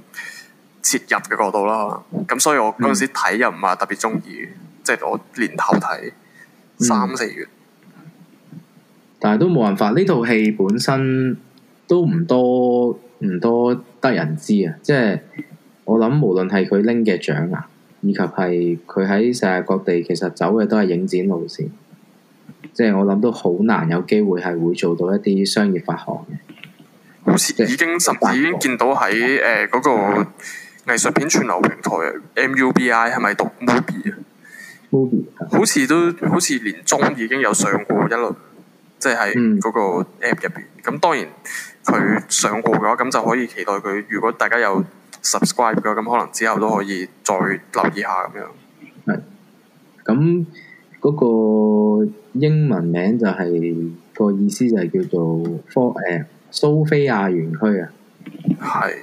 切入嘅角度啦，咁所以我嗰陣時睇又唔係特別中意，嗯、即係我年頭睇三四月，嗯、但係都冇辦法。呢套戲本身都唔多唔多得人知啊！即係我諗，無論係佢拎嘅獎啊，以及係佢喺世界各地其實走嘅都係影展路線，即係我諗都好難有機會係會做到一啲商業發行嘅。好似是已經甚至已經見到喺誒嗰個。嗯藝術片串流平台啊 MUBI 係咪讀 movie 啊？movie 好似都好似年中已經有上過一輪，即係嗰個 app 入邊。咁、嗯、當然佢上過嘅話，咁就可以期待佢。如果大家有 subscribe 嘅話，咁可能之後都可以再留意下咁樣。係。咁嗰個英文名就係、個意思就係叫做科誒、呃、蘇菲亞園區啊。係。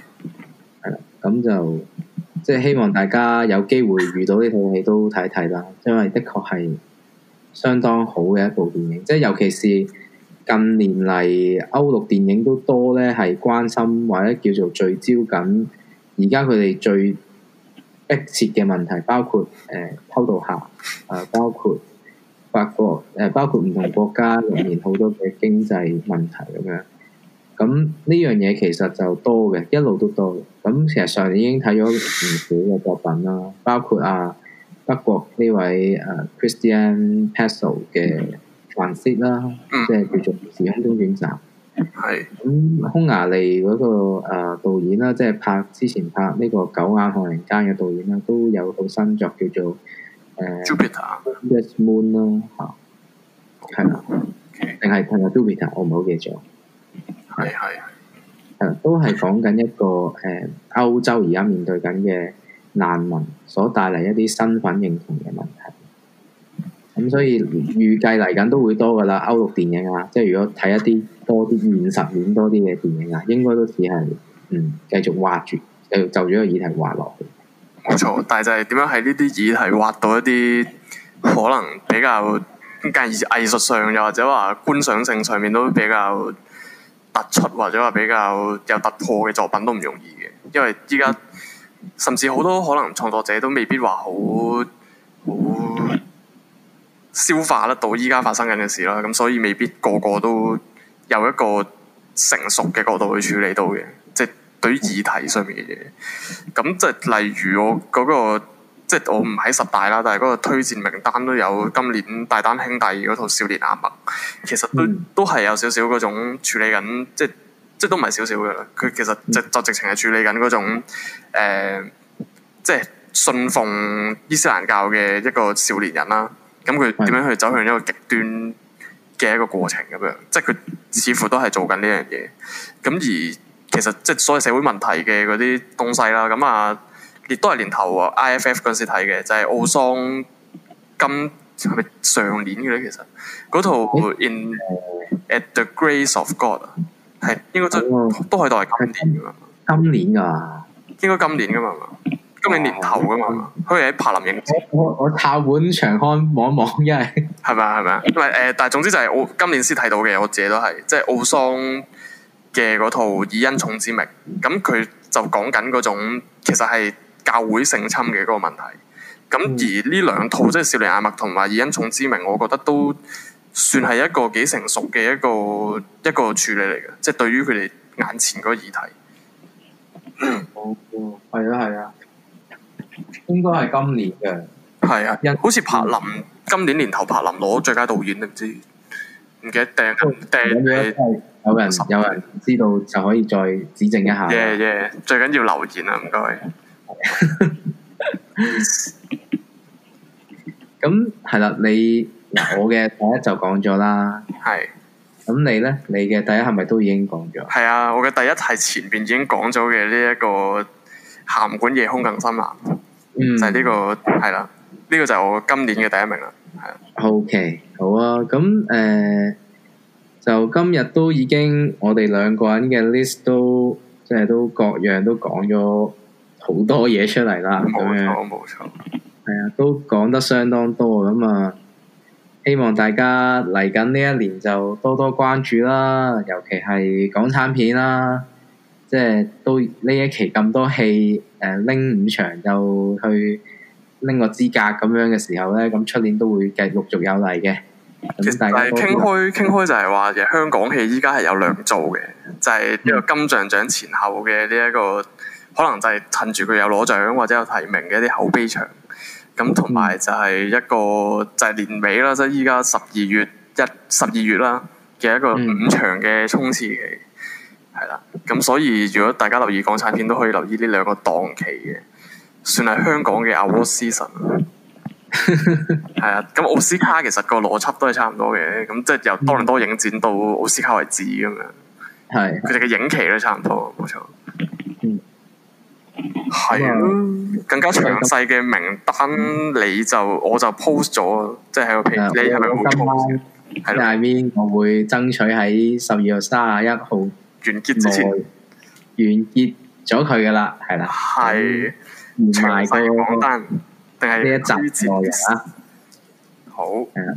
咁就即係希望大家有機會遇到呢套戲都睇睇啦，因為的確係相當好嘅一部電影。即係尤其是近年嚟歐陸電影都多咧，係關心或者叫做聚焦緊而家佢哋最迫切嘅問題，包括誒、呃、偷渡客，啊、呃、包括法國，誒、呃、包括唔同國家裏面好多嘅經濟問題咁樣。咁呢樣嘢其實就多嘅，一路都多。咁其實上年已經睇咗唔少嘅作品啦，包括啊德國呢位誒、啊、Christian Petzold、so、嘅《幻色》啦，即係叫做《時空中轉站》。係、mm。咁、hmm. 嗯、匈牙利嗰、那個誒、啊、導演啦，即係拍之前拍呢、這個《狗眼看人間》嘅導演啦，都有套新作叫做誒 Jupiter Yes Moon 啦嚇。係、啊、嘛？定係、啊《睇下 Okay.、啊、Jupiter》，我唔好記住。係係，誒，都係講緊一個誒呃、歐洲而家面對緊嘅難民所帶嚟一啲身份認同嘅問題。咁所以預計嚟緊都會多噶啦。歐陸電影啊，即係如果睇一啲多啲現實面、多啲嘅電影啊，應該都只係嗯，繼續挖住，繼續就咗一個議題挖落去。冇錯，但係就係點樣喺呢啲議題挖到一啲可能比較藝藝術上，又或者話觀賞性上面都比較。突出或者話比較有突破嘅作品都唔容易嘅，因為依家甚至好多可能創作者都未必話好好消化得到依家發生緊嘅事啦，咁所以未必個個都有一個成熟嘅角度去處理到嘅，即係對於議題上面嘅嘢。咁即係例如我嗰個。即係我唔喺十大啦，但係嗰個推薦名單都有今年大丹兄弟嗰套《少年阿默》，其實都都係有少少嗰種處理緊，即係即係都唔係少少嘅。佢其實直就，就直情係處理緊嗰種誒、呃，即係信奉伊斯蘭教嘅一個少年人啦。咁佢點樣去走向一個極端嘅一個過程咁樣？即係佢似乎都係做緊呢樣嘢。咁而其實即係所謂社會問題嘅嗰啲東西啦，咁啊。亦都係年頭喎。I F F 嗰陣時睇嘅就係、是、奧桑今係咪上年嘅咧？其實嗰套《欸、In、uh, the Grace of God、欸》係應該都都可以當係今年㗎嘛。今年㗎、啊，應該今年㗎嘛，今年年頭㗎嘛。佢係喺柏林影我。我我我靠碗長看望一望，因為係咪啊？係咪啊？唔但係總之就係我今年先睇到嘅。我自己都係即係奧桑嘅嗰套《以恩寵之名》咁，佢就講緊嗰種其實係。教會性侵嘅嗰個問題，咁而呢兩套即係《嗯、少年阿麥》同埋《以恩寵之名》，我覺得都算係一個幾成熟嘅一個一個處理嚟嘅，即、就、係、是、對於佢哋眼前嗰個議題。哦，係啊，係啊，應該係今年嘅。係啊，好似柏林今年年頭柏林攞最佳導演定唔知，唔記得掟啊掟誒，嗯嗯呃、有人有人知道就可以再指正一下耶耶，yeah, yeah, yeah, 最緊要留言啊，唔該。咁係啦，你嗱我嘅第一就講咗啦，係咁 的你呢？你嘅第一係咪都已經講咗？係啊，我嘅第一係前邊已經講咗嘅呢一個函館夜空更深藍，就是這個、嗯，就係呢個係啦，呢、這個係就我今年嘅第一名啦，係 OK 好啊，咁誒、呃、就今日都已經我哋兩個人嘅 list 都即係都各樣都講咗。好多嘢出嚟啦，冇錯，冇錯，係啊，都講得相當多咁啊、嗯！希望大家嚟緊呢一年就多多關注啦，尤其係港產片啦，即、就、係、是、都呢一期咁多戲誒拎、呃、五場就去拎個資格咁樣嘅時候呢，咁、嗯、出年都會繼續續有嚟嘅。其實傾開傾 開就係話香港戲依家係有糧做嘅，就係呢個金像獎前後嘅呢一個。可能就係趁住佢有攞獎或者有提名嘅一啲口碑場，咁同埋就係一個就係年尾啦，即係依家十二月一十二月啦嘅一個五場嘅衝刺期，係啦、嗯。咁所以如果大家留意港產片，都可以留意呢兩個檔期嘅，算係香港嘅奧斯 season 啦。係啊， 咁奧斯卡其實個邏輯都係差唔多嘅，咁即係由多倫多影展到奧斯卡為止咁樣。係佢哋嘅影期都差唔多，冇錯。係啊，更加詳細嘅名單你就我就 post 咗，即係喺個 p 你係咪好用？係啦，下面我會爭取喺十二月卅一號完結之前完結咗佢噶啦，係啦，係詳細榜單。呢一集內容啊，好，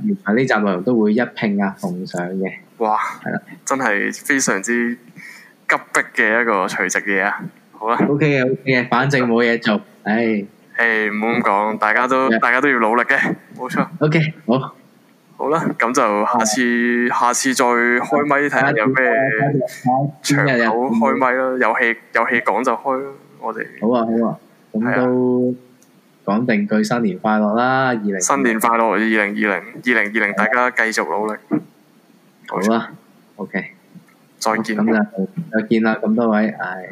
原來，呢集內容都會一拼啊奉上嘅。哇，係啦，真係非常之急迫嘅一個垂直嘢啊！好啦，OK 嘅，OK 反正冇嘢做，唉，唉，唔好咁講，大家都，大家都要努力嘅，冇錯。OK，好，好啦，咁就下次，下次再開咪睇下有咩場口開咪啦，有戲有戲講就開啦，我哋。好啊，好啊，咁都講定句，新年快樂啦，二零。新年快樂，二零二零，二零二零，大家繼續努力。好啦，OK，再見。咁就再見啦，咁多位，唉。